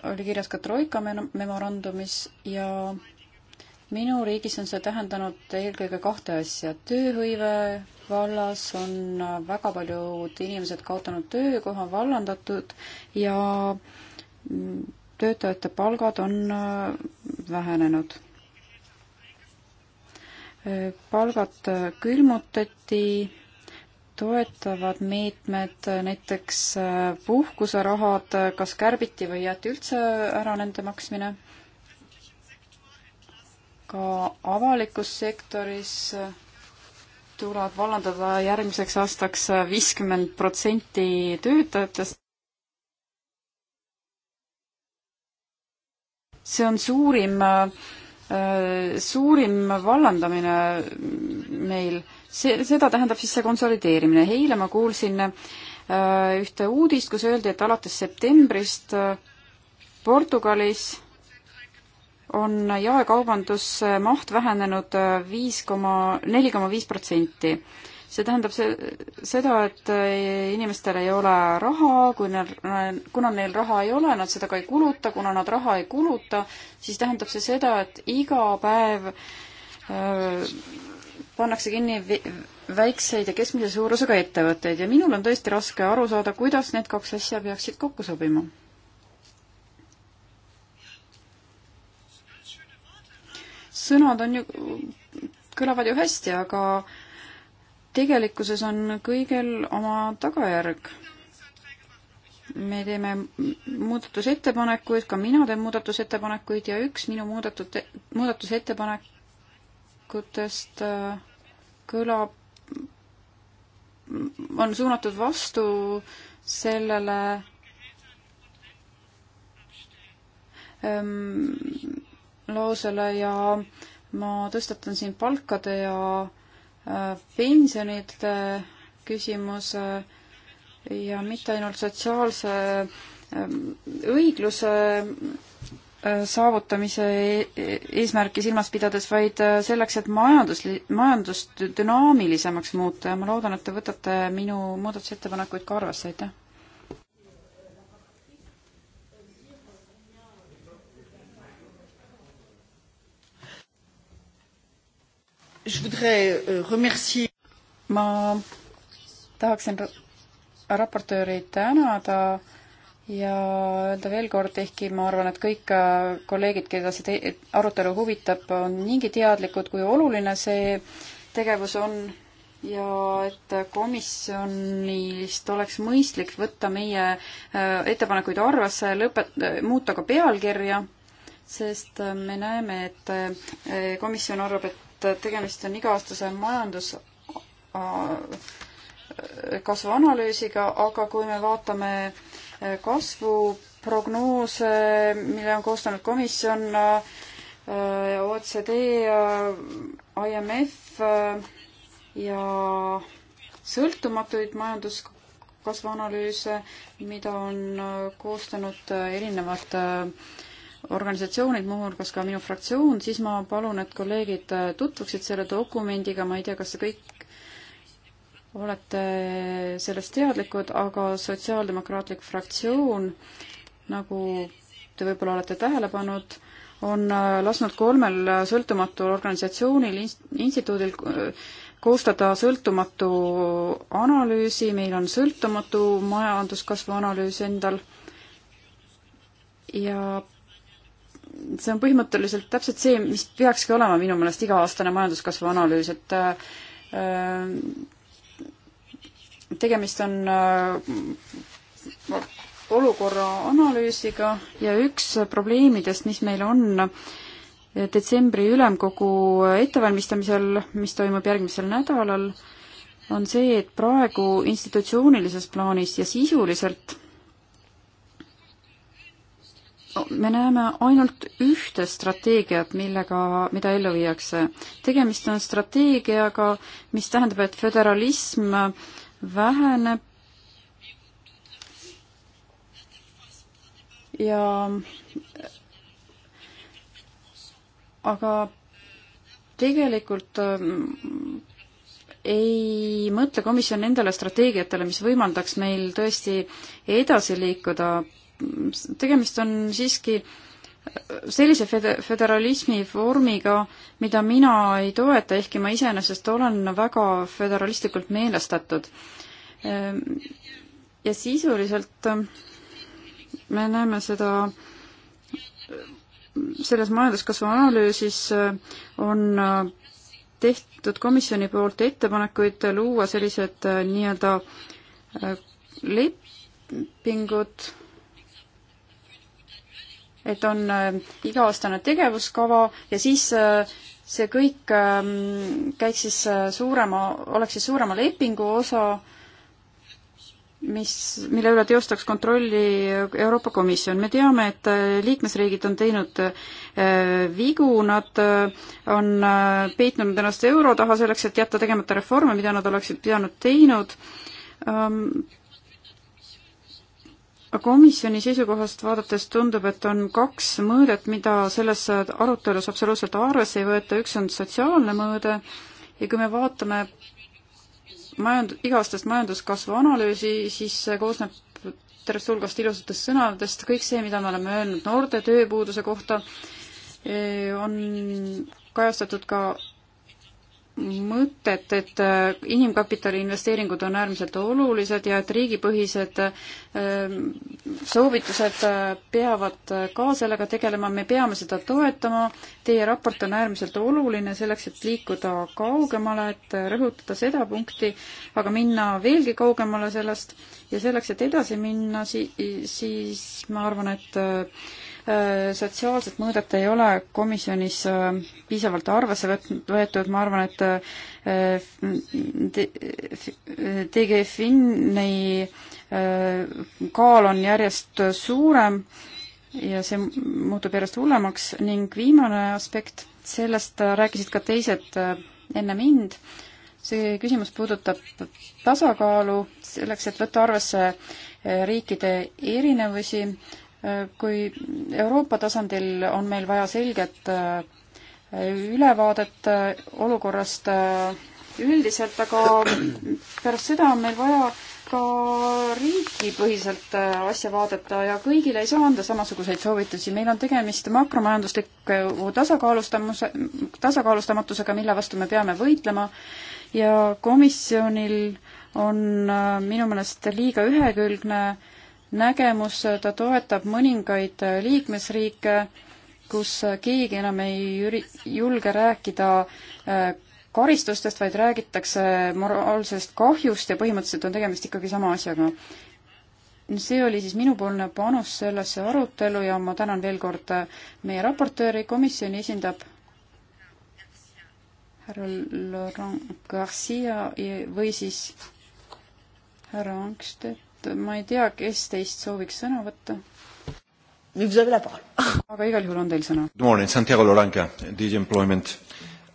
oli kirjas ka Troika memorandumis ja minu riigis on see tähendanud eelkõige kahte asja. tööhõive vallas on väga paljud inimesed kaotanud töökoha, vallandatud ja mm, töötajate palgad on äh, vähenenud palgad külmutati, toetavad meetmed, näiteks äh, puhkuserahad, kas kärbiti või jäeti üldse ära nende maksmine? ka avalikus sektoris äh, tuleb vallandada järgmiseks aastaks äh, viiskümmend protsenti töötajatest. see on suurim äh, Äh, suurim vallandamine meil, see, seda tähendab siis see konsolideerimine. eile ma kuulsin äh, ühte uudist, kus öeldi, et alates septembrist äh, Portugalis on jaekaubanduse maht vähenenud viis koma, neli koma viis protsenti see tähendab see, seda, et äh, inimestel ei ole raha, kui neil, kuna neil raha ei ole, nad seda ka ei kuluta, kuna nad raha ei kuluta, siis tähendab see seda, et iga päev öö, äh, pannakse kinni väikseid ja keskmise suurusega ettevõtteid ja minul on tõesti raske aru saada, kuidas need kaks asja peaksid kokku sobima. sõnad on ju, kõlavad ju hästi, aga äh, tegelikkuses on kõigel oma tagajärg. me teeme muudatusettepanekuid, ka mina teen muudatusettepanekuid ja üks minu muudatud, muudatusettepanekutest äh, kõlab, on suunatud vastu sellele ähm, lausele ja ma tõstatan siin palkade ja äh, pensionide äh, küsimus äh, ja mitte ainult sotsiaalse ähm, õigluse äh, saavutamise e-, e-, eesmärki silmas pidades, vaid selleks, et majandus, majandust dünaamilisemaks muuta ja ma loodan, et te võtate minu muudatusettepanekuid ka arvesse, aitäh! Euh, ma tahaksin raportööri tänada ja öelda veel kord, ehkki ma arvan, et kõik äh, kolleegid, keda see arutelu huvitab, on niigi teadlikud, kui oluline see tegevus on ja et komisjonist oleks mõistlik võtta meie äh, ettepanekuid arvesse, lõpet-, äh, muuta ka pealkirja, sest me näeme, et komisjon arvab, et et tegemist on iga-aastase majandus kasvu analüüsiga, aga kui me vaatame e, kasvuprognoose, mille on koostanud komisjon, e, OECD, IMF e, ja sõltumatuid majanduskasvu analüüse, mida on koostanud erinevad äh, organisatsioonid, muuhulgas ka minu fraktsioon, siis ma palun, et kolleegid äh, tutvuksid selle dokumendiga, ma ei tea, kas te kõik olete sellest teadlikud, aga Sotsiaaldemokraatlik fraktsioon, nagu te võib-olla olete tähele pannud, on äh, lasknud kolmel äh, sõltumatul organisatsioonil, instituudil koostada sõltumatu analüüsi, meil on sõltumatu majanduskasvu analüüs endal ja see on põhimõtteliselt täpselt see, mis peakski olema minu meelest iga-aastane majanduskasvu analüüs, et äh, tegemist on äh, olukorra analüüsiga ja üks probleemidest, mis meil on äh, detsembri ülemkogu ettevalmistamisel, mis toimub järgmisel nädalal, on see, et praegu institutsioonilises plaanis ja sisuliselt me näeme ainult ühte strateegiat, millega, mida ellu viiakse. tegemist on strateegiaga, mis tähendab, et föderalism väheneb ja aga tegelikult mm, ei mõtle komisjon nendele strateegiatele, mis võimaldaks meil tõesti edasi liikuda tegemist on siiski sellise fed-, föderalismi vormiga, mida mina ei toeta, ehkki ma iseenesest olen väga föderalistlikult meelestatud. ja sisuliselt me näeme seda selles majanduskasvu analüüsis on tehtud komisjoni poolt ettepanekuid luua sellised nii-öelda lepingud, et on äh, iga-aastane tegevuskava ja siis äh, see kõik ähm, käiks siis äh, suurema, oleks siis suurema lepingu osa, mis, mille üle teostaks kontrolli Euroopa Komisjon. me teame, et liikmesriigid on teinud vigu, nad on peitnud ennast euro taha selleks, et jätta tegemata reforme, mida nad oleksid pidanud teinud ähm, komisjoni seisukohast vaadates tundub, et on kaks mõõdet, mida selles arutelus absoluutselt arvesse ei võeta, üks on sotsiaalne mõõde ja kui me vaatame majand-, iga-aastast majanduskasvu analüüsi, siis see koosneb tervest hulgast ilusatest sõnadest, kõik see, mida me oleme öelnud noorte tööpuuduse kohta, eh, on kajastatud ka mõtet, et äh, inimkapitali investeeringud on äärmiselt olulised ja et riigipõhised ähm, soovitused äh, peavad äh, ka sellega tegelema, me peame seda toetama. Teie raport on äärmiselt oluline selleks, et liikuda kaugemale, et rõhutada seda punkti, aga minna veelgi kaugemale sellest ja selleks, et edasi minna, siis ma arvan, et äh, sotsiaalset mõõdet ei ole komisjonis äh, piisavalt arvesse võetud, ma arvan, et äh, TG Finni kaal on järjest suurem ja see muutub järjest hullemaks ning viimane aspekt, sellest rääkisid ka teised enne mind, see küsimus puudutab tasakaalu selleks, et võtta arvesse eh, riikide erinevusi. Eh, kui Euroopa tasandil on meil vaja selget eh, ülevaadet olukorrast üldiselt, aga pärast seda on meil vaja ka riigipõhiselt asja vaadata ja kõigile ei saa anda samasuguseid soovitusi. meil on tegemist makromajandusliku tasakaalustamus, tasakaalustamatusega, mille vastu me peame võitlema ja komisjonil on äh, minu meelest liiga ühekülgne nägemus, ta toetab mõningaid äh, liikmesriike, kus äh, keegi enam ei üri-, julge rääkida karistustest, vaid räägitakse moraalsest kahjust ja põhimõtteliselt on tegemist ikkagi sama asjaga. see oli siis minupoolne panus sellesse arutelu ja ma tänan veel kord meie raportööri, komisjoni esindab härra Laurent Garcia või siis härra Angstedt. ma ei tea, kes teist sooviks sõna võtta. aga igal juhul on teil sõna. Good morning, Santiago Loranca, DJ Employment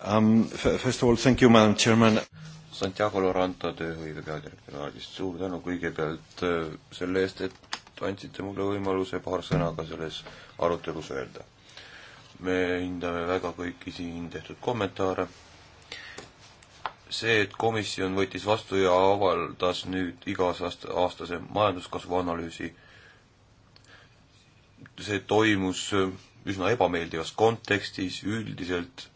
um,. First of all, thank you, madam chairman. Santiago Loranta, tööhõive peadirektoraadist, suur tänu kõigepealt äh, selle eest, et andsite mulle võimaluse paar sõna ka selles arutelus öelda. me hindame väga kõiki siin tehtud kommentaare see, et komisjon võttis vastu ja avaldas nüüd iga-aastase majanduskasvu analüüsi, see toimus äh, üsna ebameeldivas kontekstis, üldiselt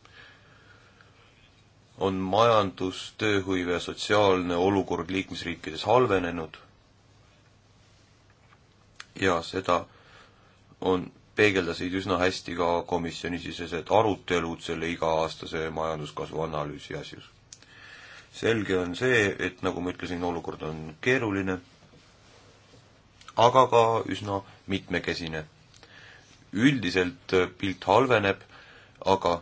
on majandus, tööhõive ja sotsiaalne olukord liikmesriikides halvenenud ja seda on, peegeldasid üsna hästi ka komisjonisisesed arutelud selle iga-aastase majanduskasvu analüüsi asjus selge on see, et nagu ma ütlesin, olukord on keeruline, aga ka üsna mitmekesine. üldiselt pilt halveneb, aga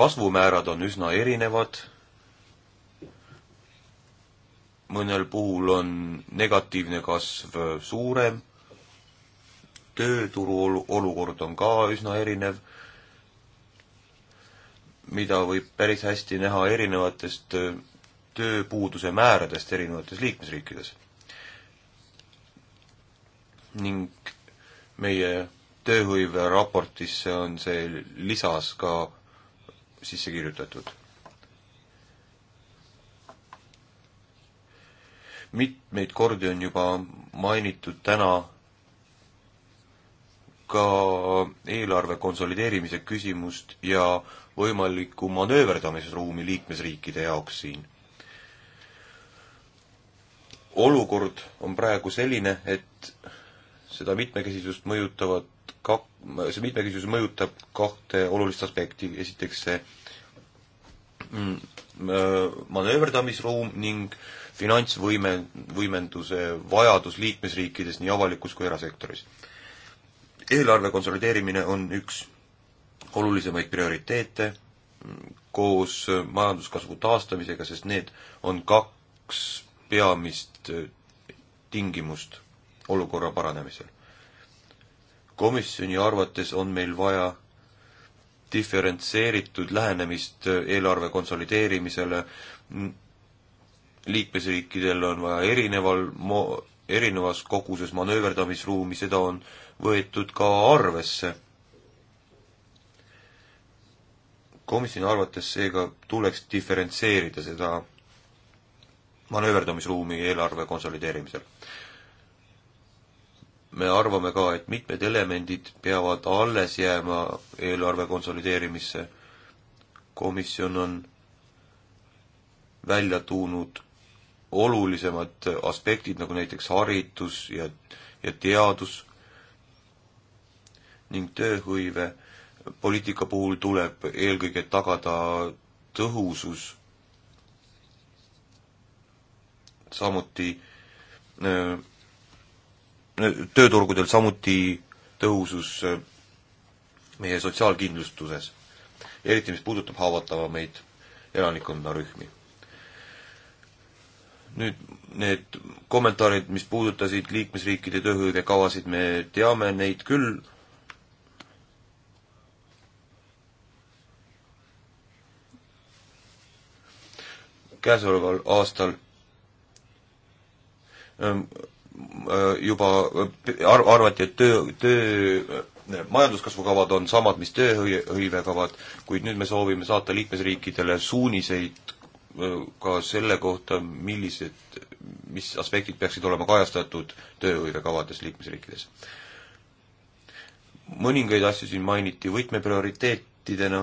kasvumäärad on üsna erinevad, mõnel puhul on negatiivne kasv suurem, tööturu olukord on ka üsna erinev mida võib päris hästi näha erinevatest tööpuuduse määradest erinevates liikmesriikides. ning meie tööhõive raportisse on see lisas ka sisse kirjutatud. mitmeid kordi on juba mainitud täna ka eelarve konsolideerimise küsimust ja äh, võimalikku manööverdamisruumi liikmesriikide jaoks siin. olukord on praegu selline, et seda mitmekesisust mõjutavad kak-, see mitmekesisus mõjutab kahte olulist aspekti, esiteks see mm, äh, manööverdamisruum ning finantsvõime, võimenduse vajadus liikmesriikides nii avalikus kui erasektoris. eelarve konsolideerimine on üks olulisemaid prioriteete koos majanduskasvu taastamisega, sest need on kaks peamist tingimust olukorra paranemisel. komisjoni arvates on meil vaja diferentseeritud lähenemist eelarve konsolideerimisele, liikmesriikidel on vaja erineval mo-, erinevas koguses manööverdamisruumi, seda on võetud ka arvesse komisjoni arvates seega tuleks diferentseerida seda manööverdumisruumi eelarve konsolideerimisel. me arvame ka, et mitmed elemendid peavad alles jääma eelarve konsolideerimisse. komisjon on välja tuunud olulisemad aspektid, nagu näiteks haridus ja, ja teadus ning tööhõive poliitika puhul tuleb eelkõige tagada tõhusus, samuti äh, tööturgudel, samuti tõhusus äh, meie sotsiaalkindlustuses, eriti mis puudutab haavatavamaid elanikkonnarühmi. nüüd need kommentaarid, mis puudutasid liikmesriikide tööhõivekavasid, me teame neid küll, käesoleval aastal ähm, äh, juba äh, ar-, arvati, et töö, töö äh, majanduskasvukavad on samad, mis tööhõivekavad, kuid nüüd me soovime saata liikmesriikidele suuniseid ka selle kohta, millised, mis aspektid peaksid olema kajastatud tööhõivekavades liikmesriikides. mõningaid asju siin mainiti võtmeprioriteetidena,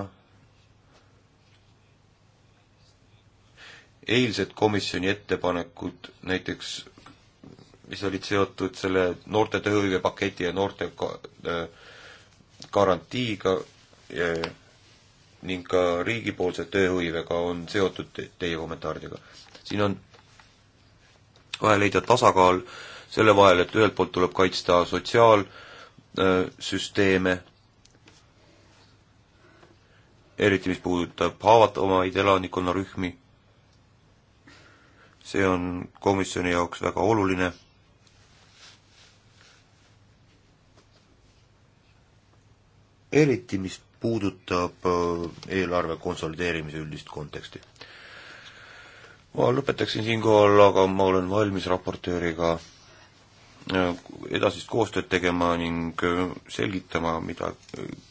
eilsed komisjoni ettepanekud näiteks, mis olid seotud selle noorte tööhõive paketi ja noorte äh, garantiiga ja, ning ka riigipoolse tööhõivega on seotud teie kommentaaridega. siin on vaja leida tasakaal selle vahel, et ühelt poolt tuleb kaitsta sotsiaalsüsteeme, äh, eriti mis puudutab haavatavamaid elanikkonnarühmi see on komisjoni jaoks väga oluline. eriti, mis puudutab äh, eelarve konsolideerimise üldist konteksti. ma lõpetaksin siinkohal, aga ma olen valmis raportööriga äh, edasist koostööd tegema ning äh, selgitama, mida,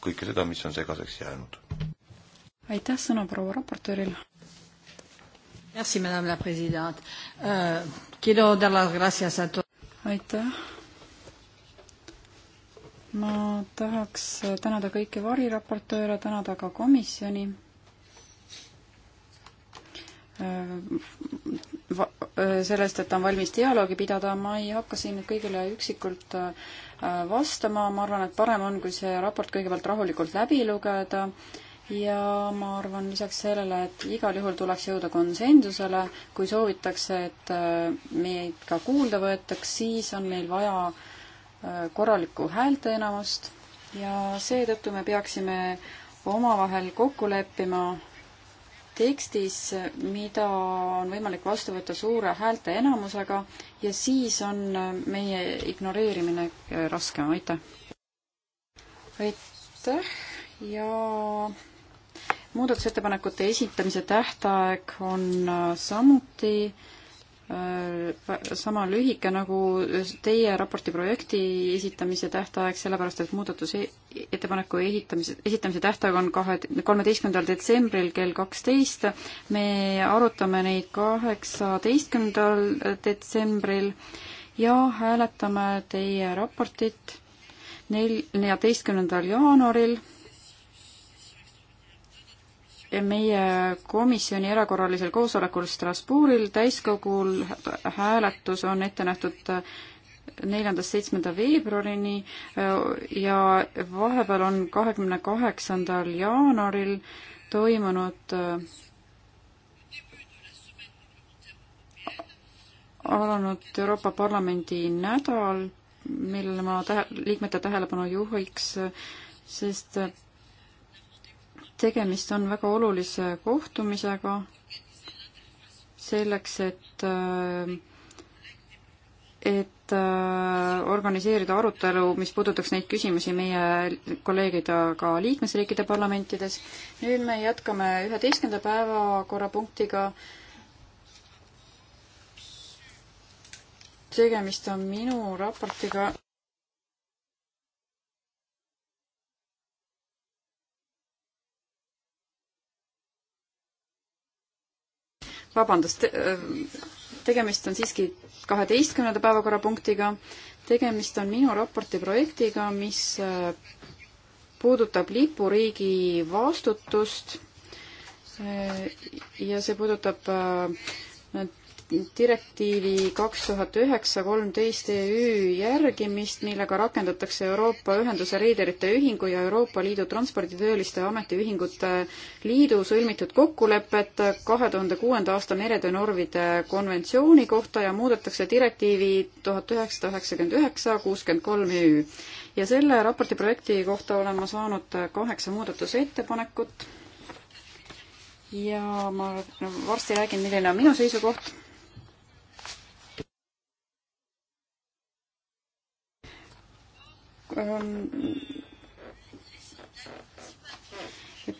kõike seda, mis on segaseks jäänud. aitäh sõna proua raportööril! Merci, madame la president uh,. Quiero dar las gracias a to-. aitäh. ma tahaks tänada kõiki variraportööre, tänada ka komisjoni äh, äh, sellest, et on valmis dialoogi pidada, ma ei hakka siin nüüd kõigile üksikult äh, vastama, ma arvan, et parem on, kui see raport kõigepealt rahulikult läbi lugeda äh, ja ma arvan lisaks sellele, et igal juhul tuleks jõuda konsensusele, kui soovitakse, et äh, meid ka kuulda võetaks, siis on meil vaja äh, korralikku häälteenamust ja seetõttu me peaksime omavahel kokku leppima tekstis, mida on võimalik vastu võtta suure häälteenamusega ja siis on äh, meie ignoreerimine raskem, aitäh! aitäh ja muudatusettepanekute esitamise tähtaeg on äh, samuti äh, sama lühike nagu teie raporti projekti esitamise tähtaeg, sellepärast et muudatusettepaneku e-, ehitamise, esitamise tähtaeg on kahe, kolmeteistkümnendal detsembril kell kaksteist. me arutame neid kaheksateistkümnendal detsembril ja hääletame teie raportit nel-, neljateistkümnendal jaanuaril meie komisjoni erakorralisel koosolekul Strasbourgil täiskogul hääletus on ette nähtud neljandast seitsmenda veebruarini äh, ja vahepeal on kahekümne kaheksandal jaanuaril toimunud äh, alanud Euroopa Parlamendi nädal, millele ma tähe, liikmete tähelepanu juhiks, äh, sest tegemist on väga olulise kohtumisega selleks, et äh, et äh, organiseerida arutelu, mis puudutaks neid küsimusi meie kolleegidega liikmesriikide parlamentides. nüüd me jätkame üheteistkümnenda päevakorrapunktiga. tegemist on minu raportiga. vabandust, tegemist on siiski kaheteistkümnenda päevakorrapunktiga, tegemist on minu raporti projektiga, mis äh, puudutab lipuriigi vastutust äh, ja see puudutab äh, direktiivi kaks tuhat üheksa kolmteist EÜ järgimist, millega rakendatakse Euroopa Ühenduse Reederite Ühingu ja Euroopa Liidu Transporditööliste Ametiühingute Liidu sõlmitud kokkulepet kahe tuhande kuuenda aasta meretöönormide konventsiooni kohta ja muudetakse direktiivi tuhat üheksasada üheksakümmend üheksa kuuskümmend kolm EÜ. ja selle raporti projekti kohta olen ma saanud kaheksa muudatusettepanekut ja ma varsti räägin, milline on minu seisukoht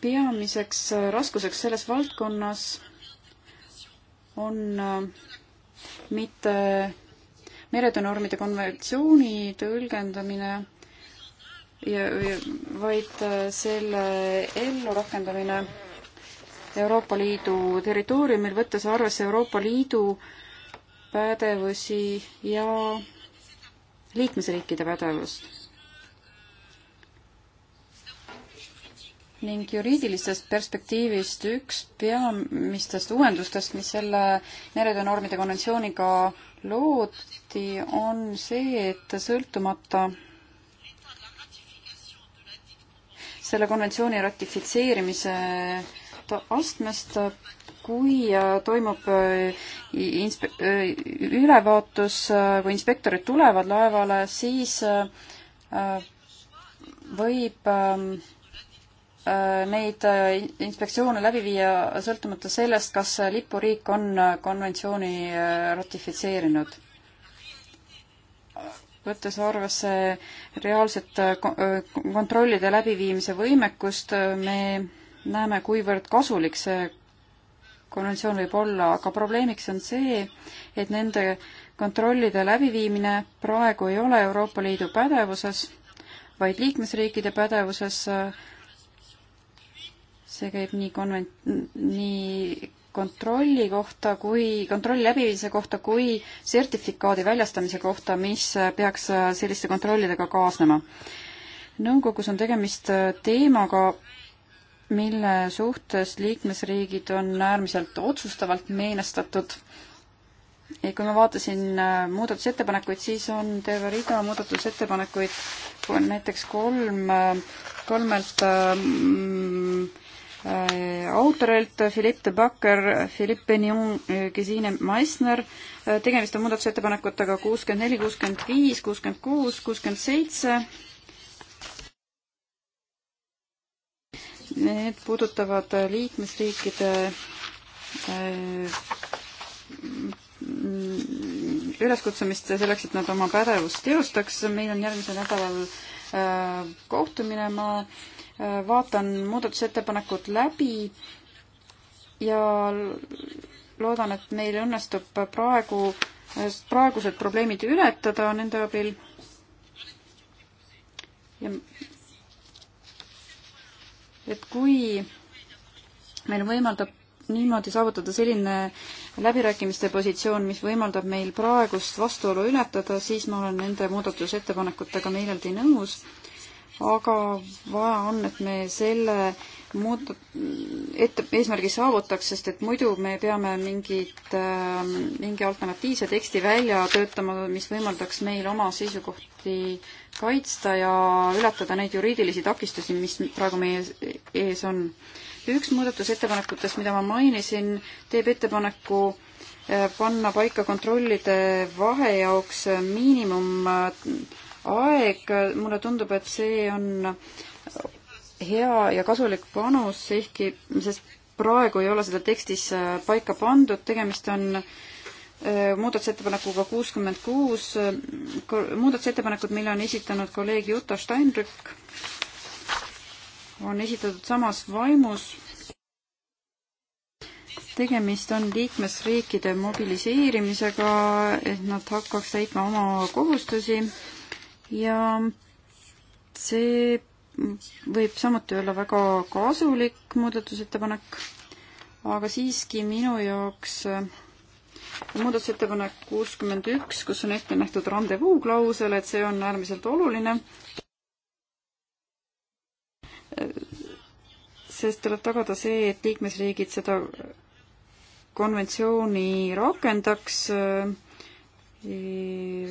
peamiseks raskuseks selles valdkonnas on äh, mitte meretöönormide konventsiooni tõlgendamine, vaid äh, selle ellurakendamine Euroopa Liidu territooriumil, võttes arvesse Euroopa Liidu pädevusi ja liikmesriikide pädevust. ning juriidilisest perspektiivist üks peamistest uuendustest, mis selle meretöönormide konventsiooniga loodi, on see, et sõltumata selle konventsiooni ratifitseerimise astmest, kui äh, toimub äh, inspe-, äh, ülevaatus, kui inspektorid tulevad laevale, siis võib ähm, Äh, neid äh, inspektsioone läbi viia sõltumata sellest, kas lipuriik on äh, konventsiooni ratifitseerinud. võttes arvesse reaalset kontrollide läbiviimise võimekust, me näeme, kuivõrd kasulik see konventsioon võib olla, aga probleemiks on see, et nende kontrollide läbiviimine praegu ei ole Euroopa Liidu pädevuses, vaid liikmesriikide pädevuses äh, see käib nii konvent-, nii kontrolli kohta kui, kontrolli läbiviimise kohta kui sertifikaadi väljastamise kohta, mis peaks selliste kontrollidega kaasnema. nõukogus on tegemist teemaga, mille suhtes liikmesriigid on äärmiselt otsustavalt meenestatud ja kui ma vaatasin äh, muudatusettepanekuid, siis on terve rida muudatusettepanekuid, näiteks kolm, äh, kolmelt ähm, Äh, autorilt Philippe de Backer, Philippe Benjon, äh, Gesine Meissner. Äh, tegemist on muudatusettepanekutega kuuskümmend neli, kuuskümmend viis, kuuskümmend kuus, kuuskümmend seitse. Need puudutavad liikmesriikide üleskutsumist selleks, et nad oma pädevust teostaks. meil on järgmisel nädalal kohtumine, ma vaatan muudatusettepanekud läbi ja loodan, et meil õnnestub praegu, praegused probleemid ületada nende abil. ja et kui meil võimaldab niimoodi saavutada selline läbirääkimiste positsioon, mis võimaldab meil praegust vastuolu ületada, siis ma olen nende muudatusettepanekutega meeleldi nõus aga vaja on, et me selle muud-, ette, eesmärgi saavutaks, sest et muidu me peame mingit, ähm, mingi alternatiivse teksti välja töötama, mis võimaldaks meil oma seisukohti kaitsta ja ületada neid juriidilisi takistusi, mis praegu meie ees on. üks muudatusettepanekutest, mida ma mainisin, teeb ettepaneku äh, panna paika kontrollide vahe jaoks miinimum äh, aeg, mulle tundub, et see on hea ja kasulik panus, ehkki, sest praegu ei ole seda tekstis äh, paika pandud, tegemist on äh, muudatusettepanekuga kuuskümmend kuus, muudatusettepanekud, mille on esitanud kolleeg Juta Steinrück, on esitatud samas vaimus tegemist on liikmesriikide mobiliseerimisega, et nad hakkaks täitma oma kohustusi ja see võib samuti olla väga kasulik muudatusettepanek, aga siiski minu jaoks äh, muudatusettepanek kuuskümmend üks, kus on ette nähtud randevuu klausel, et see on äärmiselt oluline. sest tuleb tagada see, et liikmesriigid seda konventsiooni rakendaks äh,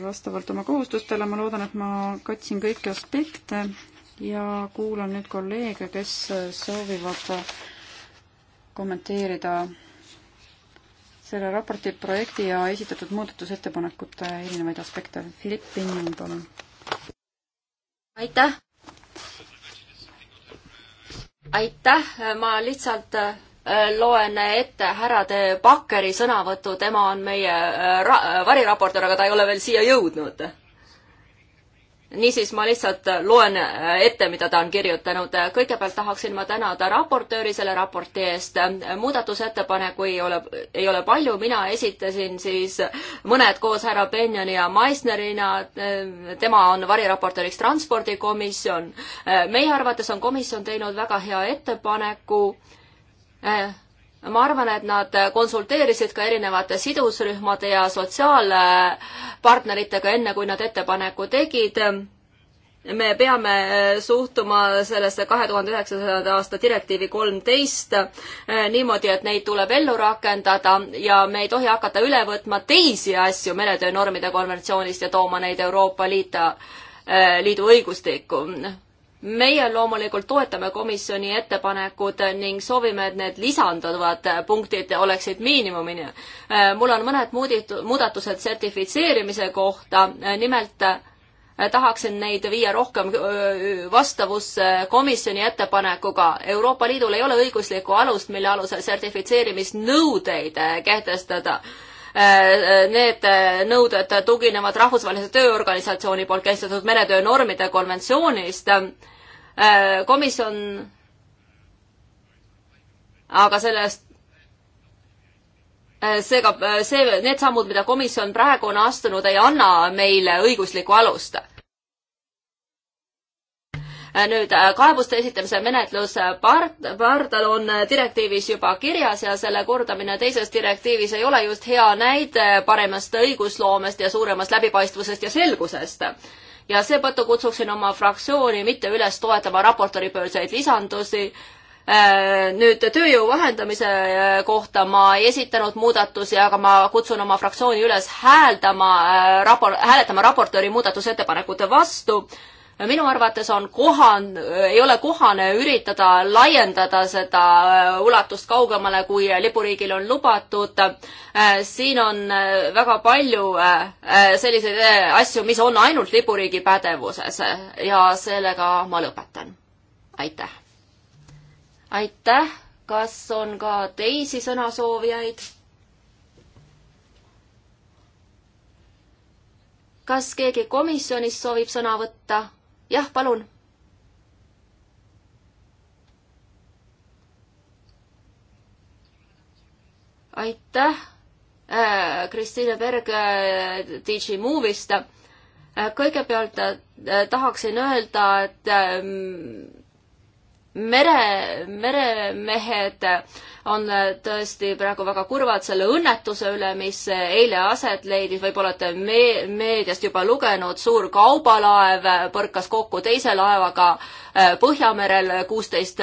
vastavalt oma kohustustele, ma loodan, et ma katsin kõiki aspekte ja kuulan nüüd kolleege, kes soovivad kommenteerida selle raporti projekti ja esitatud muudatusettepanekute erinevaid aspekte. Philipp Pinning, palun. aitäh! aitäh, ma lihtsalt Äh, loen ette härrade Bakkeri sõnavõttu, tema on meie äh, äh, variraportöör, aga ta ei ole veel siia jõudnud. niisiis, ma lihtsalt loen ette, mida ta on kirjutanud. kõigepealt tahaksin ma tänada raportööri selle raporti eest. muudatusettepaneku ei ole, ei ole palju, mina esitasin siis mõned koos härra Benjani ja Meissnerina. tema on variraportööriks transpordikomisjon. meie arvates on komisjon teinud väga hea ettepaneku Äh, ma arvan, et nad konsulteerisid ka erinevate sidusrühmade ja sotsiaalpartneritega, enne kui nad ettepaneku tegid. me peame äh, suhtuma sellesse kahe tuhande üheksasada aasta direktiivi kolmteist äh, niimoodi, et neid tuleb ellu rakendada ja me ei tohi hakata üle võtma teisi asju meretöönormide konventsioonist ja tooma neid Euroopa Liita, Liidu õigustikku meie loomulikult toetame komisjoni ettepanekud ning soovime, et need lisanduvad punktid oleksid miinimumini. Äh, mul on mõned muuditu-, muudatused sertifitseerimise kohta, äh, nimelt äh, tahaksin neid viia rohkem vastavusse komisjoni ettepanekuga. Euroopa Liidul ei ole õiguslikku alust, mille alusel sertifitseerimisnõudeid kehtestada. Need nõuded tuginevad Rahvusvahelise Tööorganisatsiooni poolt kehtestatud meretöönormide konventsioonist Äh, komisjon aga sellest, äh, seega äh, see, need sammud, mida komisjon praegu on astunud, ei anna meile õiguslikku alust nüüd kaebuste esitamise menetlus part-, pardal on direktiivis juba kirjas ja selle kordamine teises direktiivis ei ole just hea näide paremast õigusloomest ja suuremast läbipaistvusest ja selgusest ja seetõttu kutsuksin oma fraktsiooni mitte üles toetama raportoripöörseid lisandusi. Äh, nüüd tööjõu vahendamise äh, kohta ma ei esitanud muudatusi, aga ma kutsun oma fraktsiooni üles hääldama äh, rapor-, hääletama raportööri muudatusettepanekute vastu minu arvates on kohan-, ei ole kohane üritada laiendada seda äh, ulatust kaugemale, kui lipuriigil on lubatud. Äh, siin on äh, väga palju selliseid asju, mis on ainult lipuriigi pädevuses ja sellega ma lõpetan. aitäh! aitäh, kas on ka teisi sõnasoovijaid? kas keegi komisjonist soovib sõna võtta? jah, palun. aitäh, Kristiine äh, Berg äh, DJ Movie'st. Äh, kõigepealt tahaksin öelda, et ähm, mere, meremehed on tõesti praegu väga kurvad selle õnnetuse üle, mis eile aset leidis, võib-olla olete me-, meediast juba lugenud, suur kaubalaev põrkas kokku teise laevaga äh, Põhjamerel kuusteist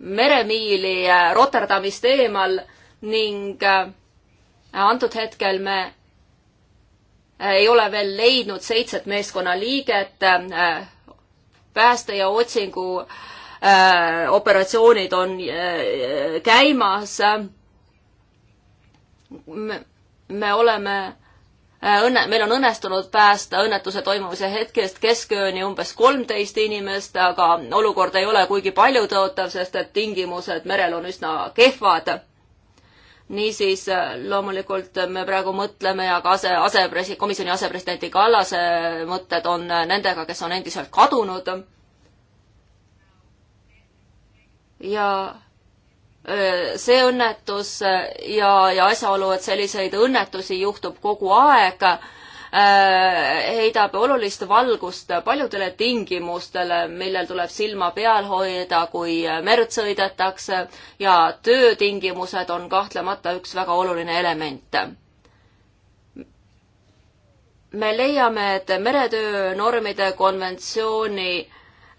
meremiili äh, Rotterdamist eemal ning äh, antud hetkel me ei ole veel leidnud seitset meeskonnaliiget pääste ja otsingu äh, Äh, operatsioonid on äh, käimas. me oleme äh, õnne, meil on õnnestunud päästa õnnetuse toimumise hetkest keskööni umbes kolmteist inimest, aga olukord ei ole kuigi paljutõotav, sest et tingimused merel on üsna kehvad. niisiis loomulikult me praegu mõtleme ja ka ase, asepres-, komisjoni asepresidendi Kallase mõtted on nendega, kes on endiselt kadunud ja see õnnetus ja, ja asjaolu, et selliseid õnnetusi juhtub kogu aeg, heidab olulist valgust paljudele tingimustele, millel tuleb silma peal hoida, kui merd sõidetakse ja töötingimused on kahtlemata üks väga oluline element. me leiame, et meretöönormide konventsiooni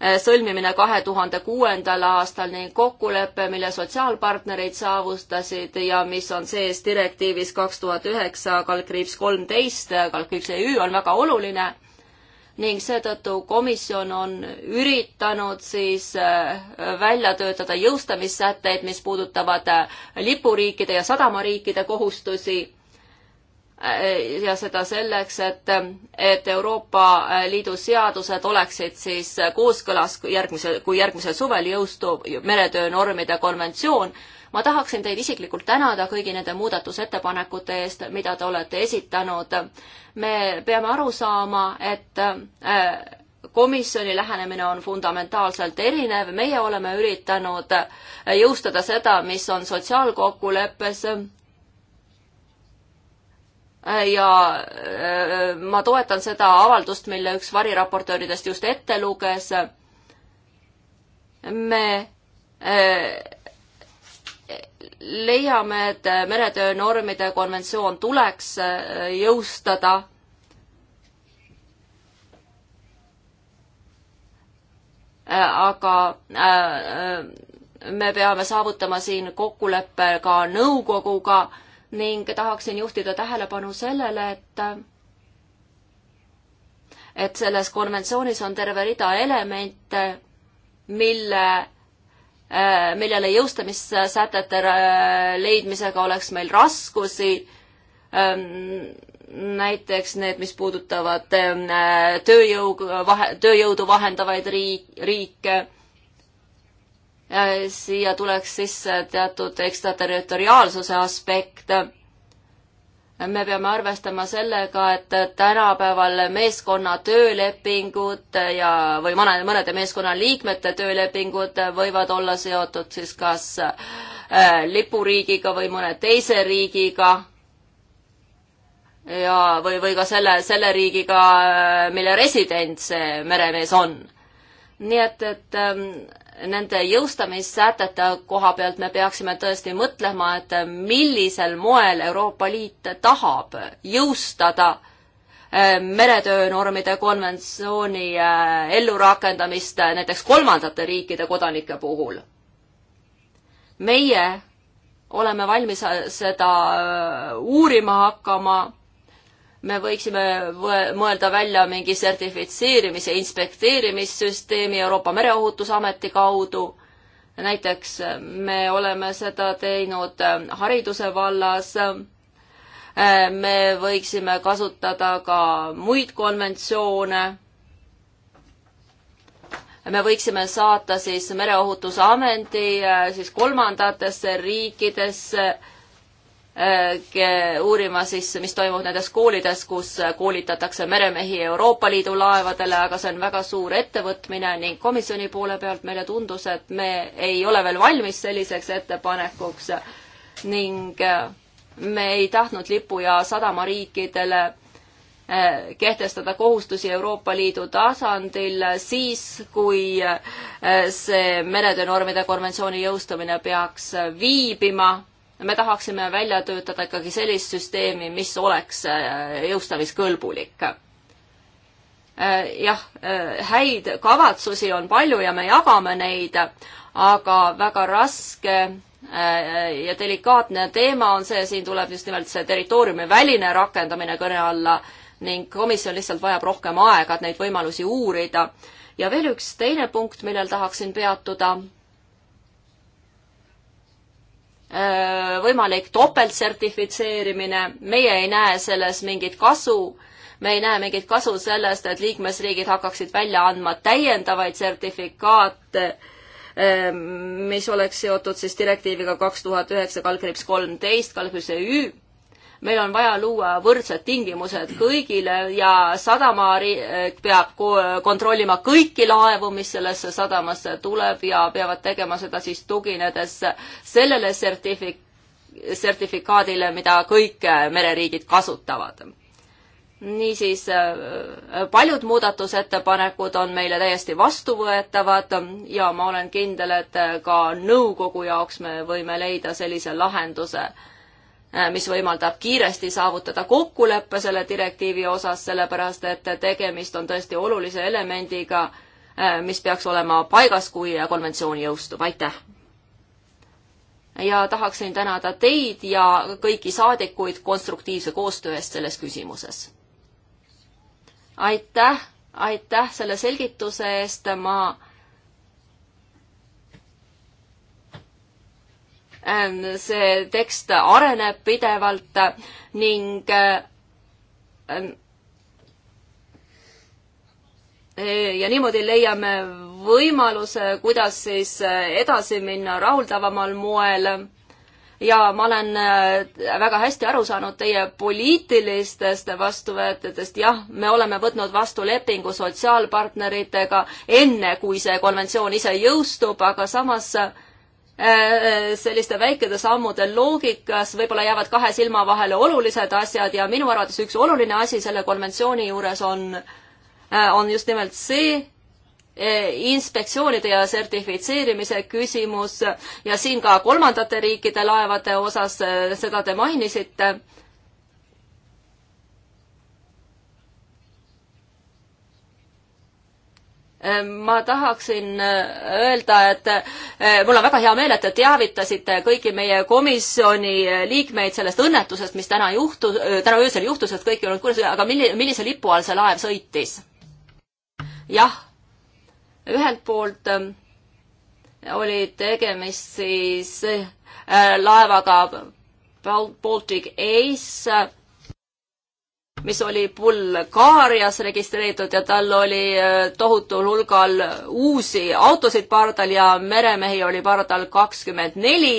Äh, sõlmimine kahe tuhande kuuendal aastal ning kokkulepe, mille sotsiaalpartnerid saavutasid ja mis on sees direktiivis kaks tuhat üheksa kaldkriips kolmteist, kaldkriips EÜ on väga oluline ning seetõttu komisjon on üritanud siis äh, välja töötada jõustamissätteid, mis puudutavad äh, lipuriikide ja sadamariikide kohustusi ja seda selleks, et, et Euroopa Liidu seadused oleksid siis kooskõlas järgmise, kui järgmisel suvel jõustub meretöö normide konventsioon. ma tahaksin teid isiklikult tänada kõigi nende muudatusettepanekute eest, mida te olete esitanud. me peame aru saama, et äh, komisjoni lähenemine on fundamentaalselt erinev, meie oleme üritanud jõustada seda, mis on sotsiaalkokkuleppes Äh, ja äh, ma toetan seda avaldust, mille üks variraportööridest just ette luges. me äh, leiame, et meretöö normide konventsioon tuleks jõustada. aga me peame saavutama siin kokkuleppe ka nõukoguga ning tahaksin juhtida tähelepanu sellele, et et selles konventsioonis on terve rida elemente, mille, äh, millele jõustamissätete äh, leidmisega oleks meil raskusi ähm, näiteks need, mis puudutavad äh, tööjõu, vahe, tööjõudu vahendavaid riik, riike, Äh, siia tuleks sisse teatud ekstraterritoriaalsuse aspekt. me peame arvestama sellega, et tänapäeval meeskonna töölepingud ja, või mõne, mõnede meeskonnaliikmete töölepingud võivad olla seotud siis kas äh, lipuriigiga või mõne teise riigiga ja, või, või ka selle, selle riigiga, äh, mille resident see meremees on. nii et, et ähm, nende jõustamissätete koha pealt me peaksime tõesti mõtlema, et millisel moel Euroopa Liit tahab jõustada eh, meretöönormide konventsiooni eh, ellurakendamist eh, näiteks kolmandate riikide kodanike puhul. meie oleme valmis seda uurima hakkama me võiksime mõelda välja mingi sertifitseerimise, inspekteerimissüsteemi Euroopa Mereohutusameti kaudu. näiteks äh, me oleme seda teinud äh, hariduse vallas. Äh, me võiksime kasutada ka muid konventsioone. me võiksime saata siis Mereohutusameti siis kolmandatesse riikidesse Äh, uurima siis, mis toimub nendes koolides, kus koolitatakse meremehi Euroopa Liidu laevadele, aga see on väga suur ettevõtmine ning komisjoni poole pealt meile tundus, et me ei ole veel valmis selliseks ettepanekuks ning äh, me ei tahtnud lipu- ja sadamariikidele äh, kehtestada kohustusi Euroopa Liidu tasandil siis, kui see meretöönormide konventsiooni jõustumine peaks viibima me tahaksime välja töötada ikkagi sellist süsteemi, mis oleks äh, jõustamiskõlbulik. Äh, jah, äh, häid kavatsusi on palju ja me jagame neid, aga väga raske ja delikaatne teema on see, siin tuleb just nimelt see territooriumi väline rakendamine kõne alla ning komisjon lihtsalt vajab rohkem aega, et neid võimalusi uurida. ja veel üks teine punkt, millel tahaksin peatuda Äh, võimalik topeltsertifitseerimine, meie ei näe selles mingit kasu, me ei näe mingit kasu sellest, et liikmesriigid hakkaksid välja andma täiendavaid sertifikaate, äh, mis oleks seotud siis direktiiviga kaks tuhat üheksa kaldkriips kolmteist, kaldkriips EÜ meil on vaja luua võrdsed tingimused kõigile ja sadama eh, peab kontrollima kõiki laevu, mis sellesse sadamasse tuleb ja peavad tegema seda siis tuginedes sellele sertifik-, sertifikaadile, mida kõik eh, mereriigid kasutavad niisiis eh, paljud muudatusettepanekud on meile täiesti vastuvõetavad ja ma olen kindel, et ka nõukogu jaoks me võime leida sellise lahenduse Äh, mis võimaldab kiiresti saavutada kokkuleppe selle direktiivi osas, sellepärast et tegemist on tõesti olulise elemendiga, äh, mis peaks olema paigas, kui konventsioon jõustub, aitäh! ja tahaksin tänada teid ja kõiki saadikuid konstruktiivse koostöö eest selles küsimuses. aitäh, aitäh selle selgituse eest, ma Ähm, see tekst areneb pidevalt ning äh, ähm, äh, ja niimoodi leiame võimaluse, kuidas siis äh, edasi minna rahuldavamal moel. ja ma olen väga hästi aru saanud teie poliitilistest vastuvõetudest, jah, me oleme võtnud vastu lepingu sotsiaalpartneritega enne, kui see konventsioon ise jõustub, aga samas äh, Äh, selliste väikede sammude loogikas võib-olla jäävad kahe silma vahele olulised asjad ja minu arvates üks oluline asi selle konventsiooni juures on, äh, on just nimelt see, äh, inspektsioonide ja sertifitseerimise küsimus ja siin ka kolmandate riikide laevade osas, seda te mainisite Ehm, ma tahaksin eh, öelda, et eh, mul on väga hea meel, et te teavitasite kõiki meie komisjoni eh, liikmeid sellest õnnetusest, mis täna juhtus, täna öösel juhtus, et kõik ei olnud kursis, aga milli-, millise lipu all see laev sõitis? jah, ühelt poolt ehm, oli tegemist siis laevaga Baltic Ace mis oli Bulgaarias registreeritud ja tal oli äh, tohutul hulgal uusi autosid pardal ja meremehi oli pardal kakskümmend neli.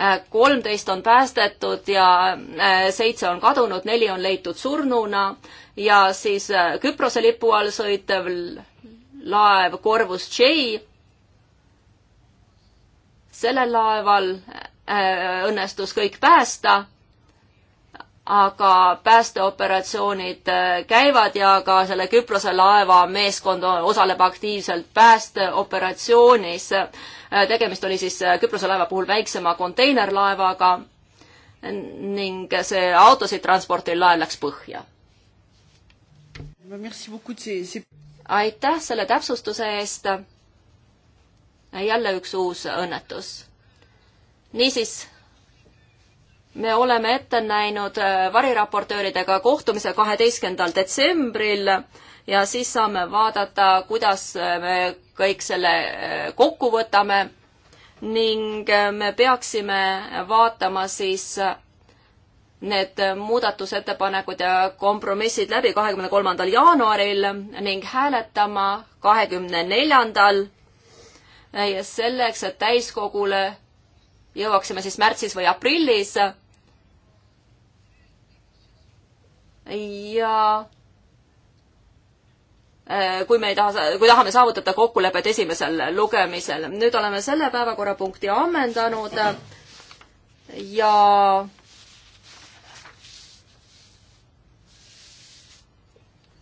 Äh, kolmteist on päästetud ja äh, seitse on kadunud, neli on leitud surnuna ja siis Küprose lipu all sõitev laev Corvus J. sellel laeval õnnestus kõik päästa aga päästeoperatsioonid äh, käivad ja ka selle Küprose laeva meeskond osaleb aktiivselt päästeoperatsioonis. Äh, tegemist oli siis äh, Küprose laeva puhul väiksema konteinerlaevaga ning see autosid transportiv laev läks põhja. aitäh selle täpsustuse eest. jälle üks uus õnnetus. niisiis me oleme ette näinud äh, variraportööridega kohtumise kaheteistkümnendal detsembril ja siis saame vaadata, kuidas äh, me kõik selle äh, kokku võtame ning me peaksime vaatama siis need muudatusettepanekud ja kompromissid läbi kahekümne kolmandal jaanuaril ning hääletama kahekümne neljandal selleks, et täiskogule jõuaksime siis märtsis või aprillis ja äh, kui me ei taha, kui tahame saavutada kokkulepet esimesel lugemisel. nüüd oleme selle päevakorrapunkti ammendanud ja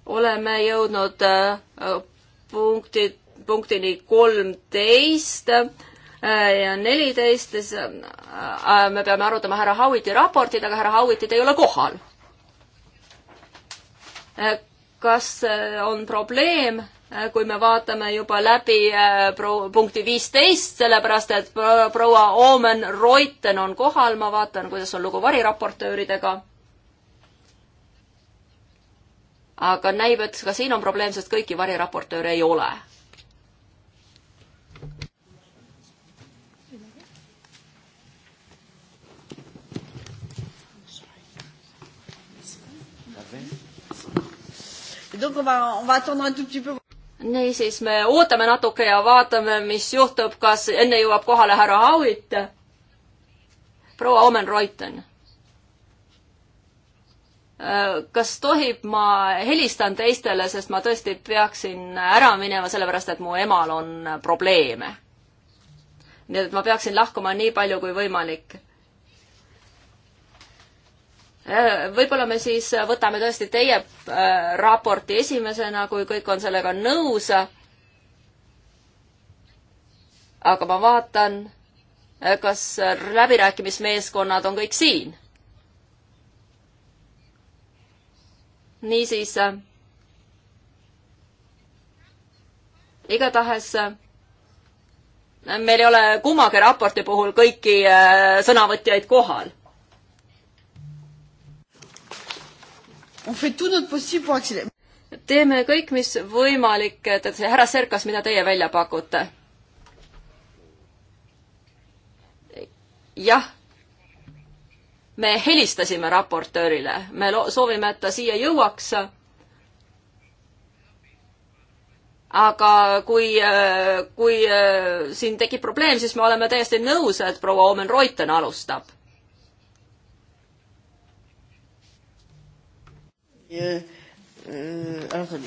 oleme jõudnud äh, punkti, punktini kolmteist äh, ja neliteist, siis me peame arutama härra Howitti raportit, aga härra Howittit ei ole kohal kas äh, on probleem, äh, kui me vaatame juba läbi äh, pro-, punkti viisteist, sellepärast et proua Oomen Reuten on kohal, ma vaatan, kuidas on lugu variraportööridega. aga näib, et ka siin on probleem, sest kõiki variraportööre ei ole niisiis, me ootame natuke ja vaatame, mis juhtub, kas enne jõuab kohale härra Howitt, proua Omen Reuten. Äh, kas tohib, ma helistan teistele, sest ma tõesti peaksin ära minema, sellepärast et mu emal on probleeme. nii et ma peaksin lahkuma nii palju kui võimalik Äh, võib-olla me siis võtame tõesti teie äh, raporti esimesena, kui kõik on sellega nõus. aga ma vaatan, äh, kas läbirääkimismeeskonnad on kõik siin. niisiis igatahes meil ei ole kummagi raporti puhul kõiki sõnavõtjaid kohal on fait tout notre possible pour accélérer. teeme kõik, mis võimalik, et see härra Serkas, mida teie välja pakute? jah, me helistasime raportöörile, me soovime, et ta siia jõuaks aga kui, kui eh, siin tekib probleem, siis me oleme täiesti nõus, et proua Omen Reuten alustab. Euh, euh, alors, attendez,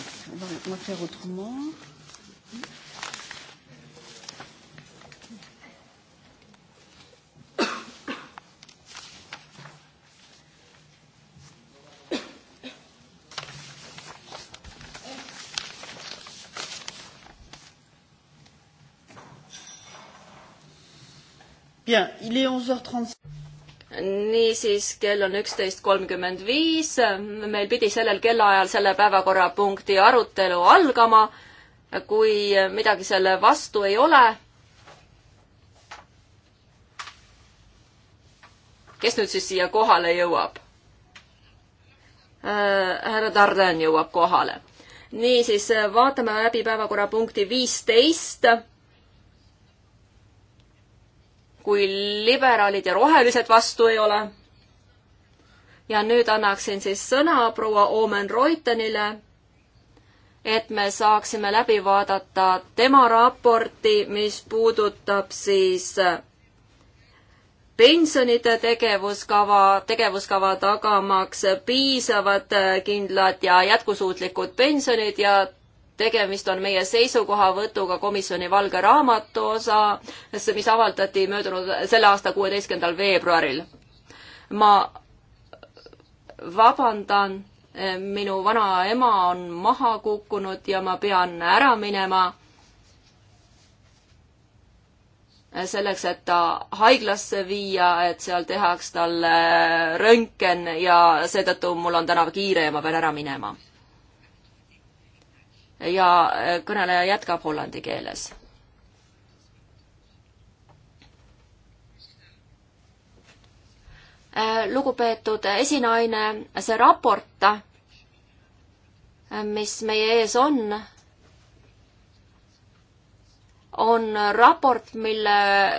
on va faire autrement. Bien, il est 11h35 niisiis, kell on üksteist kolmkümmend viis, meil pidi sellel kellaajal selle päevakorrapunkti arutelu algama. kui midagi selle vastu ei ole. kes nüüd siis siia kohale jõuab? Äh, härra Tarden jõuab kohale. niisiis, vaatame läbi päevakorrapunkti viisteist kui liberaalid ja rohelised vastu ei ole. ja nüüd annaksin siis sõna proua Omen Reutenile, et me saaksime läbi vaadata tema raporti, mis puudutab siis pensionide tegevuskava, tegevuskava tagamaks piisavad, kindlad ja jätkusuutlikud pensionid ja tegemist on meie seisukohavõtuga komisjoni valge raamatu osa, mis avaldati möödunud selle aasta kuueteistkümnendal veebruaril. ma vabandan, minu vanaema on maha kukkunud ja ma pean ära minema selleks, et ta haiglasse viia, et seal tehakse talle röntgen ja seetõttu mul on täna kiire ja ma pean ära minema ja äh, kõneleja jätkab hollandi keeles. Äh, lugupeetud esinaine, see raport, mis meie ees on, on raport, mille,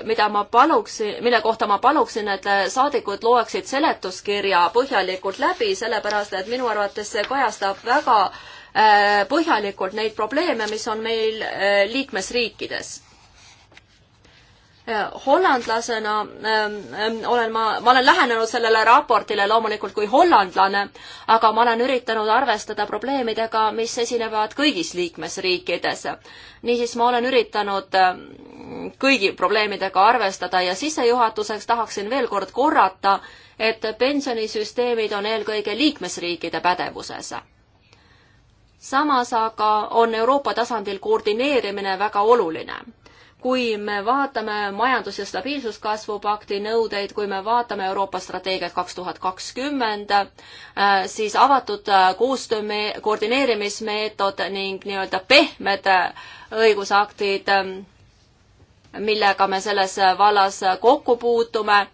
mida ma paluksin, mille kohta ma paluksin, et saadikud loeksid seletuskirja põhjalikult läbi, sellepärast et minu arvates see kajastab väga äh, Äh, põhjalikult neid probleeme, mis on meil äh, liikmesriikides äh, hollandlasena ähm, ähm, olen ma, ma olen lähenenud sellele raportile loomulikult kui hollandlane, aga ma olen üritanud arvestada probleemidega, mis esinevad kõigis liikmesriikides. niisiis ma olen üritanud ähm, kõigi probleemidega arvestada ja sissejuhatuseks tahaksin veel kord korrata, et pensionisüsteemid on eelkõige liikmesriikide pädevuses samas aga on Euroopa tasandil koordineerimine väga oluline. kui me vaatame majandus- ja stabiilsuskasvu pakti nõudeid, kui me vaatame Euroopa strateegiat kaks tuhat kakskümmend, äh, siis avatud äh, koostöö koordineerimismeetod ning nii-öelda pehmed äh, õigusaktid, millega me selles vallas kokku puutume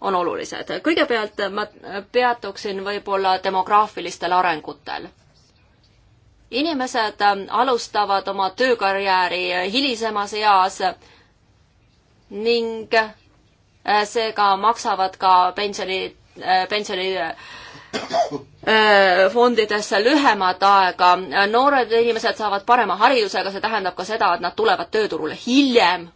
on olulised. kõigepealt ma peatuksin võib-olla demograafilistel arengutel inimesed ähm, alustavad oma töökarjääri äh, hilisemas eas ning äh, seega maksavad ka pensioni, äh, pensioni fondidesse lühemat aega. noored inimesed saavad parema hariduse, aga see tähendab ka seda, et nad tulevad tööturule hiljem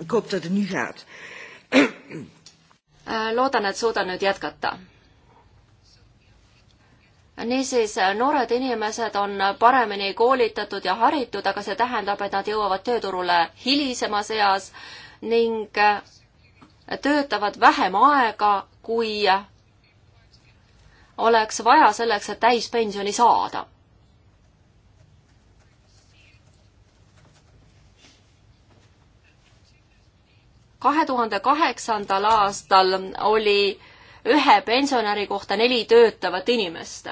ik hoop dat het nu gaat. <clears throat> Eh, loodan, et suudan nüüd jätkata. niisiis, eh, noored inimesed on paremini koolitatud ja haritud, aga see tähendab, et nad jõuavad tööturule hilisemas eas ning eh, töötavad vähem aega, kui oleks vaja selleks, et täispensioni saada kahe tuhande kaheksandal aastal oli ühe pensionäri kohta neli töötavat inimest.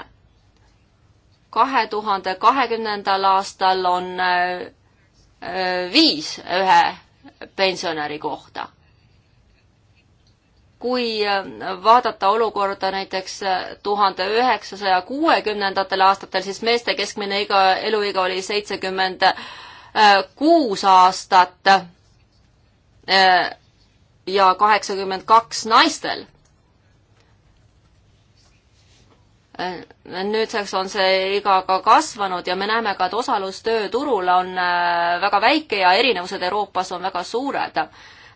kahe tuhande kahekümnendal aastal on äh, viis ühe pensionäri kohta. kui äh, vaadata olukorda näiteks äh, tuhande üheksasaja kuuekümnendatel aastatel, siis meeste keskmine iga, eluiga oli seitsekümmend kuus aastat Äh, ja kaheksakümmend kaks naistel. Äh, nüüdseks on see iga ka kasvanud ja me näeme ka, et osalus tööturul on äh, väga väike ja erinevused Euroopas on väga suured.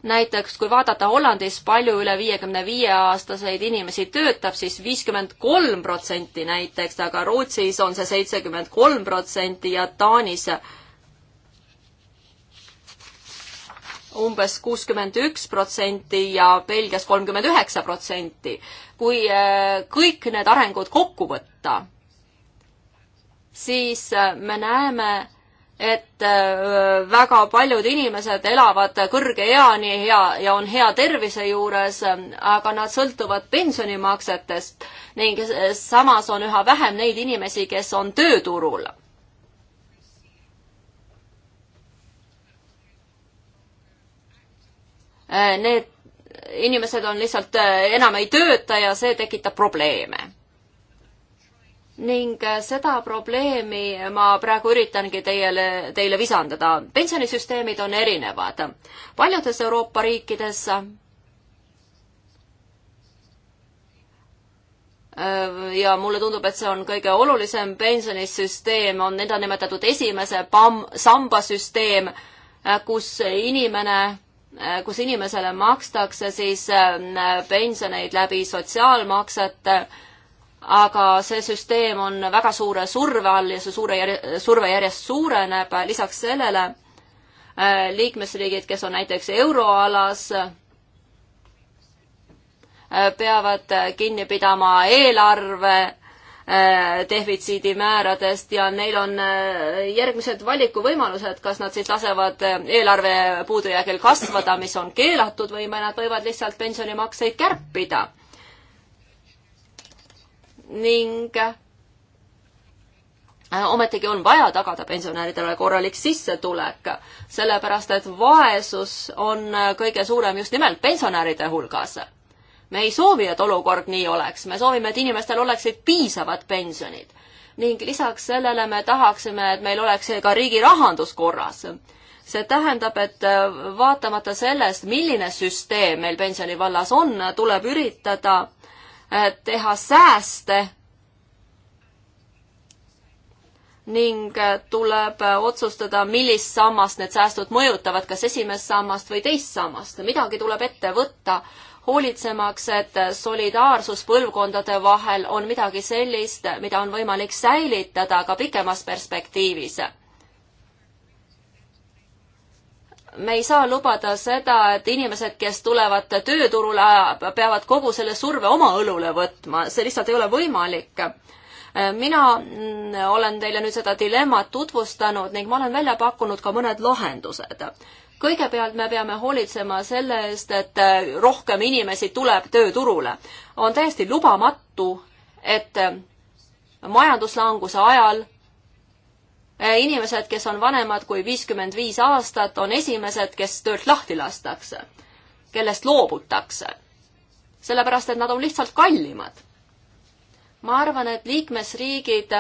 näiteks kui vaadata Hollandis, palju üle viiekümne viie aastaseid inimesi töötab siis, siis viiskümmend kolm protsenti näiteks, aga Rootsis on see seitsekümmend kolm protsenti ja Taanis kakskümmend umbes kuuskümmend üks protsenti ja Belgias kolmkümmend üheksa protsenti. kui äh, kõik need arengud kokku võtta, siis äh, me näeme, et äh, väga paljud inimesed elavad kõrge eani ja, ja on hea tervise juures, aga nad sõltuvad pensionimaksetest ning samas on üha vähem neid inimesi, kes on tööturul Äh, need inimesed on lihtsalt, äh, enam ei tööta ja see tekitab probleeme. ning äh, seda probleemi ma praegu üritangi teile, teile visandada. pensionisüsteemid on erinevad. paljudes Euroopa riikides ja mulle tundub, et see on kõige olulisem pensionisüsteem, on nõndanimetatud esimese pam-, samba süsteem, kus inimene Äh, kus inimesele makstakse siis äh, pensioneid läbi sotsiaalmaksete, aga see süsteem on väga suure surve all ja see suure järje, surve järjest suureneb, lisaks sellele äh, liikmesriigid, kes on näiteks euroalas, peavad kinni pidama eelarve Äh, defitsiidimääradest ja neil on äh, järgmised valikuvõimalused, kas nad siis lasevad äh, eelarve puudujäägil kasvada, mis on keelatud, või nad võivad lihtsalt pensionimakseid kärpida. ning ometigi on vaja tagada pensionäridele korralik sissetulek, sellepärast et vaesus on kõige suurem just nimelt pensionäride hulgas me ei soovi, et olukord nii oleks, me soovime, et inimestel oleksid piisavad pensionid. ning lisaks sellele me tahaksime, et meil oleks ka riigi rahandus korras. see tähendab, et äh, vaatamata sellest, milline süsteem meil pensioni vallas on, tuleb üritada äh, teha sääste ning äh, tuleb otsustada, millist sammast need säästud mõjutavad, kas esimest sammast või teist sammast. midagi tuleb ette võtta hoolitsemaks, et solidaarsus põlvkondade vahel on midagi sellist, mida on võimalik säilitada ka pikemas perspektiivis. me ei saa lubada seda, et inimesed, kes tulevad tööturule, peavad kogu selle surve oma õlule võtma, see lihtsalt ei ole võimalik mina olen teile nüüd seda dilemmat tutvustanud ning ma olen välja pakkunud ka mõned lahendused kõigepealt me peame hoolitsema selle eest, et äh, rohkem inimesi tuleb tööturule. on täiesti lubamatu, et äh, majanduslanguse ajal äh, inimesed, kes on vanemad kui viiskümmend viis aastat, on esimesed, kes töölt lahti lastakse, kellest loobutakse. sellepärast, et nad on lihtsalt kallimad. ma arvan, et liikmesriigid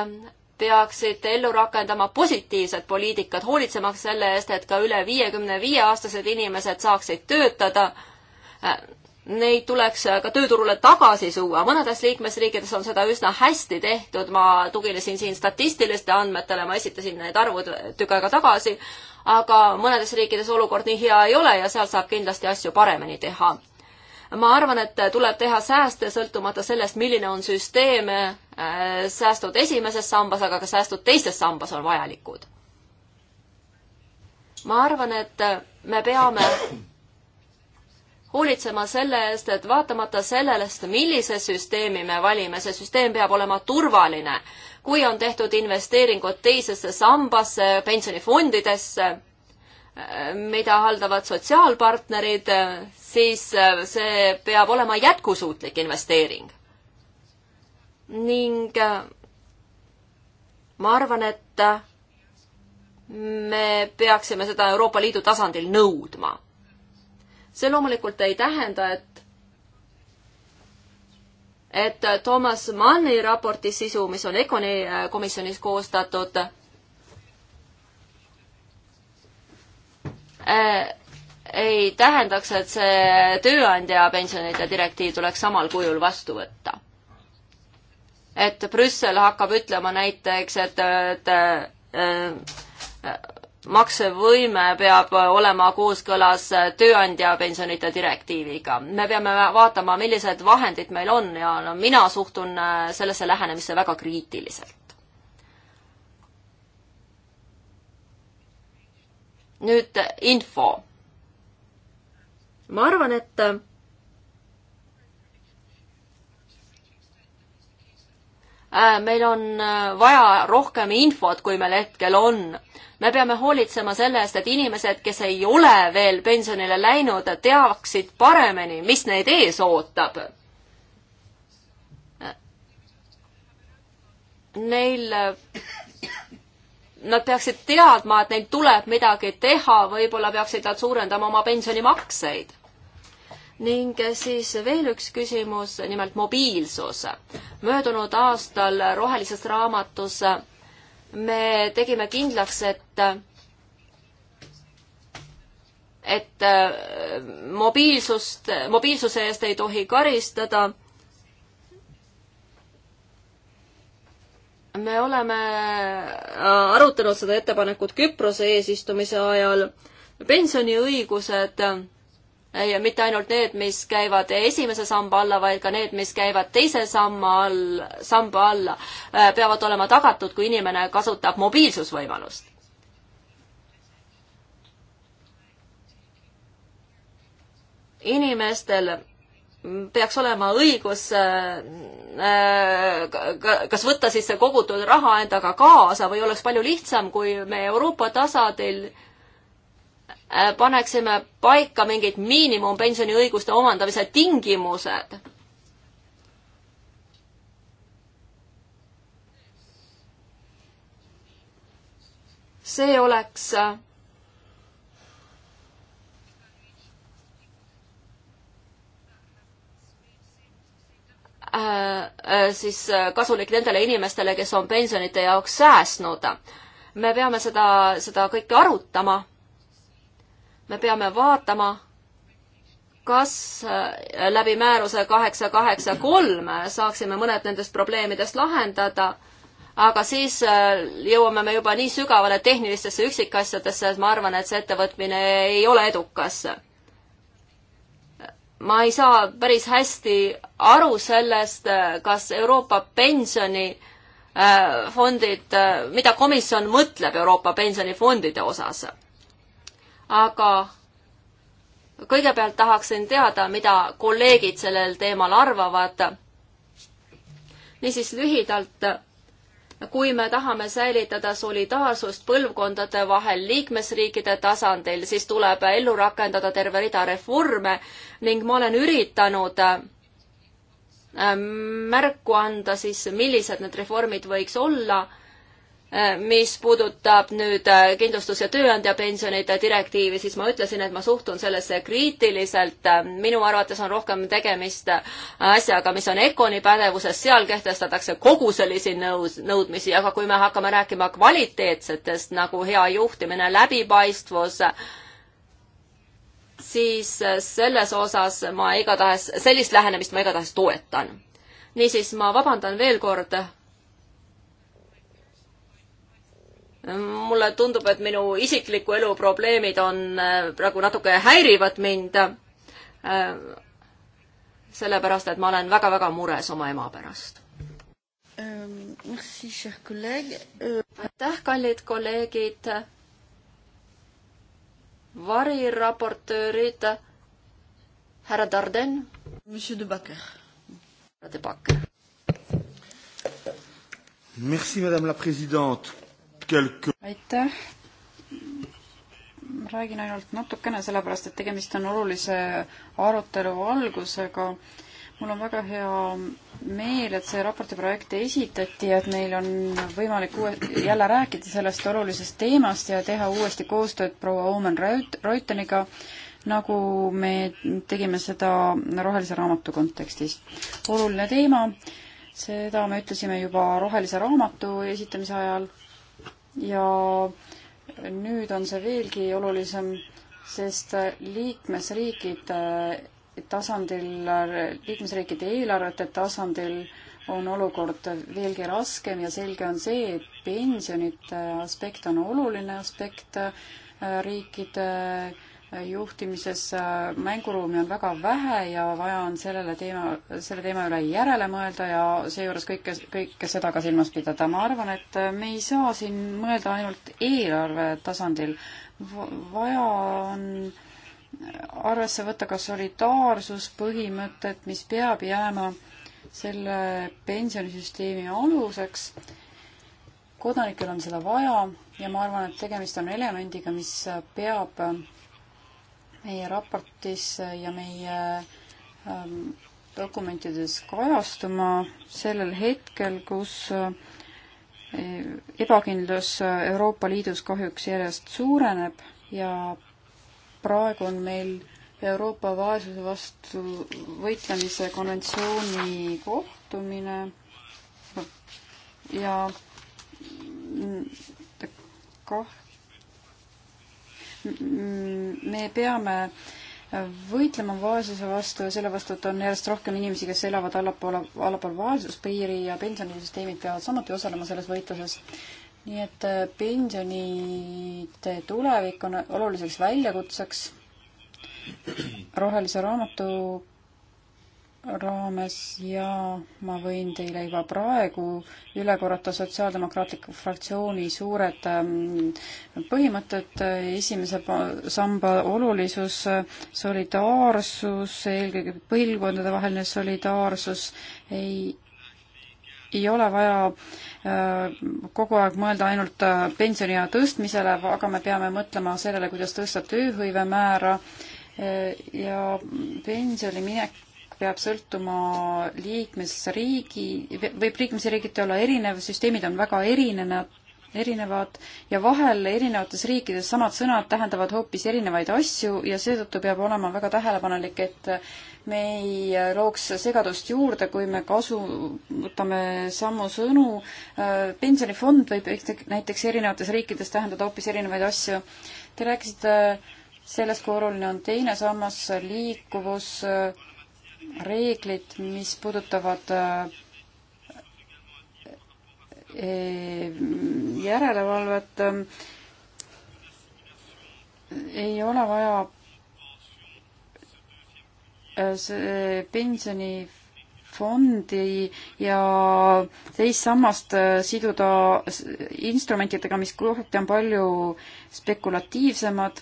peaksid ellu rakendama positiivset poliitikat, hoolitsemaks selle eest, et ka üle viiekümne viie aastased inimesed saaksid töötada. Neid tuleks ka tööturule tagasi tuua, mõnedes liikmesriikides on seda üsna hästi tehtud, ma tuginesin siin statistiliste andmetele, ma esitasin need arvud tükk aega tagasi, aga mõnedes riikides olukord nii hea ei ole ja seal saab kindlasti asju paremini teha ma arvan, et tuleb teha sääste sõltumata sellest, milline on süsteem, äh, säästud esimeses sambas, aga ka säästud teises sambas on vajalikud. ma arvan, et me peame hoolitsema selle eest, et vaatamata sellest, millise süsteemi me valime, see süsteem peab olema turvaline. kui on tehtud investeeringud teisesse sambasse, pensionifondidesse, äh, mida haldavad sotsiaalpartnerid, siis äh, see peab olema jätkusuutlik investeering. ning äh, ma arvan, et äh, me peaksime seda Euroopa Liidu tasandil nõudma. see loomulikult ei tähenda, et et Thomas Manni raporti sisu, mis on Econi komisjonis koostatud, ei tähendaks, et see tööandja pensionide direktiiv tuleks samal kujul vastu võtta. et Brüssel hakkab ütlema näiteks, et, et, et maksevõime peab olema kooskõlas tööandja pensionite direktiiviga. me peame vaatama, millised vahendid meil on ja no mina suhtun sellesse lähenemisse väga kriitiliselt. nüüd info ma arvan, et äh, meil on äh, vaja rohkem infot, kui meil hetkel on. me peame hoolitsema selle eest, et inimesed, kes ei ole veel pensionile läinud, teaksid paremini, mis neid ees ootab. Neil, nad peaksid teadma, et neil tuleb midagi teha, võib-olla peaksid nad suurendama oma pensionimakseid ning siis veel üks küsimus, nimelt mobiilsus. möödunud aastal Rohelises raamatus me tegime kindlaks, et et äh, mobiilsust, mobiilsuse eest ei tohi karistada. me oleme äh, arutanud seda ettepanekut Küprose eesistumise ajal. pensioniõigused ja mitte ainult need, mis käivad esimese samba alla, vaid ka need, mis käivad teise samma all, samba alla, äh, peavad olema tagatud, kui inimene kasutab mobiilsusvõimalust. inimestel peaks olema õigus äh, äh, kas võtta siis see kogutud raha endaga kaasa või oleks palju lihtsam, kui me Euroopa tasandil äh, Äh, paneksime paika mingid miinimumpensioni õiguste omandamise tingimused. see oleks äh, äh, siis kasulik nendele inimestele, kes on pensionite jaoks säästnud. me peame seda, seda kõike arutama me peame vaatama, kas äh, läbi määruse kaheksa kaheksa kolm saaksime mõned nendest probleemidest lahendada, aga siis äh, jõuame me juba nii sügavale tehnilistesse üksikasjadesse, et ma arvan, et see ettevõtmine ei ole edukas. ma ei saa päris hästi aru sellest, kas Euroopa pensionifondid, äh, mida komisjon mõtleb Euroopa pensionifondide osas aga kõigepealt tahaksin teada, mida kolleegid sellel teemal arvavad. niisiis lühidalt, kui me tahame säilitada solidaarsust põlvkondade vahel liikmesriikide tasandil, siis tuleb ellu rakendada terve rida reforme ning ma olen üritanud ähm, märku anda siis, millised need reformid võiks olla Äh, mis puudutab nüüd äh, kindlustus- ja tööandjapensionide direktiivi, siis ma ütlesin, et ma suhtun sellesse kriitiliselt. Äh, minu arvates on rohkem tegemist asjaga, mis on ECONi pädevuses, seal kehtestatakse kogu sellisi nõus, nõudmisi, aga kui me hakkame rääkima kvaliteetsetest nagu hea juhtimine, läbipaistvus, siis selles osas ma igatahes, sellist lähenemist ma igatahes toetan. niisiis, ma vabandan veel kord mulle tundub, et minu isikliku elu probleemid on äh, praegu natuke häirivad mind. Äh, sellepärast, et ma olen väga-väga mures oma ema pärast. Ähm, äh, aitäh, kallid kolleegid. variraportöörid, härra Darden. Monsieur de Backer. härra de Backer. Merci, madame la présidente quelques... aitäh. räägin ainult natukene, sellepärast et tegemist on olulise arutelu algusega. mul on väga hea meel, et see raporti projekt esitati ja et meil on võimalik uue, jälle rääkida sellest olulisest teemast ja teha uuesti koostööd proua Omen Reuteniga nagu me tegime seda rohelise raamatu kontekstis. oluline teema, seda me ütlesime juba rohelise raamatu esitamise ajal ja nüüd on see veelgi olulisem, sest liikmesriikide eh, tasandil, liikmesriikide eelarvete tasandil on olukord veelgi raskem ja selge on see, et pensionite aspekt on oluline aspekt eh, riikide juhtimises äh, mänguruumi on väga vähe ja vaja on sellele teema, selle teema üle järele mõelda ja seejuures kõike, kõike seda ka silmas pidada. ma arvan, et äh, me ei saa siin mõelda ainult eelarve tasandil. vaja on arvesse võtta ka solidaarsuspõhimõtet, mis peab jääma selle pensionisüsteemi aluseks kodanikel on seda vaja ja ma arvan, et tegemist on elemendiga, mis peab meie raportis ja meie ähm, dokumentides kajastuma sellel hetkel, kus äh, ebakindlus äh, Euroopa Liidus kahjuks järjest suureneb ja praegu on meil Euroopa vaesuse vastu võitlemise konventsiooni kohtumine ja mm, kah-, Mm, me peame võitlema vaesuse vastu ja selle vastu, et on järjest rohkem inimesi, kes elavad allapoole, allapool vaesuspiiri ja pensionisüsteemid peavad samuti osalema selles võitluses. nii et äh, pensionide tulevik on oluliseks väljakutseks. rohelise raamatu raames ja ma võin teile juba praegu üle korrata Sotsiaaldemokraatliku fraktsiooni suured ähm, põhimõtted, esimese samba olulisus, solidaarsus, eelkõige põlvkondadevaheline solidaarsus, ei, ei ole vaja äh, kogu aeg mõelda ainult äh, pensioniea tõstmisele, aga me peame mõtlema sellele, kuidas tõsta tööhõive määra äh, ja pensioni minek peab sõltuma liikmesriigi, võib liikmesriigiti olla erinev, süsteemid on väga erinevad, erinevad ja vahel erinevates riikides samad sõnad tähendavad hoopis erinevaid asju ja seetõttu peab olema väga tähelepanelik, et me ei looks segadust juurde, kui me kasutame samu sõnu. pensionifond võib näiteks erinevates riikides tähendada hoopis erinevaid asju. Te rääkisite sellest, kui oluline on teine sammas, liikuvus reeglid, mis puudutavad äh, e, järelevalvet, ähm, ei ole vaja äh, see pensionifondi ja teist sammast äh, siduda instrumentidega, mis kohati on palju spekulatiivsemad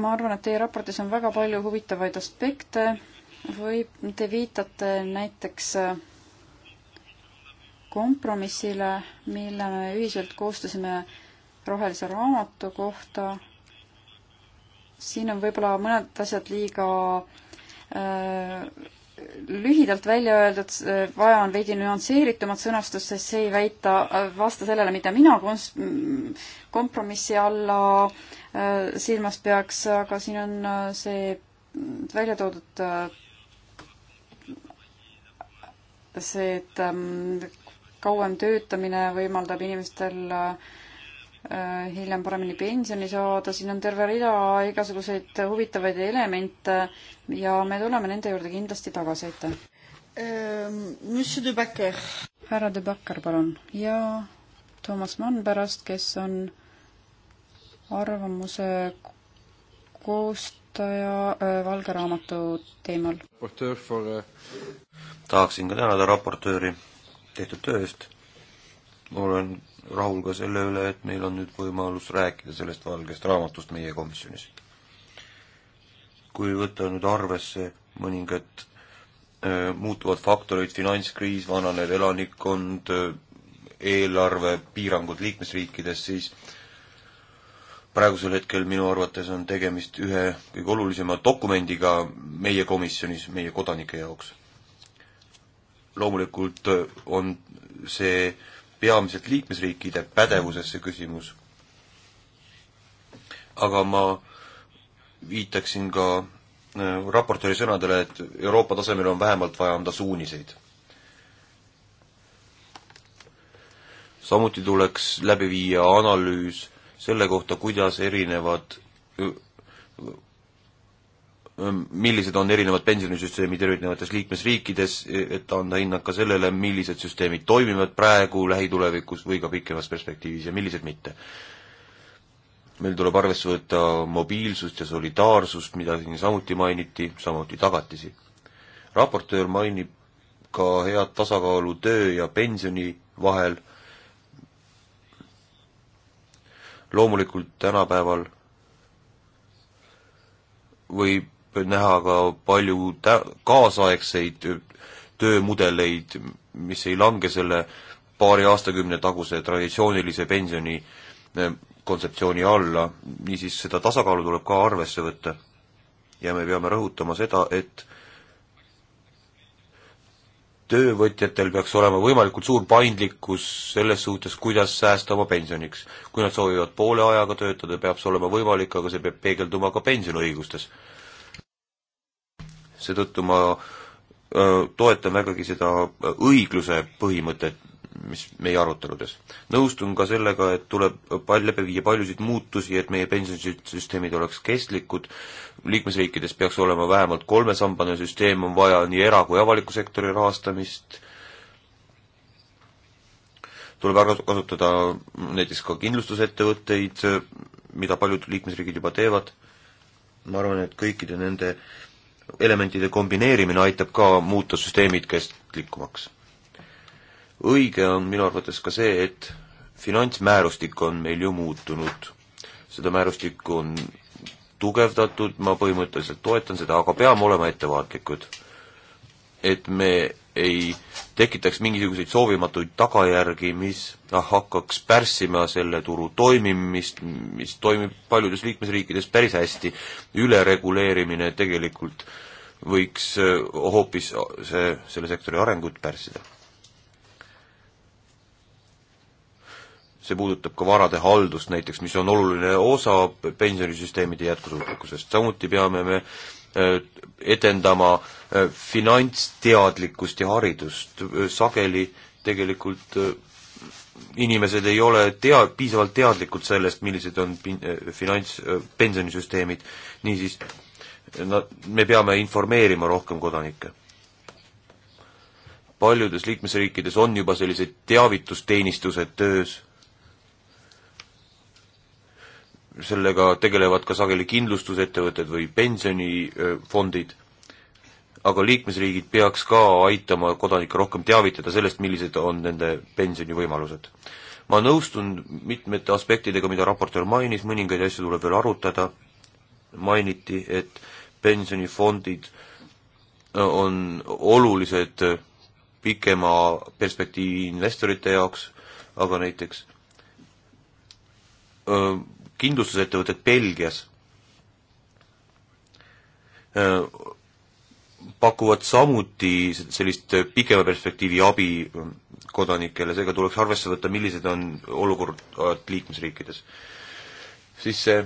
ma arvan, et teie raportis on väga palju huvitavaid aspekte või te viitate näiteks äh, kompromissile, mille me ühiselt koostasime rohelise raamatu kohta. siin on võib-olla mõned asjad liiga äh, lühidalt välja öeldud, äh, vaja on veidi nüansseeritumat sõnastust, sest see ei väita, äh, vasta sellele, mida mina kons-, kompromissi alla äh, silmas peaks, aga siin on äh, see välja toodud äh, see, et ähm, kauem töötamine võimaldab inimestel hiljem paremini pensioni saada, siin on terve rida igasuguseid huvitavaid elemente ja me tuleme nende juurde kindlasti tagasi, aitäh. Ähm, Monsieur de Backer. härra de Backer, palun. ja Toomas Mann pärast, kes on arvamuse koostaja äh, Valge Raamatu teemal. Äh, tahaksin ka tänada raportööri tehtud töö eest. ma olen rahul ka selle üle, et meil on nüüd võimalus rääkida sellest valgest raamatust meie komisjonis. kui võtta nüüd arvesse mõningad öö, äh, muutuvad faktorid, finantskriis, vananev elanikkond, eelarve piirangud liikmesriikides, siis praegusel hetkel minu arvates on tegemist ühe kõige olulisema dokumendiga meie komisjonis, meie kodanike jaoks. loomulikult on see peamiselt liikmesriikide pädevuses, see küsimus. aga ma viitaksin ka äh, raportööri sõnadele, et Euroopa tasemel on vähemalt vaja anda suuniseid. samuti tuleks läbi viia analüüs selle kohta, kuidas erinevad, millised on erinevad pensionisüsteemid erinevates liikmesriikides, et anda hinnang ka sellele, millised süsteemid toimivad praegu, lähitulevikus või ka pikemas perspektiivis ja millised mitte. meil tuleb arvesse võtta mobiilsust ja solidaarsust, mida siin samuti mainiti, samuti tagatisi. raportöör mainib ka head tasakaalu töö ja pensioni vahel loomulikult tänapäeval võib näha ka palju tä-, kaasaegseid töömudeleid, mis ei lange selle paari aastakümne taguse traditsioonilise pensioni eh, kontseptsiooni alla, niisiis seda tasakaalu tuleb ka arvesse võtta. ja me peame rõhutama seda, et töövõtjatel peaks olema võimalikult suur paindlikkus selles suhtes, kuidas säästa oma pensioniks. kui nad soovivad poole ajaga töötada, peab see olema võimalik, aga see peab peegelduma ka pensioniõigustes. seetõttu ma öö, äh, toetan vägagi seda õigluse põhimõtet, mis meie aruteludes. nõustun ka sellega, et tuleb pal-, läbi viia paljusid muutusi, et meie pensionisüsteemid oleks kestlikud, liikmesriikides peaks olema vähemalt kolmesambane süsteem, on vaja nii era- kui avaliku sektori rahastamist, tuleb ära kasutada näiteks ka kindlustusettevõtteid, mida paljud liikmesriigid juba teevad, ma arvan, et kõikide nende elementide kombineerimine aitab ka muuta süsteemid kestlikumaks õige on minu arvates ka see, et finantsmäärustik on meil ju muutunud. seda määrustikku on tugevdatud, ma põhimõtteliselt toetan seda, aga peame olema ettevaatlikud. et me ei tekitaks mingisuguseid soovimatuid tagajärgi, mis hakkaks pärssima selle turu toimimist, mis toimib paljudes liikmesriikides päris hästi. ülereguleerimine tegelikult võiks eh, hoopis eh, see, selle sektori arengut pärssida see puudutab ka varade haldust näiteks, mis on oluline osa pensionisüsteemide jätkusuutlikkusest, samuti peame me äh, edendama äh, finantsteadlikkust ja haridust, äh, sageli tegelikult inimesed ei ole tea-, piisavalt teadlikud sellest, millised on pin-, finants, pensionisüsteemid, niisiis nad, me peame informeerima rohkem kodanikke. paljudes liikmesriikides on juba sellised teavitusteenistused töös sellega tegelevad ka sageli kindlustusettevõtted või pensionifondid, aga liikmesriigid peaks ka aitama kodanikke rohkem teavitada sellest, millised on nende pensionivõimalused. ma nõustun mitmete aspektidega, mida raportöör mainis, mõningaid asju tuleb veel arutada, mainiti, et pensionifondid on olulised pikema perspektiivi investorite jaoks, aga näiteks öö, kindlustusettevõtet Belgias äh, pakuvad samuti sellist pikema perspektiivi abi kodanikele, seega tuleks arvesse võtta, millised on olukorrad liikmesriikides. siis see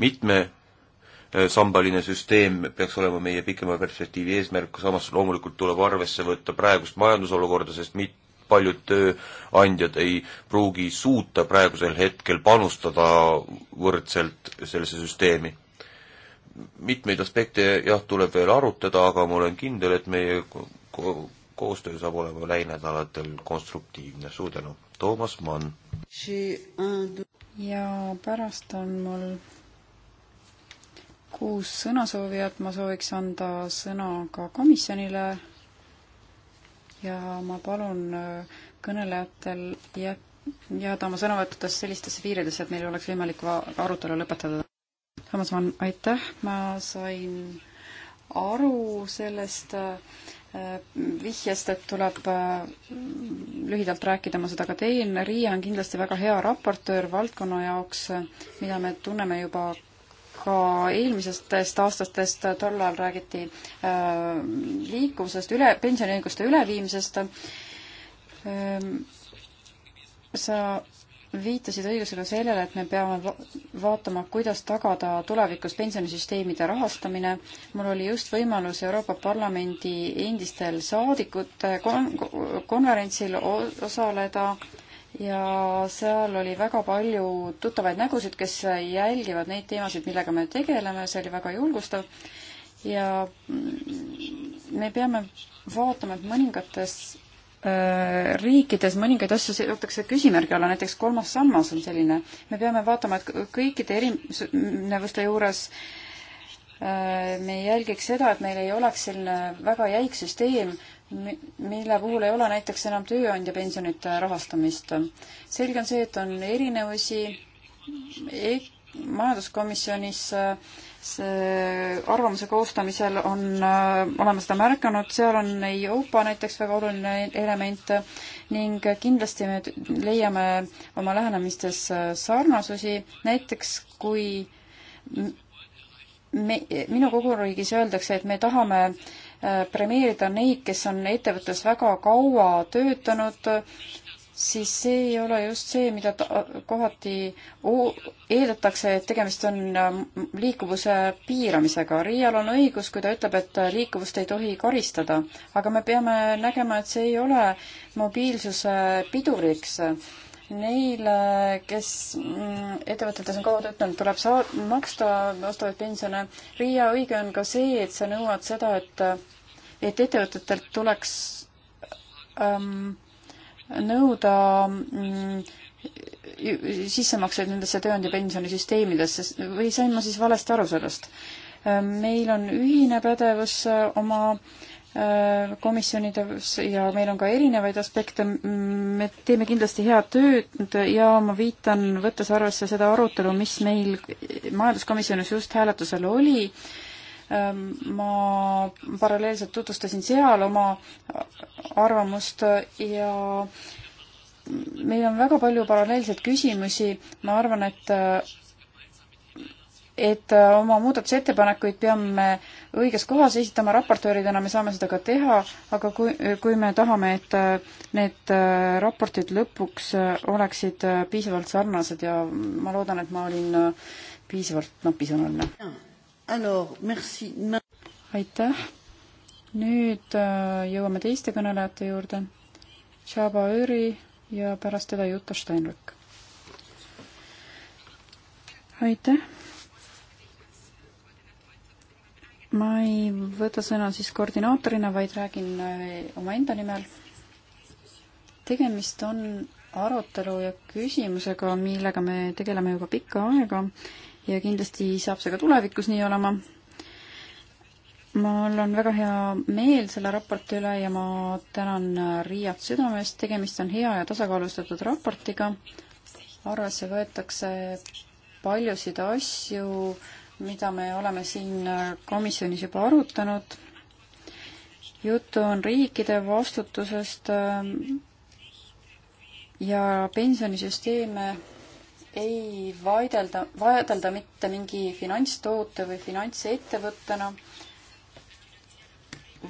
mitmesambaline äh, süsteem peaks olema meie pikema perspektiivi eesmärk, samas loomulikult tuleb arvesse võtta praegust majandusolukorda, sest mit-, paljud tööandjad ei pruugi suuta praegusel hetkel panustada võrdselt sellesse süsteemi. mitmeid aspekte jah, tuleb veel arutada, aga ma olen kindel, et meie ko ko koostöö saab olema lähinädalatel konstruktiivne, suur tänu. Toomas Mann. ja pärast on mul kuus sõnasoovijat, ma sooviks anda sõna ka komisjonile ja ma palun äh, kõnelejatel jät-, jääda oma sõnavõttudes sellistesse piiridesse, et meil oleks võimalik arutelu lõpetada. samas ma, aitäh, ma sain aru sellest äh, vihjest, et tuleb äh, lühidalt rääkida, ma seda ka teen. Riia on kindlasti väga hea raportöör valdkonna jaoks, mida me tunneme juba ka eelmisestest aastatest, tol ajal räägiti äh, liikuvusest, üle, pensioniõiguste üleviimisest. Ähm, sa viitasid õigusega sellele, et me peame va vaatama, kuidas tagada tulevikus pensionisüsteemide rahastamine. mul oli just võimalus Euroopa Parlamendi endistel saadikute kon konverentsil osaleda. Osaleda ja seal oli väga palju tuttavaid nägusid, kes jälgivad neid teemasid, millega me tegeleme, see oli väga julgustav. ja mm, me peame vaatama, et mõningates äh, riikides mõningaid asju seotakse küsimärgi alla, näiteks kolmas sammas on selline. me peame vaatama, et kõikide erinevuste juures äh, me jälgiks seda, et meil ei oleks selline väga jäik süsteem, mille puhul ei ole näiteks enam tööandja pensionite rahastamist. selge on see, et on erinevusi e majanduskomisjonis äh, see arvamuse koostamisel on, äh, oleme seda märganud, seal on Euroopa näiteks väga oluline element ning kindlasti me leiame oma lähenemistes äh, sarnasusi, näiteks kui me, minu koduriigis öeldakse, et me tahame äh, Äh, premeerida neid, kes on ettevõttes väga kaua töötanud, siis see ei ole just see, mida ta, kohati eeldatakse, et tegemist on äh, liikuvuse piiramisega. Riial on õigus, kui ta ütleb, et äh, liikuvust ei tohi karistada, aga me peame nägema, et see ei ole mobiilsuse piduriks neile, kes mm, ettevõtetes on kaua töötanud, tuleb saa-, maksta vastavaid pensione. Riia õige on ka see, et sa nõuad seda, et, et ettevõtetelt tuleks ähm, nõuda mm, sissemakseid nendesse tööandja pensionisüsteemidesse või sain ma siis valesti aru sellest? Ähm, meil on ühine pädevus äh, oma äh, Äh, komisjonides ja meil on ka erinevaid aspekte, me teeme kindlasti head tööd ja ma viitan, võttes arvesse seda arutelu, mis meil majanduskomisjonis just hääletusel oli, ähm, ma paralleelselt tutvustasin seal oma arvamust ja meil on väga palju paralleelseid küsimusi, ma arvan, et äh, et äh, oma muudatusettepanekuid peame õiges kohas esitama raportööridena, me saame seda ka teha, aga kui, kui me tahame, et äh, need äh, raportid lõpuks oleksid piisavalt sarnased ja ma loodan, et ma olin piisavalt napisõnaline. aitäh. nüüd jõuame teiste kõnelejate juurde. Shaba Öri ja pärast teda Juta Steinrück. aitäh ma ei võta sõna siis koordinaatorina, vaid räägin äh, omaenda nimel. tegemist on arutelu ja küsimusega, millega me tegeleme juba pikka aega ja kindlasti saab see ka tulevikus nii olema. mul on väga hea meel selle raporti üle ja ma tänan äh, Riiat südamest, tegemist on hea ja tasakaalustatud raportiga, arvesse võetakse paljusid asju, mida me oleme siin komisjonis juba arutanud. juttu on riikide vastutusest ähm, ja pensionisüsteeme ei vaidelda, vaadelda mitte mingi finantstoote või finantsettevõttena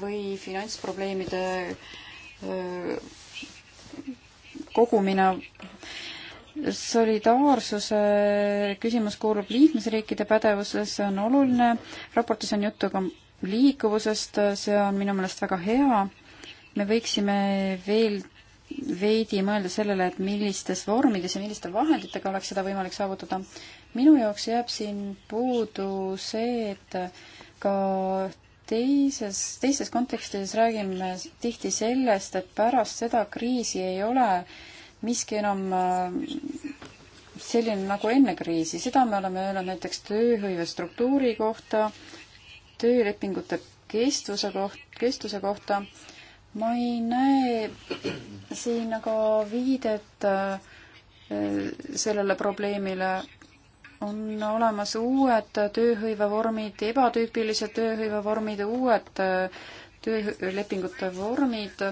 või finantsprobleemide äh, kogumina solidaarsuse küsimus kuulub liikmesriikide pädevusse, see on oluline. raportis on juttu ka liikuvusest, see on minu meelest väga hea. me võiksime veel veidi mõelda sellele, et millistes vormides ja milliste vahenditega oleks seda võimalik saavutada. minu jaoks jääb siin puudu see, et ka teises, teistes kontekstides räägime tihti sellest, et pärast seda kriisi ei ole äh, miski enam äh, selline nagu enne kriisi, seda me oleme öelnud näiteks tööhõive struktuuri kohta, töölepingute kestvuse koht, kestuse kohta. ma ei näe siin aga viidet äh, sellele probleemile. on olemas uued tööhõivevormid, ebatüüpilised tööhõivevormid, uued äh, töölepingute vormid,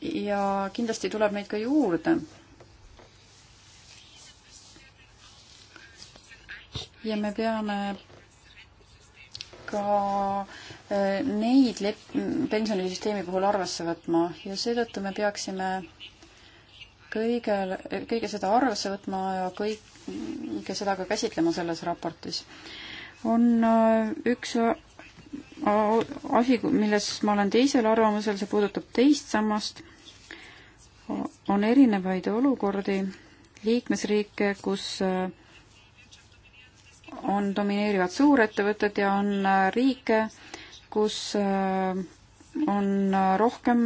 ja kindlasti tuleb neid ka juurde. ja me peame ka eh, neid lep-, pensionisüsteemi puhul arvesse võtma ja seetõttu me peaksime kõige, kõige seda arvesse võtma ja kõik, kõike seda ka käsitlema selles raportis. on äh, üks asi, milles ma olen teisel arvamusel, see puudutab teist sammast, on erinevaid olukordi, liikmesriike, kus äh, on domineerivad suurettevõtted ja on äh, riike, kus äh, on rohkem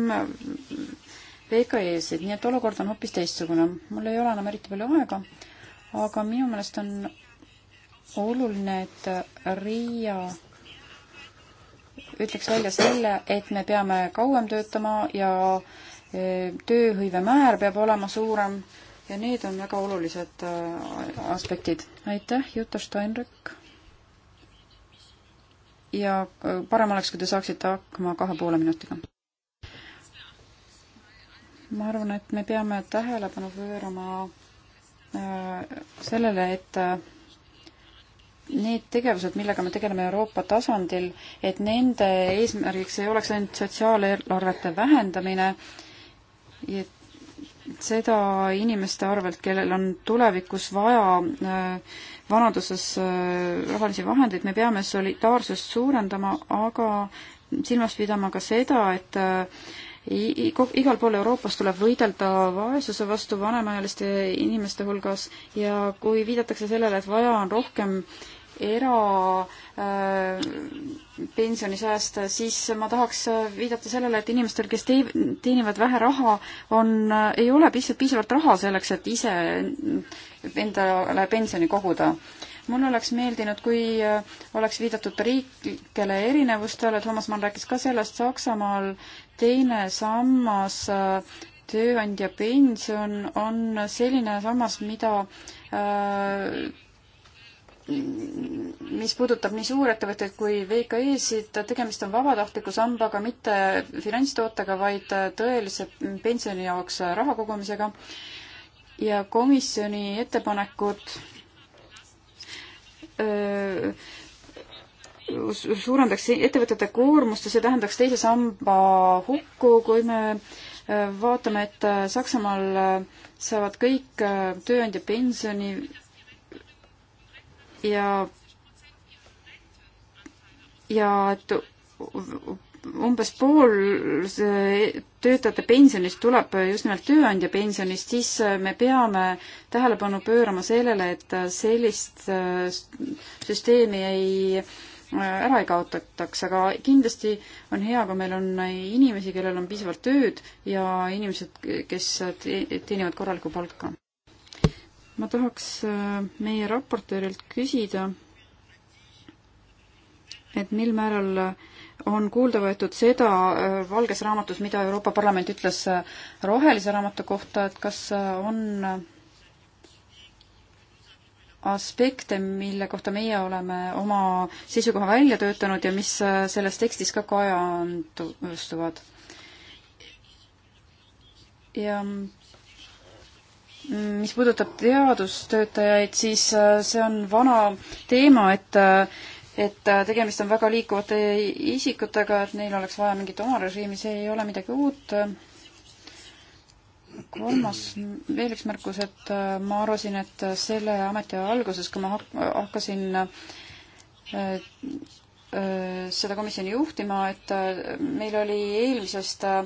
VKE-sid, nii et olukord on hoopis teistsugune. mul ei ole enam eriti palju aega, aga minu meelest on oluline, et Riia ütleks välja selle, et me peame kauem töötama ja e, tööhõive määr peab olema suurem ja need on väga olulised e, aspektid. aitäh, Juta Steinrück! ja e, parem oleks, kui te saaksite hakkama kahe poole minutiga. ma arvan, et me peame tähelepanu pöörama sellele, et need tegevused, millega me tegeleme Euroopa tasandil, et nende eesmärgiks ei oleks ainult sotsiaaleelarvete vähendamine, et seda inimeste arvelt, kellel on tulevikus vaja äh, vanaduses äh, rahalisi vahendeid, me peame solidaarsust suurendama, aga silmas pidama ka seda, et äh, igal pool Euroopas tuleb võidelda vaesuse vastu vanemaealiste inimeste hulgas ja kui viidatakse sellele, et vaja on rohkem erapensionisääste äh,, siis ma tahaks äh, viidata sellele, et inimestel, kes te-, teenivad vähe raha, on äh,, ei ole lihtsalt piisavalt raha selleks, et ise endale pensioni koguda mul oleks meeldinud, kui äh, oleks viidatud riiklikele erinevustele, Toomas Mann rääkis ka sellest, Saksamaal teine sammas äh, tööandja pension on selline sammas, mida äh, mis puudutab nii suurettevõtteid kui VKE-sid, tegemist on vabatahtliku sambaga, mitte finantstootega, vaid tõelise pensioni jaoks raha kogumisega. ja komisjoni ettepanekud öö, suurendaks ettevõtete koormust ja see tähendaks teise samba hukku, kui me vaatame, et Saksamaal saavad kõik tööandja pensioni ja, ja et umbes pool töötajate pensionist tuleb just nimelt tööandja pensionist, siis me peame tähelepanu pöörama sellele, et sellist süsteemi ei ära ei kaotataks, aga kindlasti on hea, kui meil on inimesi, kellel on piisavalt tööd ja inimesed, kes teenivad korralikku palka ma tahaks äh, meie raportöörilt küsida, et mil määral on kuulda võetud seda äh, valges raamatus, mida Euroopa Parlament ütles äh, rohelise raamatu kohta, et kas on aspekte, mille kohta meie oleme oma seisukoha välja töötanud ja mis selles tekstis ka kajastuvad. ja mis puudutab teadustöötajaid, siis äh, see on vana teema, et äh, et äh, tegemist on väga liikuvate isikutega, et neil oleks vaja mingit oma režiimi, see ei ole midagi uut. kolmas, veel üks märkus, et ma arvasin, et selle ametiaja alguses, kui ma hak-, hakkasin seda komisjoni juhtima, et meil oli eelmisest äh,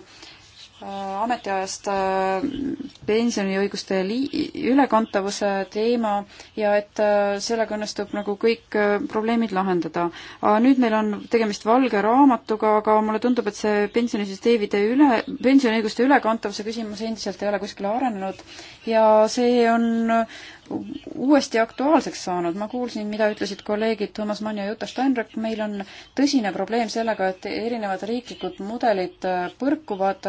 Äh, ametiajast äh, pensioniõiguste ülekantavuse teema ja et äh, sellega õnnestub nagu kõik probleemid lahendada. nüüd meil on tegemist valge raamatuga, aga mulle tundub, et see pensionisüsteemide üle, pensioniõiguste ülekantavuse küsimus endiselt ei ole kuskile arenenud ja see on uuesti aktuaalseks saanud, ma kuulsin, mida ütlesid kolleegid Toomas Mann ja Jutta Steinrück, meil on tõsine probleem sellega, et erinevad riiklikud mudelid äh, põrkuvad,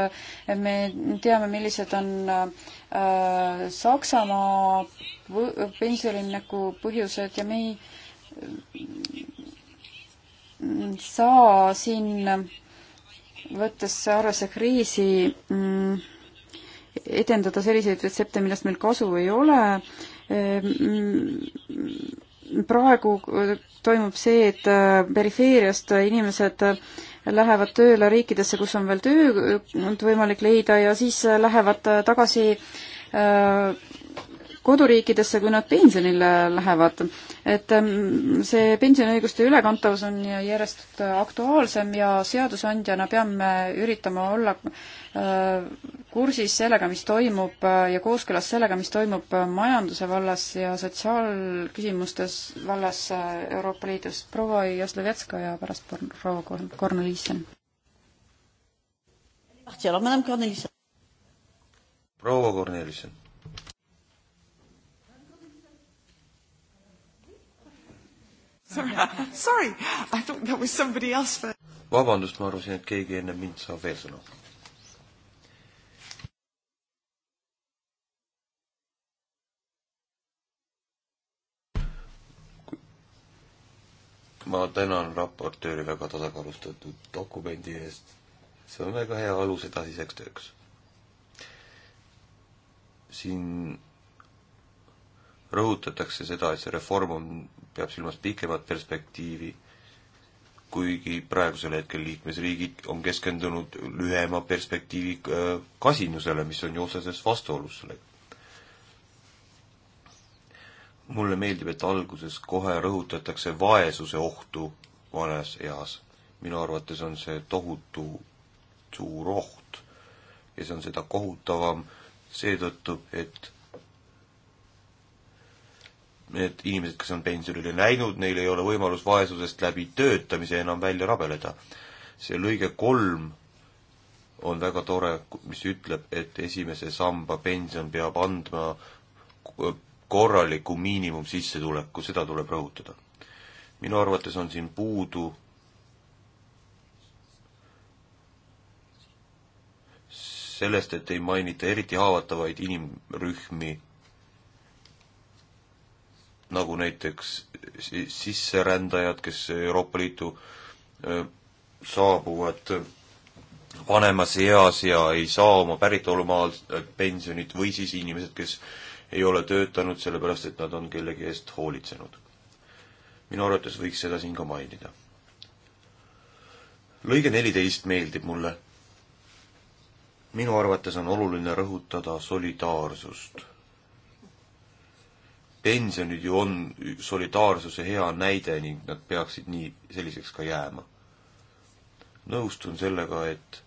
me teame, millised on äh, Saksamaa pensionilinaku põhjused ja me ei mm, saa siin, võttes arvesse kriisi, mm, edendada selliseid retsepte, millest meil kasu ei ole äh, Ehm, praegu äh, toimub see, et äh, perifeeriast inimesed äh, lähevad tööle riikidesse, kus on veel tööd võimalik leida ja siis lähevad tagasi koduriikidesse, kui nad pensionile lähevad. et ähm, see pensioniõiguste ülekantavus on järjest äh, aktuaalsem ja seadusandjana peame üritama olla äh, kursis sellega, mis toimub äh, ja kooskõlas sellega, mis toimub majanduse vallas ja sotsiaalküsimustes vallas Euroopa Liidus. proua Jaslovetska ja pärast proua Korneliisen. proua Korneliisen <laughs> Sorry, I thought that was somebody else but.... vabandust, ma arvasin, et keegi enne mind saab veel sõna. ma tänan raportööri väga tasakaalustatud dokumendi eest. see on väga hea alus edasiseks tööks. siin rõhutatakse seda, et see reform on peab silmas pikemat perspektiivi, kuigi praegusel hetkel liikmesriigid on keskendunud lühema perspektiivi äh, kasinusele, mis on ju otseses vastuolus sellega. mulle meeldib, et alguses kohe rõhutatakse vaesuse ohtu vanes eas. minu arvates on see tohutu suur oht ja see on seda kohutavam seetõttu, et need inimesed, kes on pensionile läinud, neil ei ole võimalus vaesusest läbi töötamise enam välja rabeleda. see lõige kolm on väga tore, mis ütleb, et esimese samba pension peab andma korraliku miinimumsissetuleku, seda tuleb rõhutada. minu arvates on siin puudu sellest, et ei mainita eriti haavatavaid inimrühmi nagu näiteks sisserändajad, kes Euroopa Liitu saabuvad vanemas eas ja ei saa oma päritolumaal pensionit või siis inimesed, kes ei ole töötanud sellepärast, et nad on kellegi eest hoolitsenud. minu arvates võiks seda siin ka mainida. lõige neliteist meeldib mulle. minu arvates on oluline rõhutada solidaarsust pensionid ju on solidaarsuse hea näide ning nad peaksid nii selliseks ka jääma. nõustun sellega, et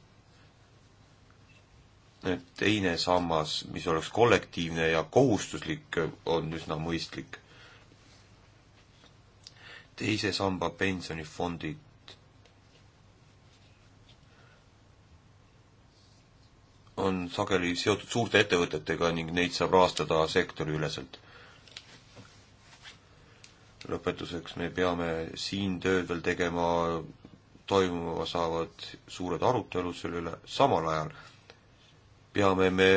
et teine sammas, mis oleks kollektiivne ja kohustuslik, on üsna mõistlik. teise samba pensionifondid on sageli seotud suurte ettevõtetega ning neid saab rahastada sektoriüleselt lõpetuseks me peame siin töö veel tegema, toimuma saavad suured arutelud selle üle, samal ajal peame me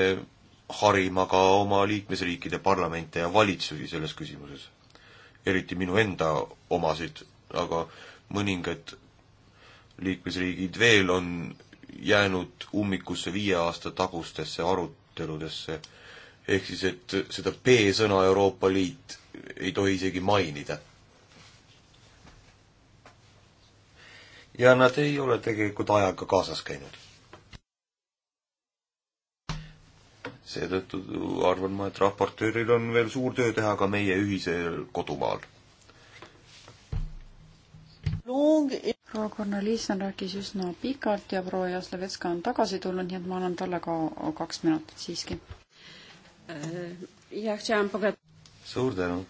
harima ka oma liikmesriikide parlamente ja valitsusi selles küsimuses. eriti minu enda omasid, aga mõningad liikmesriigid veel on jäänud ummikusse viie aasta tagustesse aruteludesse ehk siis, et seda B-sõna Euroopa Liit ei tohi isegi mainida. ja nad ei ole tegelikult ajaga kaasas käinud. seetõttu arvan ma, et raportööril on veel suur töö teha ka meie ühisel kodumaal. proua Kornelis on rääkis üsna pikalt ja proua Jaslovetska on tagasi tulnud, nii et ma annan talle ka kaks minutit siiski ja chciałam pograt-. suur tänu,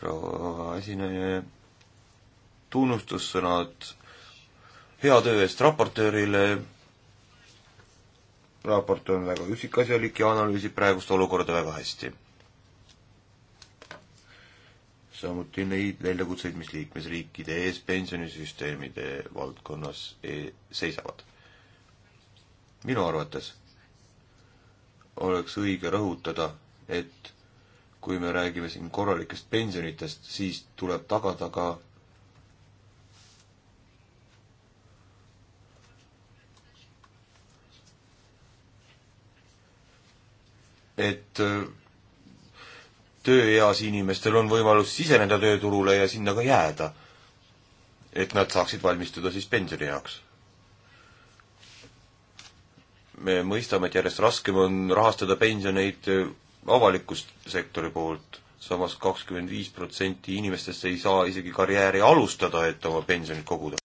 proua esineja. tunnustussõnad hea töö eest raportöörile. raport on väga üksikasjalik ja analüüsib praegust olukorda väga hästi. samuti neid väljakutseid, mis liikmesriikide ees pensionisüsteemide valdkonnas e-, seisavad. minu arvates oleks õige rõhutada, et kui me räägime siin korralikest pensionitest, siis tuleb tagada ka et äh, tööeas inimestel on võimalus siseneda tööturule ja sinna ka jääda. et nad saaksid valmistuda siis pensioni jaoks me mõistame, et järjest raskem on rahastada pensioneid avalikust sektori poolt samas, samas kakskümmend viis protsenti inimestest ei saa isegi karjääri alustada, et oma pensionit koguda.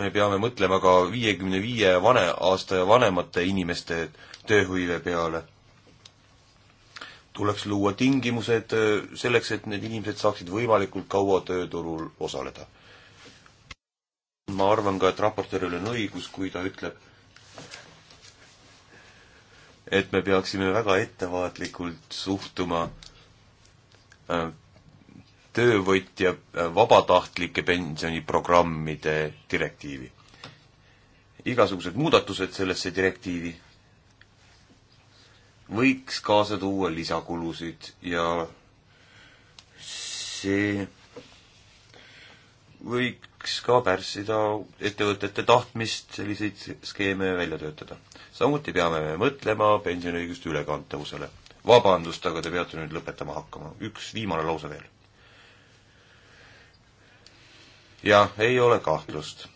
me peame mõtlema ka viiekümne viie vane, aasta ja vanemate inimeste tööhõive peale tuleks luua tingimused äh, selleks, et need inimesed saaksid võimalikult kaua tööturul osaleda. ma arvan ka, et raportööril on õigus, kui ta ütleb, et me peaksime väga ettevaatlikult suhtuma äh, töövõtja äh, vabatahtlike pensioniprogrammide direktiivi. igasugused muudatused sellesse direktiivi võiks kaasa tuua lisakulusid ja see võiks ka pärssida ettevõtete tahtmist selliseid skeeme välja töötada. samuti peame me mõtlema pensioniõiguste ülekantavusele. vabandust, aga te peate nüüd lõpetama hakkama. üks viimane lause veel. jah, ei ole kahtlust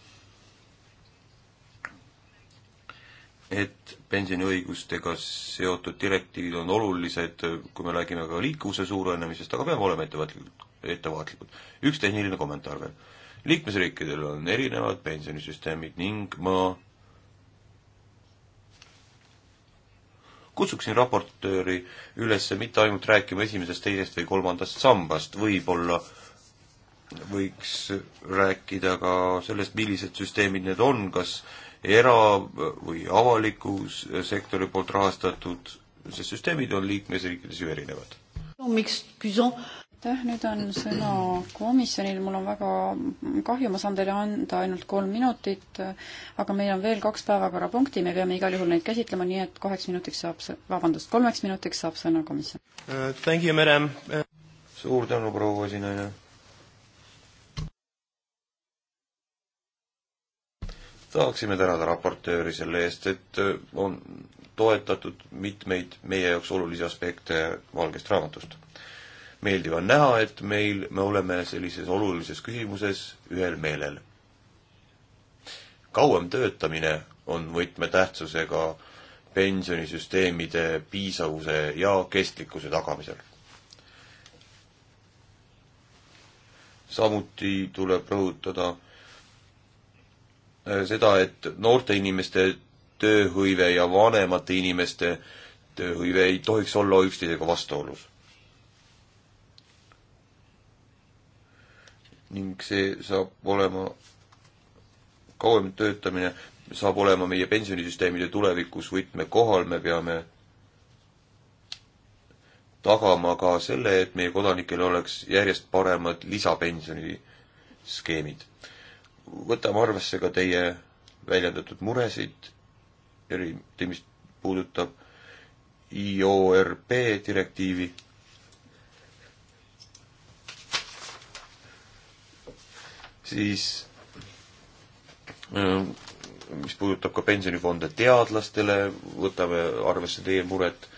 et pensioniõigustega seotud direktiivid on olulised, kui me räägime ka liikuvuse suurenemisest, aga peame olema ettevaatlikud, ettevaatlikud. üks tehniline kommentaar veel. liikmesriikidel on erinevad pensionisüsteemid ning ma kutsuksin raportööri üles mitte ainult rääkima esimesest, teisest või kolmandast sambast, võib-olla võiks rääkida ka sellest, millised süsteemid need on, kas era- või avaliku sektori poolt rahastatud, sest süsteemid on liikmesriikides ju erinevad. no miks, küsin? aitäh, nüüd on sõna komisjonil, mul on väga kahju, ma saan teile anda ainult kolm minutit, aga meil on veel kaks päevakorrapunkti, me peame igal juhul neid käsitlema, nii et kaheks minutiks saab, vabandust, kolmeks minutiks saab sõna komisjon uh,. Thank you, madam uh.... suur tänu, proua esinaine tahaksime tänada raportööri selle eest, et äh, on toetatud mitmeid meie jaoks olulisi aspekte Valgest raamatust. meeldiv on näha, et meil, me oleme sellises olulises küsimuses ühel meelel. kauem töötamine on võtmetähtsusega pensionisüsteemide piisavuse ja kestlikkuse tagamisel. samuti tuleb rõhutada Äh, seda, et noorte inimeste tööhõive ja vanemate inimeste tööhõive ei tohiks olla üksteisega vastuolus. ning see saab olema, kauem töötamine saab olema meie pensionisüsteemide tulevikus võtmekohal, me peame tagama ka selle, et meie kodanikel oleks järjest paremad lisapensioniskeemid võtame arvesse ka teie väljendatud muresid, eriti mis puudutab IORP direktiivi siis ähm, mis puudutab ka pensionifonde teadlastele, võtame arvesse teie muret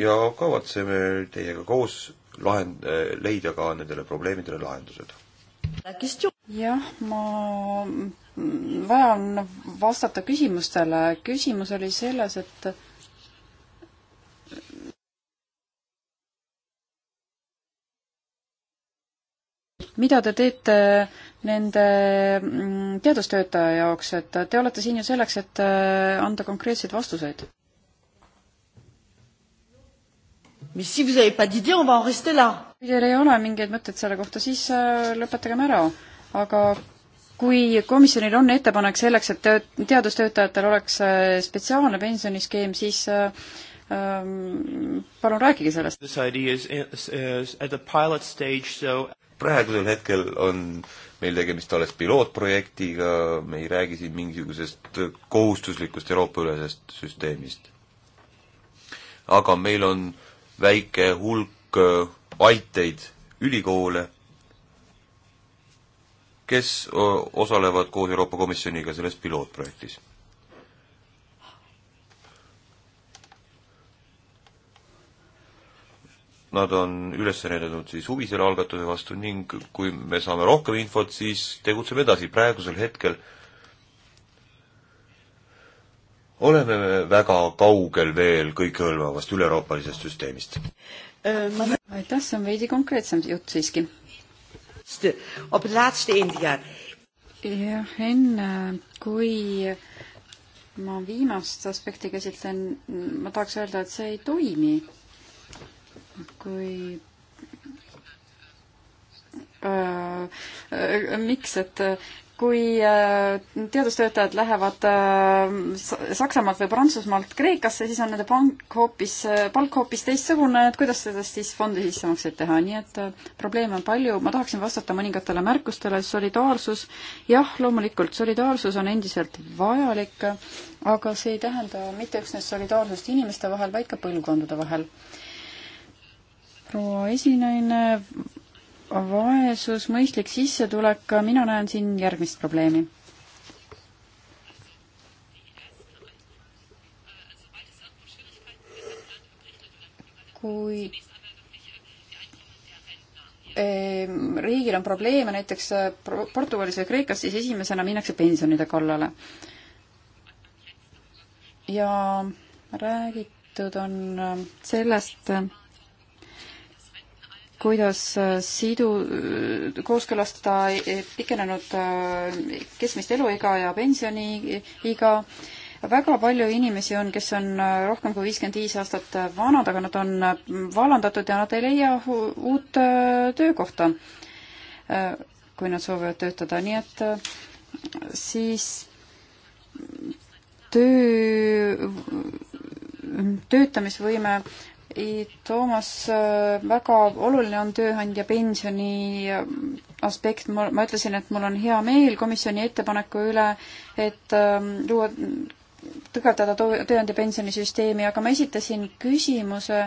ja kavatseme teiega koos lahend-, leida ka nendele probleemidele lahendused jah, ma vajan vastata küsimustele. küsimus oli selles, et mida te teete nende mm, teadustöötaja jaoks, et te olete siin ju selleks, et äh, anda konkreetseid vastuseid? kui teil ei ole mingeid mõtteid selle kohta, siis äh, lõpetagem ära. aga kui komisjonil on ettepanek selleks, et teadustöötajatel oleks äh, spetsiaalne pensioniskeem, siis äh, ähm, palun rääkige sellest. So... praegusel hetkel on meil tegemist alles pilootprojektiga, me ei räägi siin mingisugusest kohustuslikust Euroopa-ülesest süsteemist. aga meil on väike hulk aiteid ülikoole, kes osalevad koos Euroopa Komisjoniga selles pilootprojektis. Nad on üles näidanud siis huvi selle algatuse vastu ning kui me saame rohkem infot, siis tegutseme edasi. praegusel hetkel äh, oleme väga kaugel veel kõikehõlmavast üleeuroopalisest süsteemist. aitäh, see on veidi konkreetsem jutt siiski. jah, enne kui ma viimast aspekti käsitlen, ma tahaks öelda, et see ei toimi. kui äh, äh miks, et kui äh, teadustöötajad lähevad äh, Saksamaalt või Prantsusmaalt Kreekasse, siis on nende pank hoopis, äh, palk hoopis teistsugune, et kuidas sellest siis fondi sissemakseid teha, nii et probleeme on palju, ma tahaksin vastata mõningatele märkustele, solidaarsus, jah, loomulikult, solidaarsus on endiselt vajalik, aga see ei tähenda mitte üksnes solidaarsust inimeste vahel, vaid ka põlvkondade vahel. proua esinaine vaesus, mõistlik sissetulek, mina näen siin järgmist probleemi. kui ehm, riigil on probleeme näiteks äh, Portugalis või Kreekas, siis esimesena minnakse pensionide kallale. ja räägitud on äh, sellest, kuidas äh, sidu, kooskõlastada äh, pikenenud äh, keskmist eluiga ja pensioniiga. väga palju inimesi on, kes on rohkem kui viiskümmend viis aastat vanad, aga nad on vallandatud ja nad ei leia uut töökohta, kui nad soovivad töötada, nii et siis töö töötamisvõime Toomas, äh, väga oluline on tööandja pensioni äh, aspekt, ma, ma ütlesin, et mul on hea meel komisjoni ettepaneku üle, et ähm, luua ähm,, tugevdada tööandja pensionisüsteemi, aga ma esitasin küsimuse,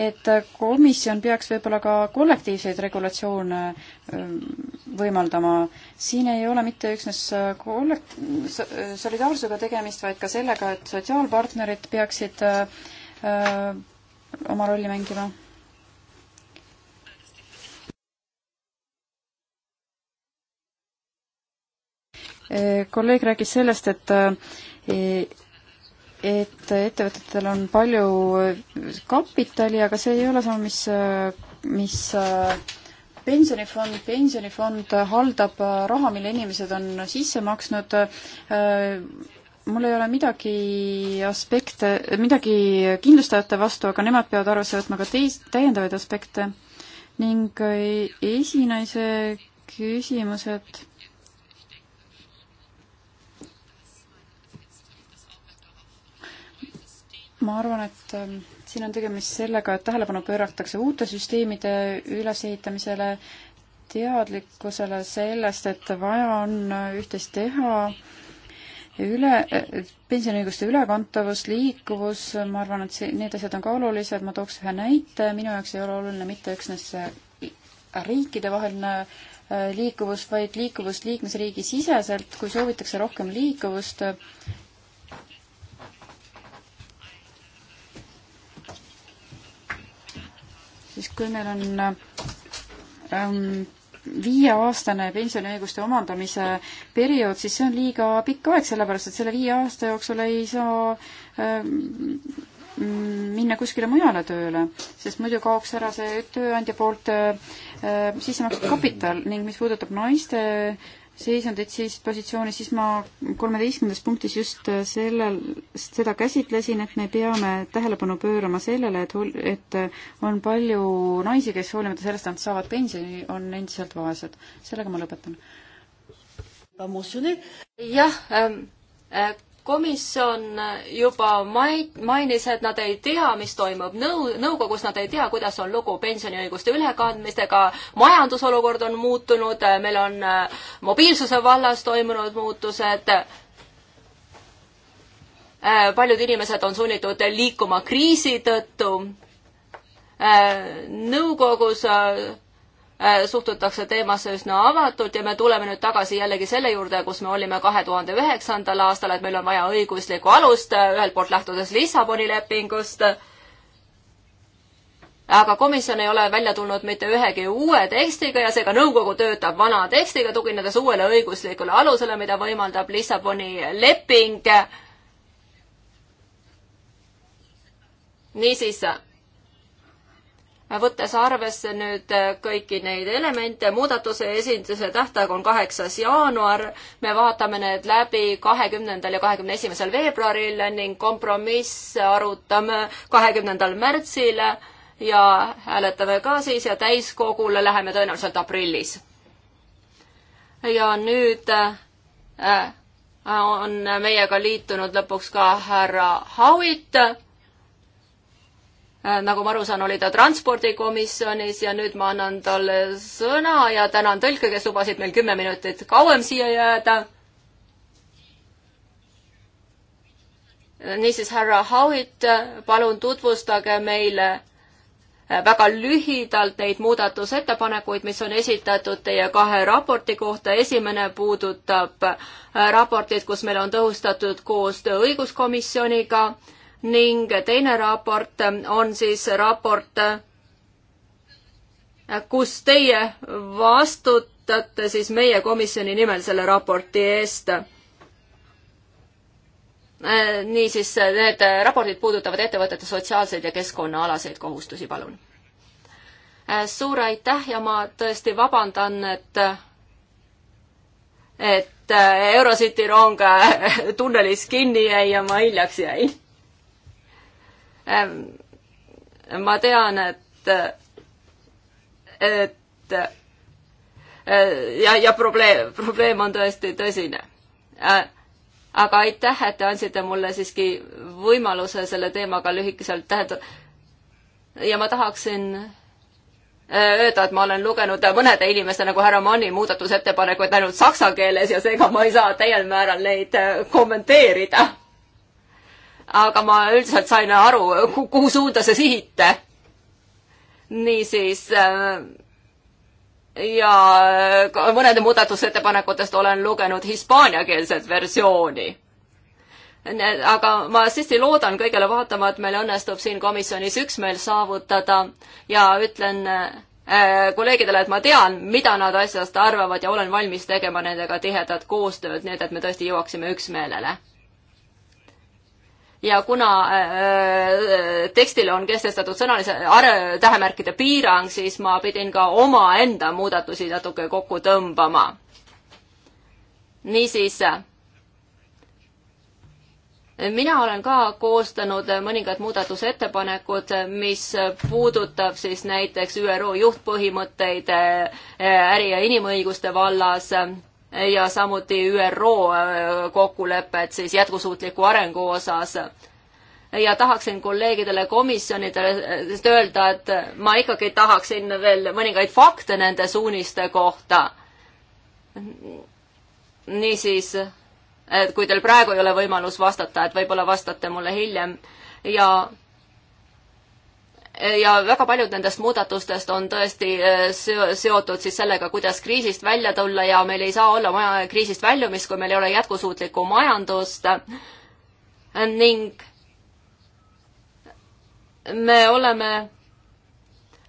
et komisjon peaks võib-olla ka kollektiivseid regulatsioone ähm, võimaldama. siin ei ole mitte üksnes äh, kollek-, solidaarsusega tegemist, vaid ka sellega, et sotsiaalpartnerid peaksid oma rolli mängima. kolleeg rääkis sellest, et et ettevõtetel on palju kapitali, aga see ei ole sama, mis, mis pensionifond, pensionifond haldab raha, mille inimesed on sisse maksnud äh, mul ei ole midagi aspekte, midagi kindlustajate vastu, aga nemad peavad arvesse võtma ka teis-, täiendavaid aspekte ning eh, esinaise küsimused. ma arvan, et eh, siin on tegemist sellega, et tähelepanu pööratakse uute süsteemide ülesehitamisele, teadlikkusele sellest, et vaja on üht-teist teha äh, üle, eh, pensioniõiguste ülekantavus, liikuvus, ma arvan, et see, need asjad on ka olulised, ma tooks ühe näite, minu jaoks ei ole oluline mitte üksnes eh, riikidevaheline eh, liikuvus, vaid liikuvus liikmesriigi siseselt, kui soovitakse rohkem liikuvust, siis kui meil on ähm, viieaastane pensioniõiguste omandamise periood, siis see on liiga pikk aeg, sellepärast et selle viie aasta jooksul ei saa ähm, minna kuskile mujale tööle, sest muidu kaoks ära see tööandja poolt äh, sisse makstud kapital ning mis puudutab naiste seisundit siis positsioonis, siis ma kolmeteistkümnendas punktis just äh, sellel, seda käsitlesin, et me peame tähelepanu pöörama sellele, et, et äh, on palju naisi, kes hoolimata sellest, et nad saavad pensioni, on endiselt vaesed. sellega ma lõpetan. jah ähm,, äh, komisjon juba mai-, mainis, et nad ei tea, mis toimub nõu-, nõukogus, nad ei tea, kuidas on lugu pensioniõiguste ülekandmistega, majandusolukord on muutunud, meil on äh, mobiilsuse vallas toimunud muutused, äh, paljud inimesed on sunnitud liikuma kriisi tõttu, äh, nõukogus Äh, suhtutakse teemasse üsna avatult ja me tuleme nüüd tagasi jällegi selle juurde, kus me olime kahe tuhande üheksandal aastal, et meil on vaja õiguslikku alust, äh, ühelt poolt lähtudes Lissaboni lepingust, aga komisjon ei ole välja tulnud mitte ühegi uue tekstiga ja seega nõukogu töötab vana tekstiga, tuginedes uuele õiguslikule alusele, mida võimaldab Lissaboni leping. niisiis võttes arvesse nüüd äh, kõiki neid elemente, muudatuse esinduse tähtaeg on kaheksas jaanuar, me vaatame need läbi kahekümnendal ja kahekümne esimesel veebruaril ning kompromiss arutame kahekümnendal märtsil ja hääletame ka siis ja täiskogule läheme tõenäoliselt aprillis. ja nüüd äh, äh, on meiega liitunud lõpuks ka härra Howitt Äh, nagu ma aru saan, oli ta transpordikomisjonis ja nüüd ma annan talle sõna ja tänan tõlke, kes lubasid meil kümme minutit kauem siia jääda. niisiis, härra Howitt, palun tutvustage meile äh, väga lühidalt neid muudatusettepanekuid, mis on esitatud teie kahe raporti kohta. esimene puudutab äh, raportit, kus meil on tõhustatud koostöö õiguskomisjoniga ning teine raport on siis raport, kus teie vastutate siis meie komisjoni nimel selle raporti eest niisiis, need raportid puudutavad ettevõtete sotsiaalseid ja keskkonnaalaseid kohustusi, palun. suur aitäh ja ma tõesti vabandan, et et Eurocity rong tunnelis kinni jäi ja ma hiljaks jäin. Ähm, ma tean, et, et äh, ja, ja probleem, probleem on tõesti tõsine. Äh, aga aitäh, et te andsite mulle siiski võimaluse selle teemaga lühikeselt tähendada. ja ma tahaksin äh, öelda, et ma olen lugenud mõnede inimeste nagu härra Manni muudatusettepanekuid ainult saksa keeles ja seega ma ei saa täiel määral neid kommenteerida aga ma üldiselt sain aru, kuhu suunda see sihite. niisiis äh, ja mõnede muudatusettepanekutest olen lugenud hispaaniakeelset versiooni aga ma siiski loodan kõigele vaatama, et meil õnnestub siin komisjonis üksmeel saavutada ja ütlen äh, kolleegidele, et ma tean, mida nad asjast arvavad ja olen valmis tegema nendega tihedat koostööd, nii et, et me tõesti jõuaksime üksmeelele ja kuna äh, äh tekstile on kehtestatud sõnalise arv, tähemärkide piirang, siis ma pidin ka omaenda muudatusi natuke kokku tõmbama. niisiis, mina olen ka koostanud mõningad muudatusettepanekud, mis puudutab siis näiteks ÜRO juhtpõhimõtteid äh, äri- ja inimõiguste vallas äh, ja samuti ÜRO äh, kokkulepet siis jätkusuutliku arengu osas. ja tahaksin kolleegidele komisjonidele äh, öelda, et ma ikkagi tahaksin veel mõningaid fakte nende suuniste kohta. niisiis, et kui teil praegu ei ole võimalus vastata, et võib-olla vastate mulle hiljem ja ja väga paljud nendest muudatustest on tõesti eh, seotud siis sellega, kuidas kriisist välja tulla ja meil ei saa olla maja kriisist väljumist, kui meil ei ole jätkusuutlikku majandust ning me oleme,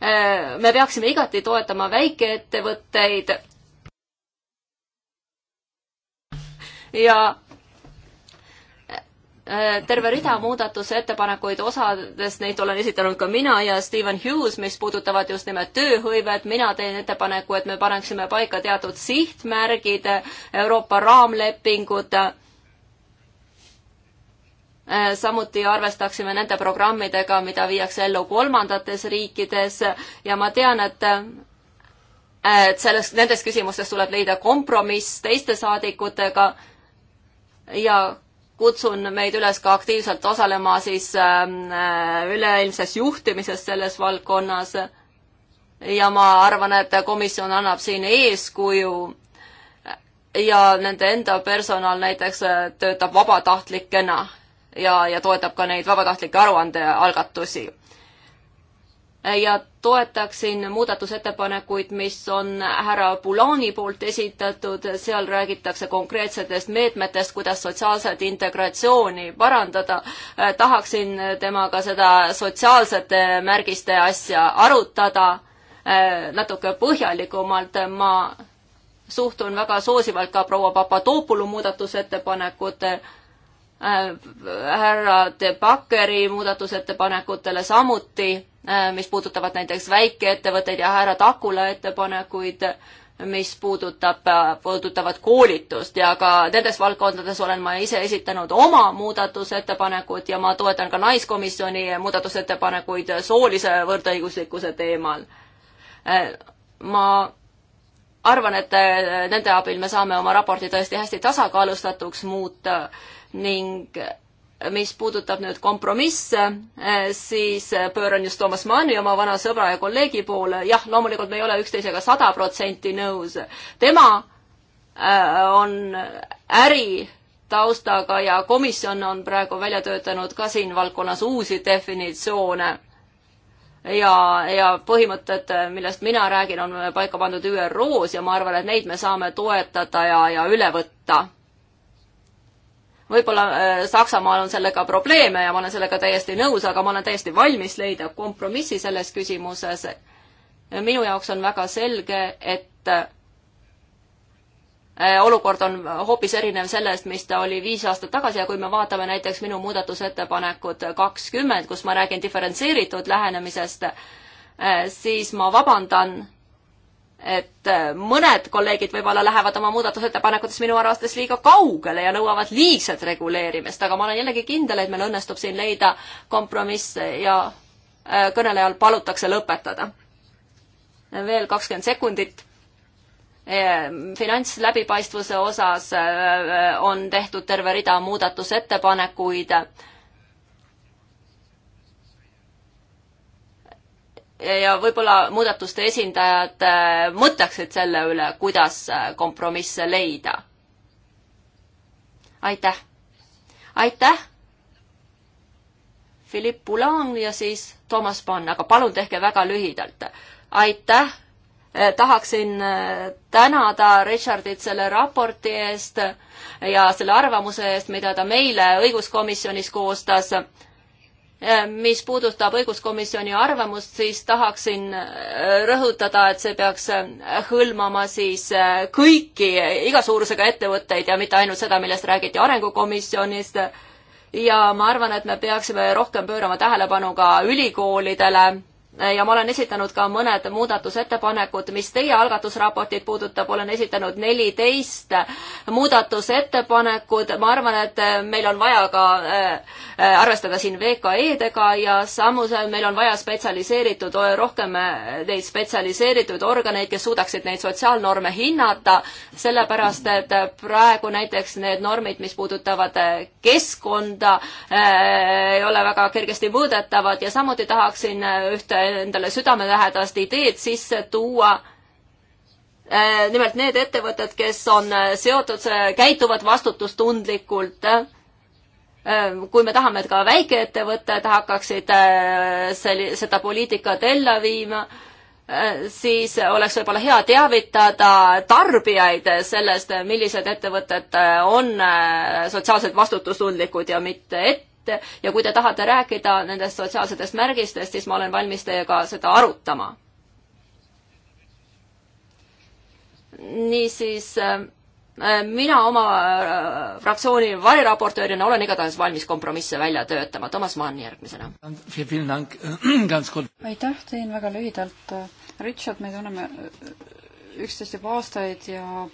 eh, me peaksime igati toetama väikeettevõtteid ja Äh, terve rida muudatusettepanekuid, osades neid olen esitanud ka mina ja Steven Hughes, mis puudutavad just nimelt tööhõivet, mina teen ettepaneku, et me paneksime paika teatud sihtmärgid, Euroopa raamlepingud, äh, samuti arvestaksime nende programmidega, mida viiakse ellu kolmandates riikides ja ma tean, et äh, et selles, nendes küsimustes tuleb leida kompromiss teiste saadikutega ja kutsun meid üles ka aktiivselt osalema siis ähm, äh, üleilmses juhtimises selles valdkonnas. ja ma arvan, et komisjon annab siin eeskuju ja nende enda personal näiteks äh, töötab vabatahtlikena ja, ja toetab ka neid vabatahtlikke aruandealgatusi ja toetaksin muudatusettepanekuid, mis on härra Bulani poolt esitatud, seal räägitakse konkreetsetest meetmetest, kuidas sotsiaalset integratsiooni parandada. Äh, tahaksin temaga seda sotsiaalsete märgiste asja arutada äh, natuke põhjalikumalt, ma suhtun väga soosivalt ka proua Papadopoulou muudatusettepanekute äh, härra De Bakkeri muudatusettepanekutele samuti Äh, mis puudutavad näiteks väikeettevõtteid ja härra Takula ettepanekuid, mis puudutab, puudutavad koolitust ja ka nendes valdkondades olen ma ise esitanud oma muudatusettepanekud ja ma toetan ka Naiskomisjoni muudatusettepanekuid soolise võrdõiguslikkuse teemal. Äh, ma arvan, et äh, nende abil me saame oma raporti tõesti hästi tasakaalustatuks muuta ning mis puudutab nüüd kompromisse, eh, siis eh, pööran just Toomas Manni, oma vana sõbra ja kolleegi poole, jah, loomulikult me ei ole üksteisega sada protsenti nõus. tema eh, on äritaustaga ja komisjon on praegu välja töötanud ka siin valdkonnas uusi definitsioone. ja, ja põhimõtted, millest mina räägin, on paika pandud ÜRO-s ja ma arvan, et neid me saame toetada ja, ja üle võtta võib-olla äh, Saksamaal on sellega probleeme ja ma olen sellega täiesti nõus, aga ma olen täiesti valmis leida kompromissi selles küsimuses. minu jaoks on väga selge, et äh, olukord on hoopis erinev sellest, mis ta oli viis aastat tagasi ja kui me vaatame näiteks minu muudatusettepanekut kakskümmend, kus ma räägin diferentseeritud lähenemisest, äh, siis ma vabandan et äh, mõned kolleegid võib-olla lähevad oma muudatusettepanekutes minu arvates liiga kaugele ja nõuavad liigset reguleerimist, aga ma olen jällegi kindel, et meil õnnestub siin leida kompromisse ja äh, kõnelejal palutakse lõpetada. veel kakskümmend sekundit äh, finantsläbipaistvuse osas on tehtud terve rida muudatusettepanekuid ja võib-olla muudatuste esindajad äh, mõtleksid selle üle, kuidas äh, kompromisse leida. aitäh! aitäh! Philipp Poulan ja siis Toomas Pann, aga palun tehke väga lühidalt. aitäh! Äh, tahaksin tänada Richardit selle raporti eest ja selle arvamuse eest, mida ta meile õiguskomisjonis koostas Äh, mis puudutab õiguskomisjoni arvamust, siis tahaksin äh, rõhutada, et see peaks äh, hõlmama siis kõiki iga suurusega ettevõtteid ja mitte ainult seda, millest räägiti Arengukomisjonist. ja ma arvan, et me peaksime rohkem pöörama tähelepanu ka ülikoolidele Äh, ja ma olen esitanud ka mõned muudatusettepanekud, mis teie algatusraportit puudutab, olen esitanud neliteist muudatusettepanekud, ma arvan, et äh, meil on vaja ka äh, arvestada siin VKE-dega ja samus meil on vaja spetsialiseeritud, rohkem neid spetsialiseeritud organeid, kes suudaksid neid sotsiaalnorme hinnata, sellepärast et praegu näiteks need normid, mis puudutavad keskkonda, ei ole väga kergesti mõõdetavad ja samuti tahaksin ühte endale südamelähedast ideed sisse tuua. Eh, nimelt need ettevõtted, kes on eh, seotud, eh, käituvad vastutustundlikult kui me tahame, et ka väikeettevõtted hakkaksid selli-, seda poliitikat ellu viima, siis oleks võib-olla hea teavitada tarbijaid sellest, millised ettevõtted on sotsiaalselt vastutustundlikud ja mitte et-, debatt ja kui te tahate rääkida nendest sotsiaalsetest märgistest, siis ma olen valmis teiega seda arutama. niisiis äh, mina oma äh, fraktsiooni variraportöörina olen igatahes valmis kompromisse välja töötama. Toomas Mann järgmisena. aitäh, teen väga lühidalt. Richard, me tunneme üksteist juba aastaid ja äh,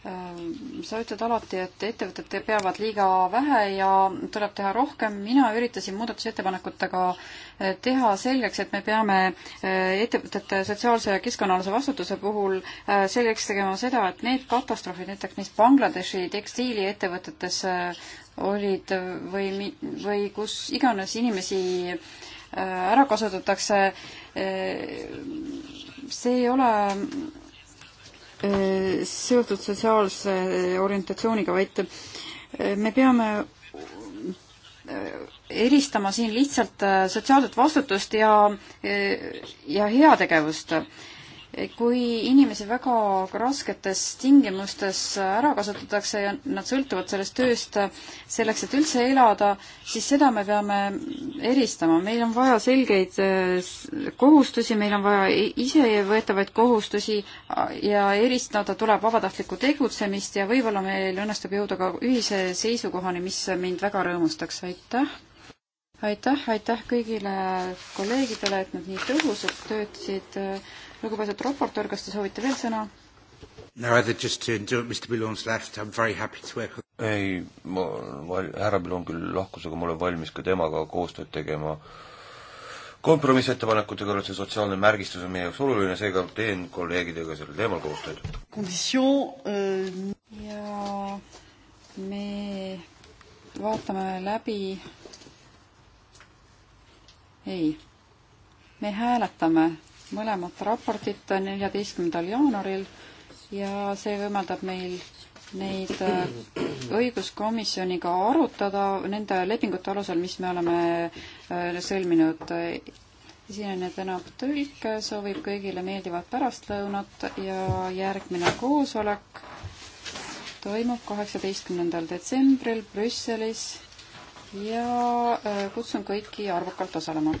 Ehm, sa ütled alati, et ettevõtted peavad liiga vähe ja tuleb teha rohkem. mina üritasin muudatusettepanekutega eh, teha selgeks, et me peame eh, ettevõtete sotsiaalse ja keskkonnaalase vastutuse puhul eh, selgeks tegema seda, et need katastroofid, näiteks mis Bangladeshi tekstiiliettevõtetes olid või, või kus iganes inimesi ära kasutatakse, see ei ole Eh, seotud sotsiaalse orientatsiooniga, vaid eh, me peame eh, eristama siin lihtsalt sotsiaalset vastutust ja, ja heategevust kui inimesi väga rasketes tingimustes ära kasutatakse ja nad sõltuvad sellest tööst selleks, et üldse elada, siis seda me peame eristama. meil on vaja selgeid eh, kohustusi, meil on vaja isevõetavaid kohustusi ja eristada tuleb vabatahtlikku tegutsemist ja võib-olla meil õnnestub jõuda ka ühise seisukohani, mis mind väga rõõmustaks. aitäh! aitäh, aitäh kõigile kolleegidele, et nad nii tõhusalt töötasid eh, lugupeetud raportöör, kas te soovite veel sõna? ei, ma, härra Bilon küll lahkus, aga ma olen valmis ka temaga koostööd tegema. kompromissettepanekutega oled see sotsiaalne märgistus on meie jaoks oluline, seega teen kolleegidega sellel teemal koostööd. Euh, ja me vaatame läbi, ei, me hääletame mõlemat raportit neljateistkümnendal jaanuaril ja see võimaldab meil neid äh, õiguskomisjoniga arutada nende lepingute alusel, mis me oleme äh, sõlminud. esinejana tänab tõlk, soovib kõigile meeldivat pärastlõunat ja järgmine koosolek toimub kaheksateistkümnendal detsembril Brüsselis ja äh, kutsun kõiki arvukalt osalema.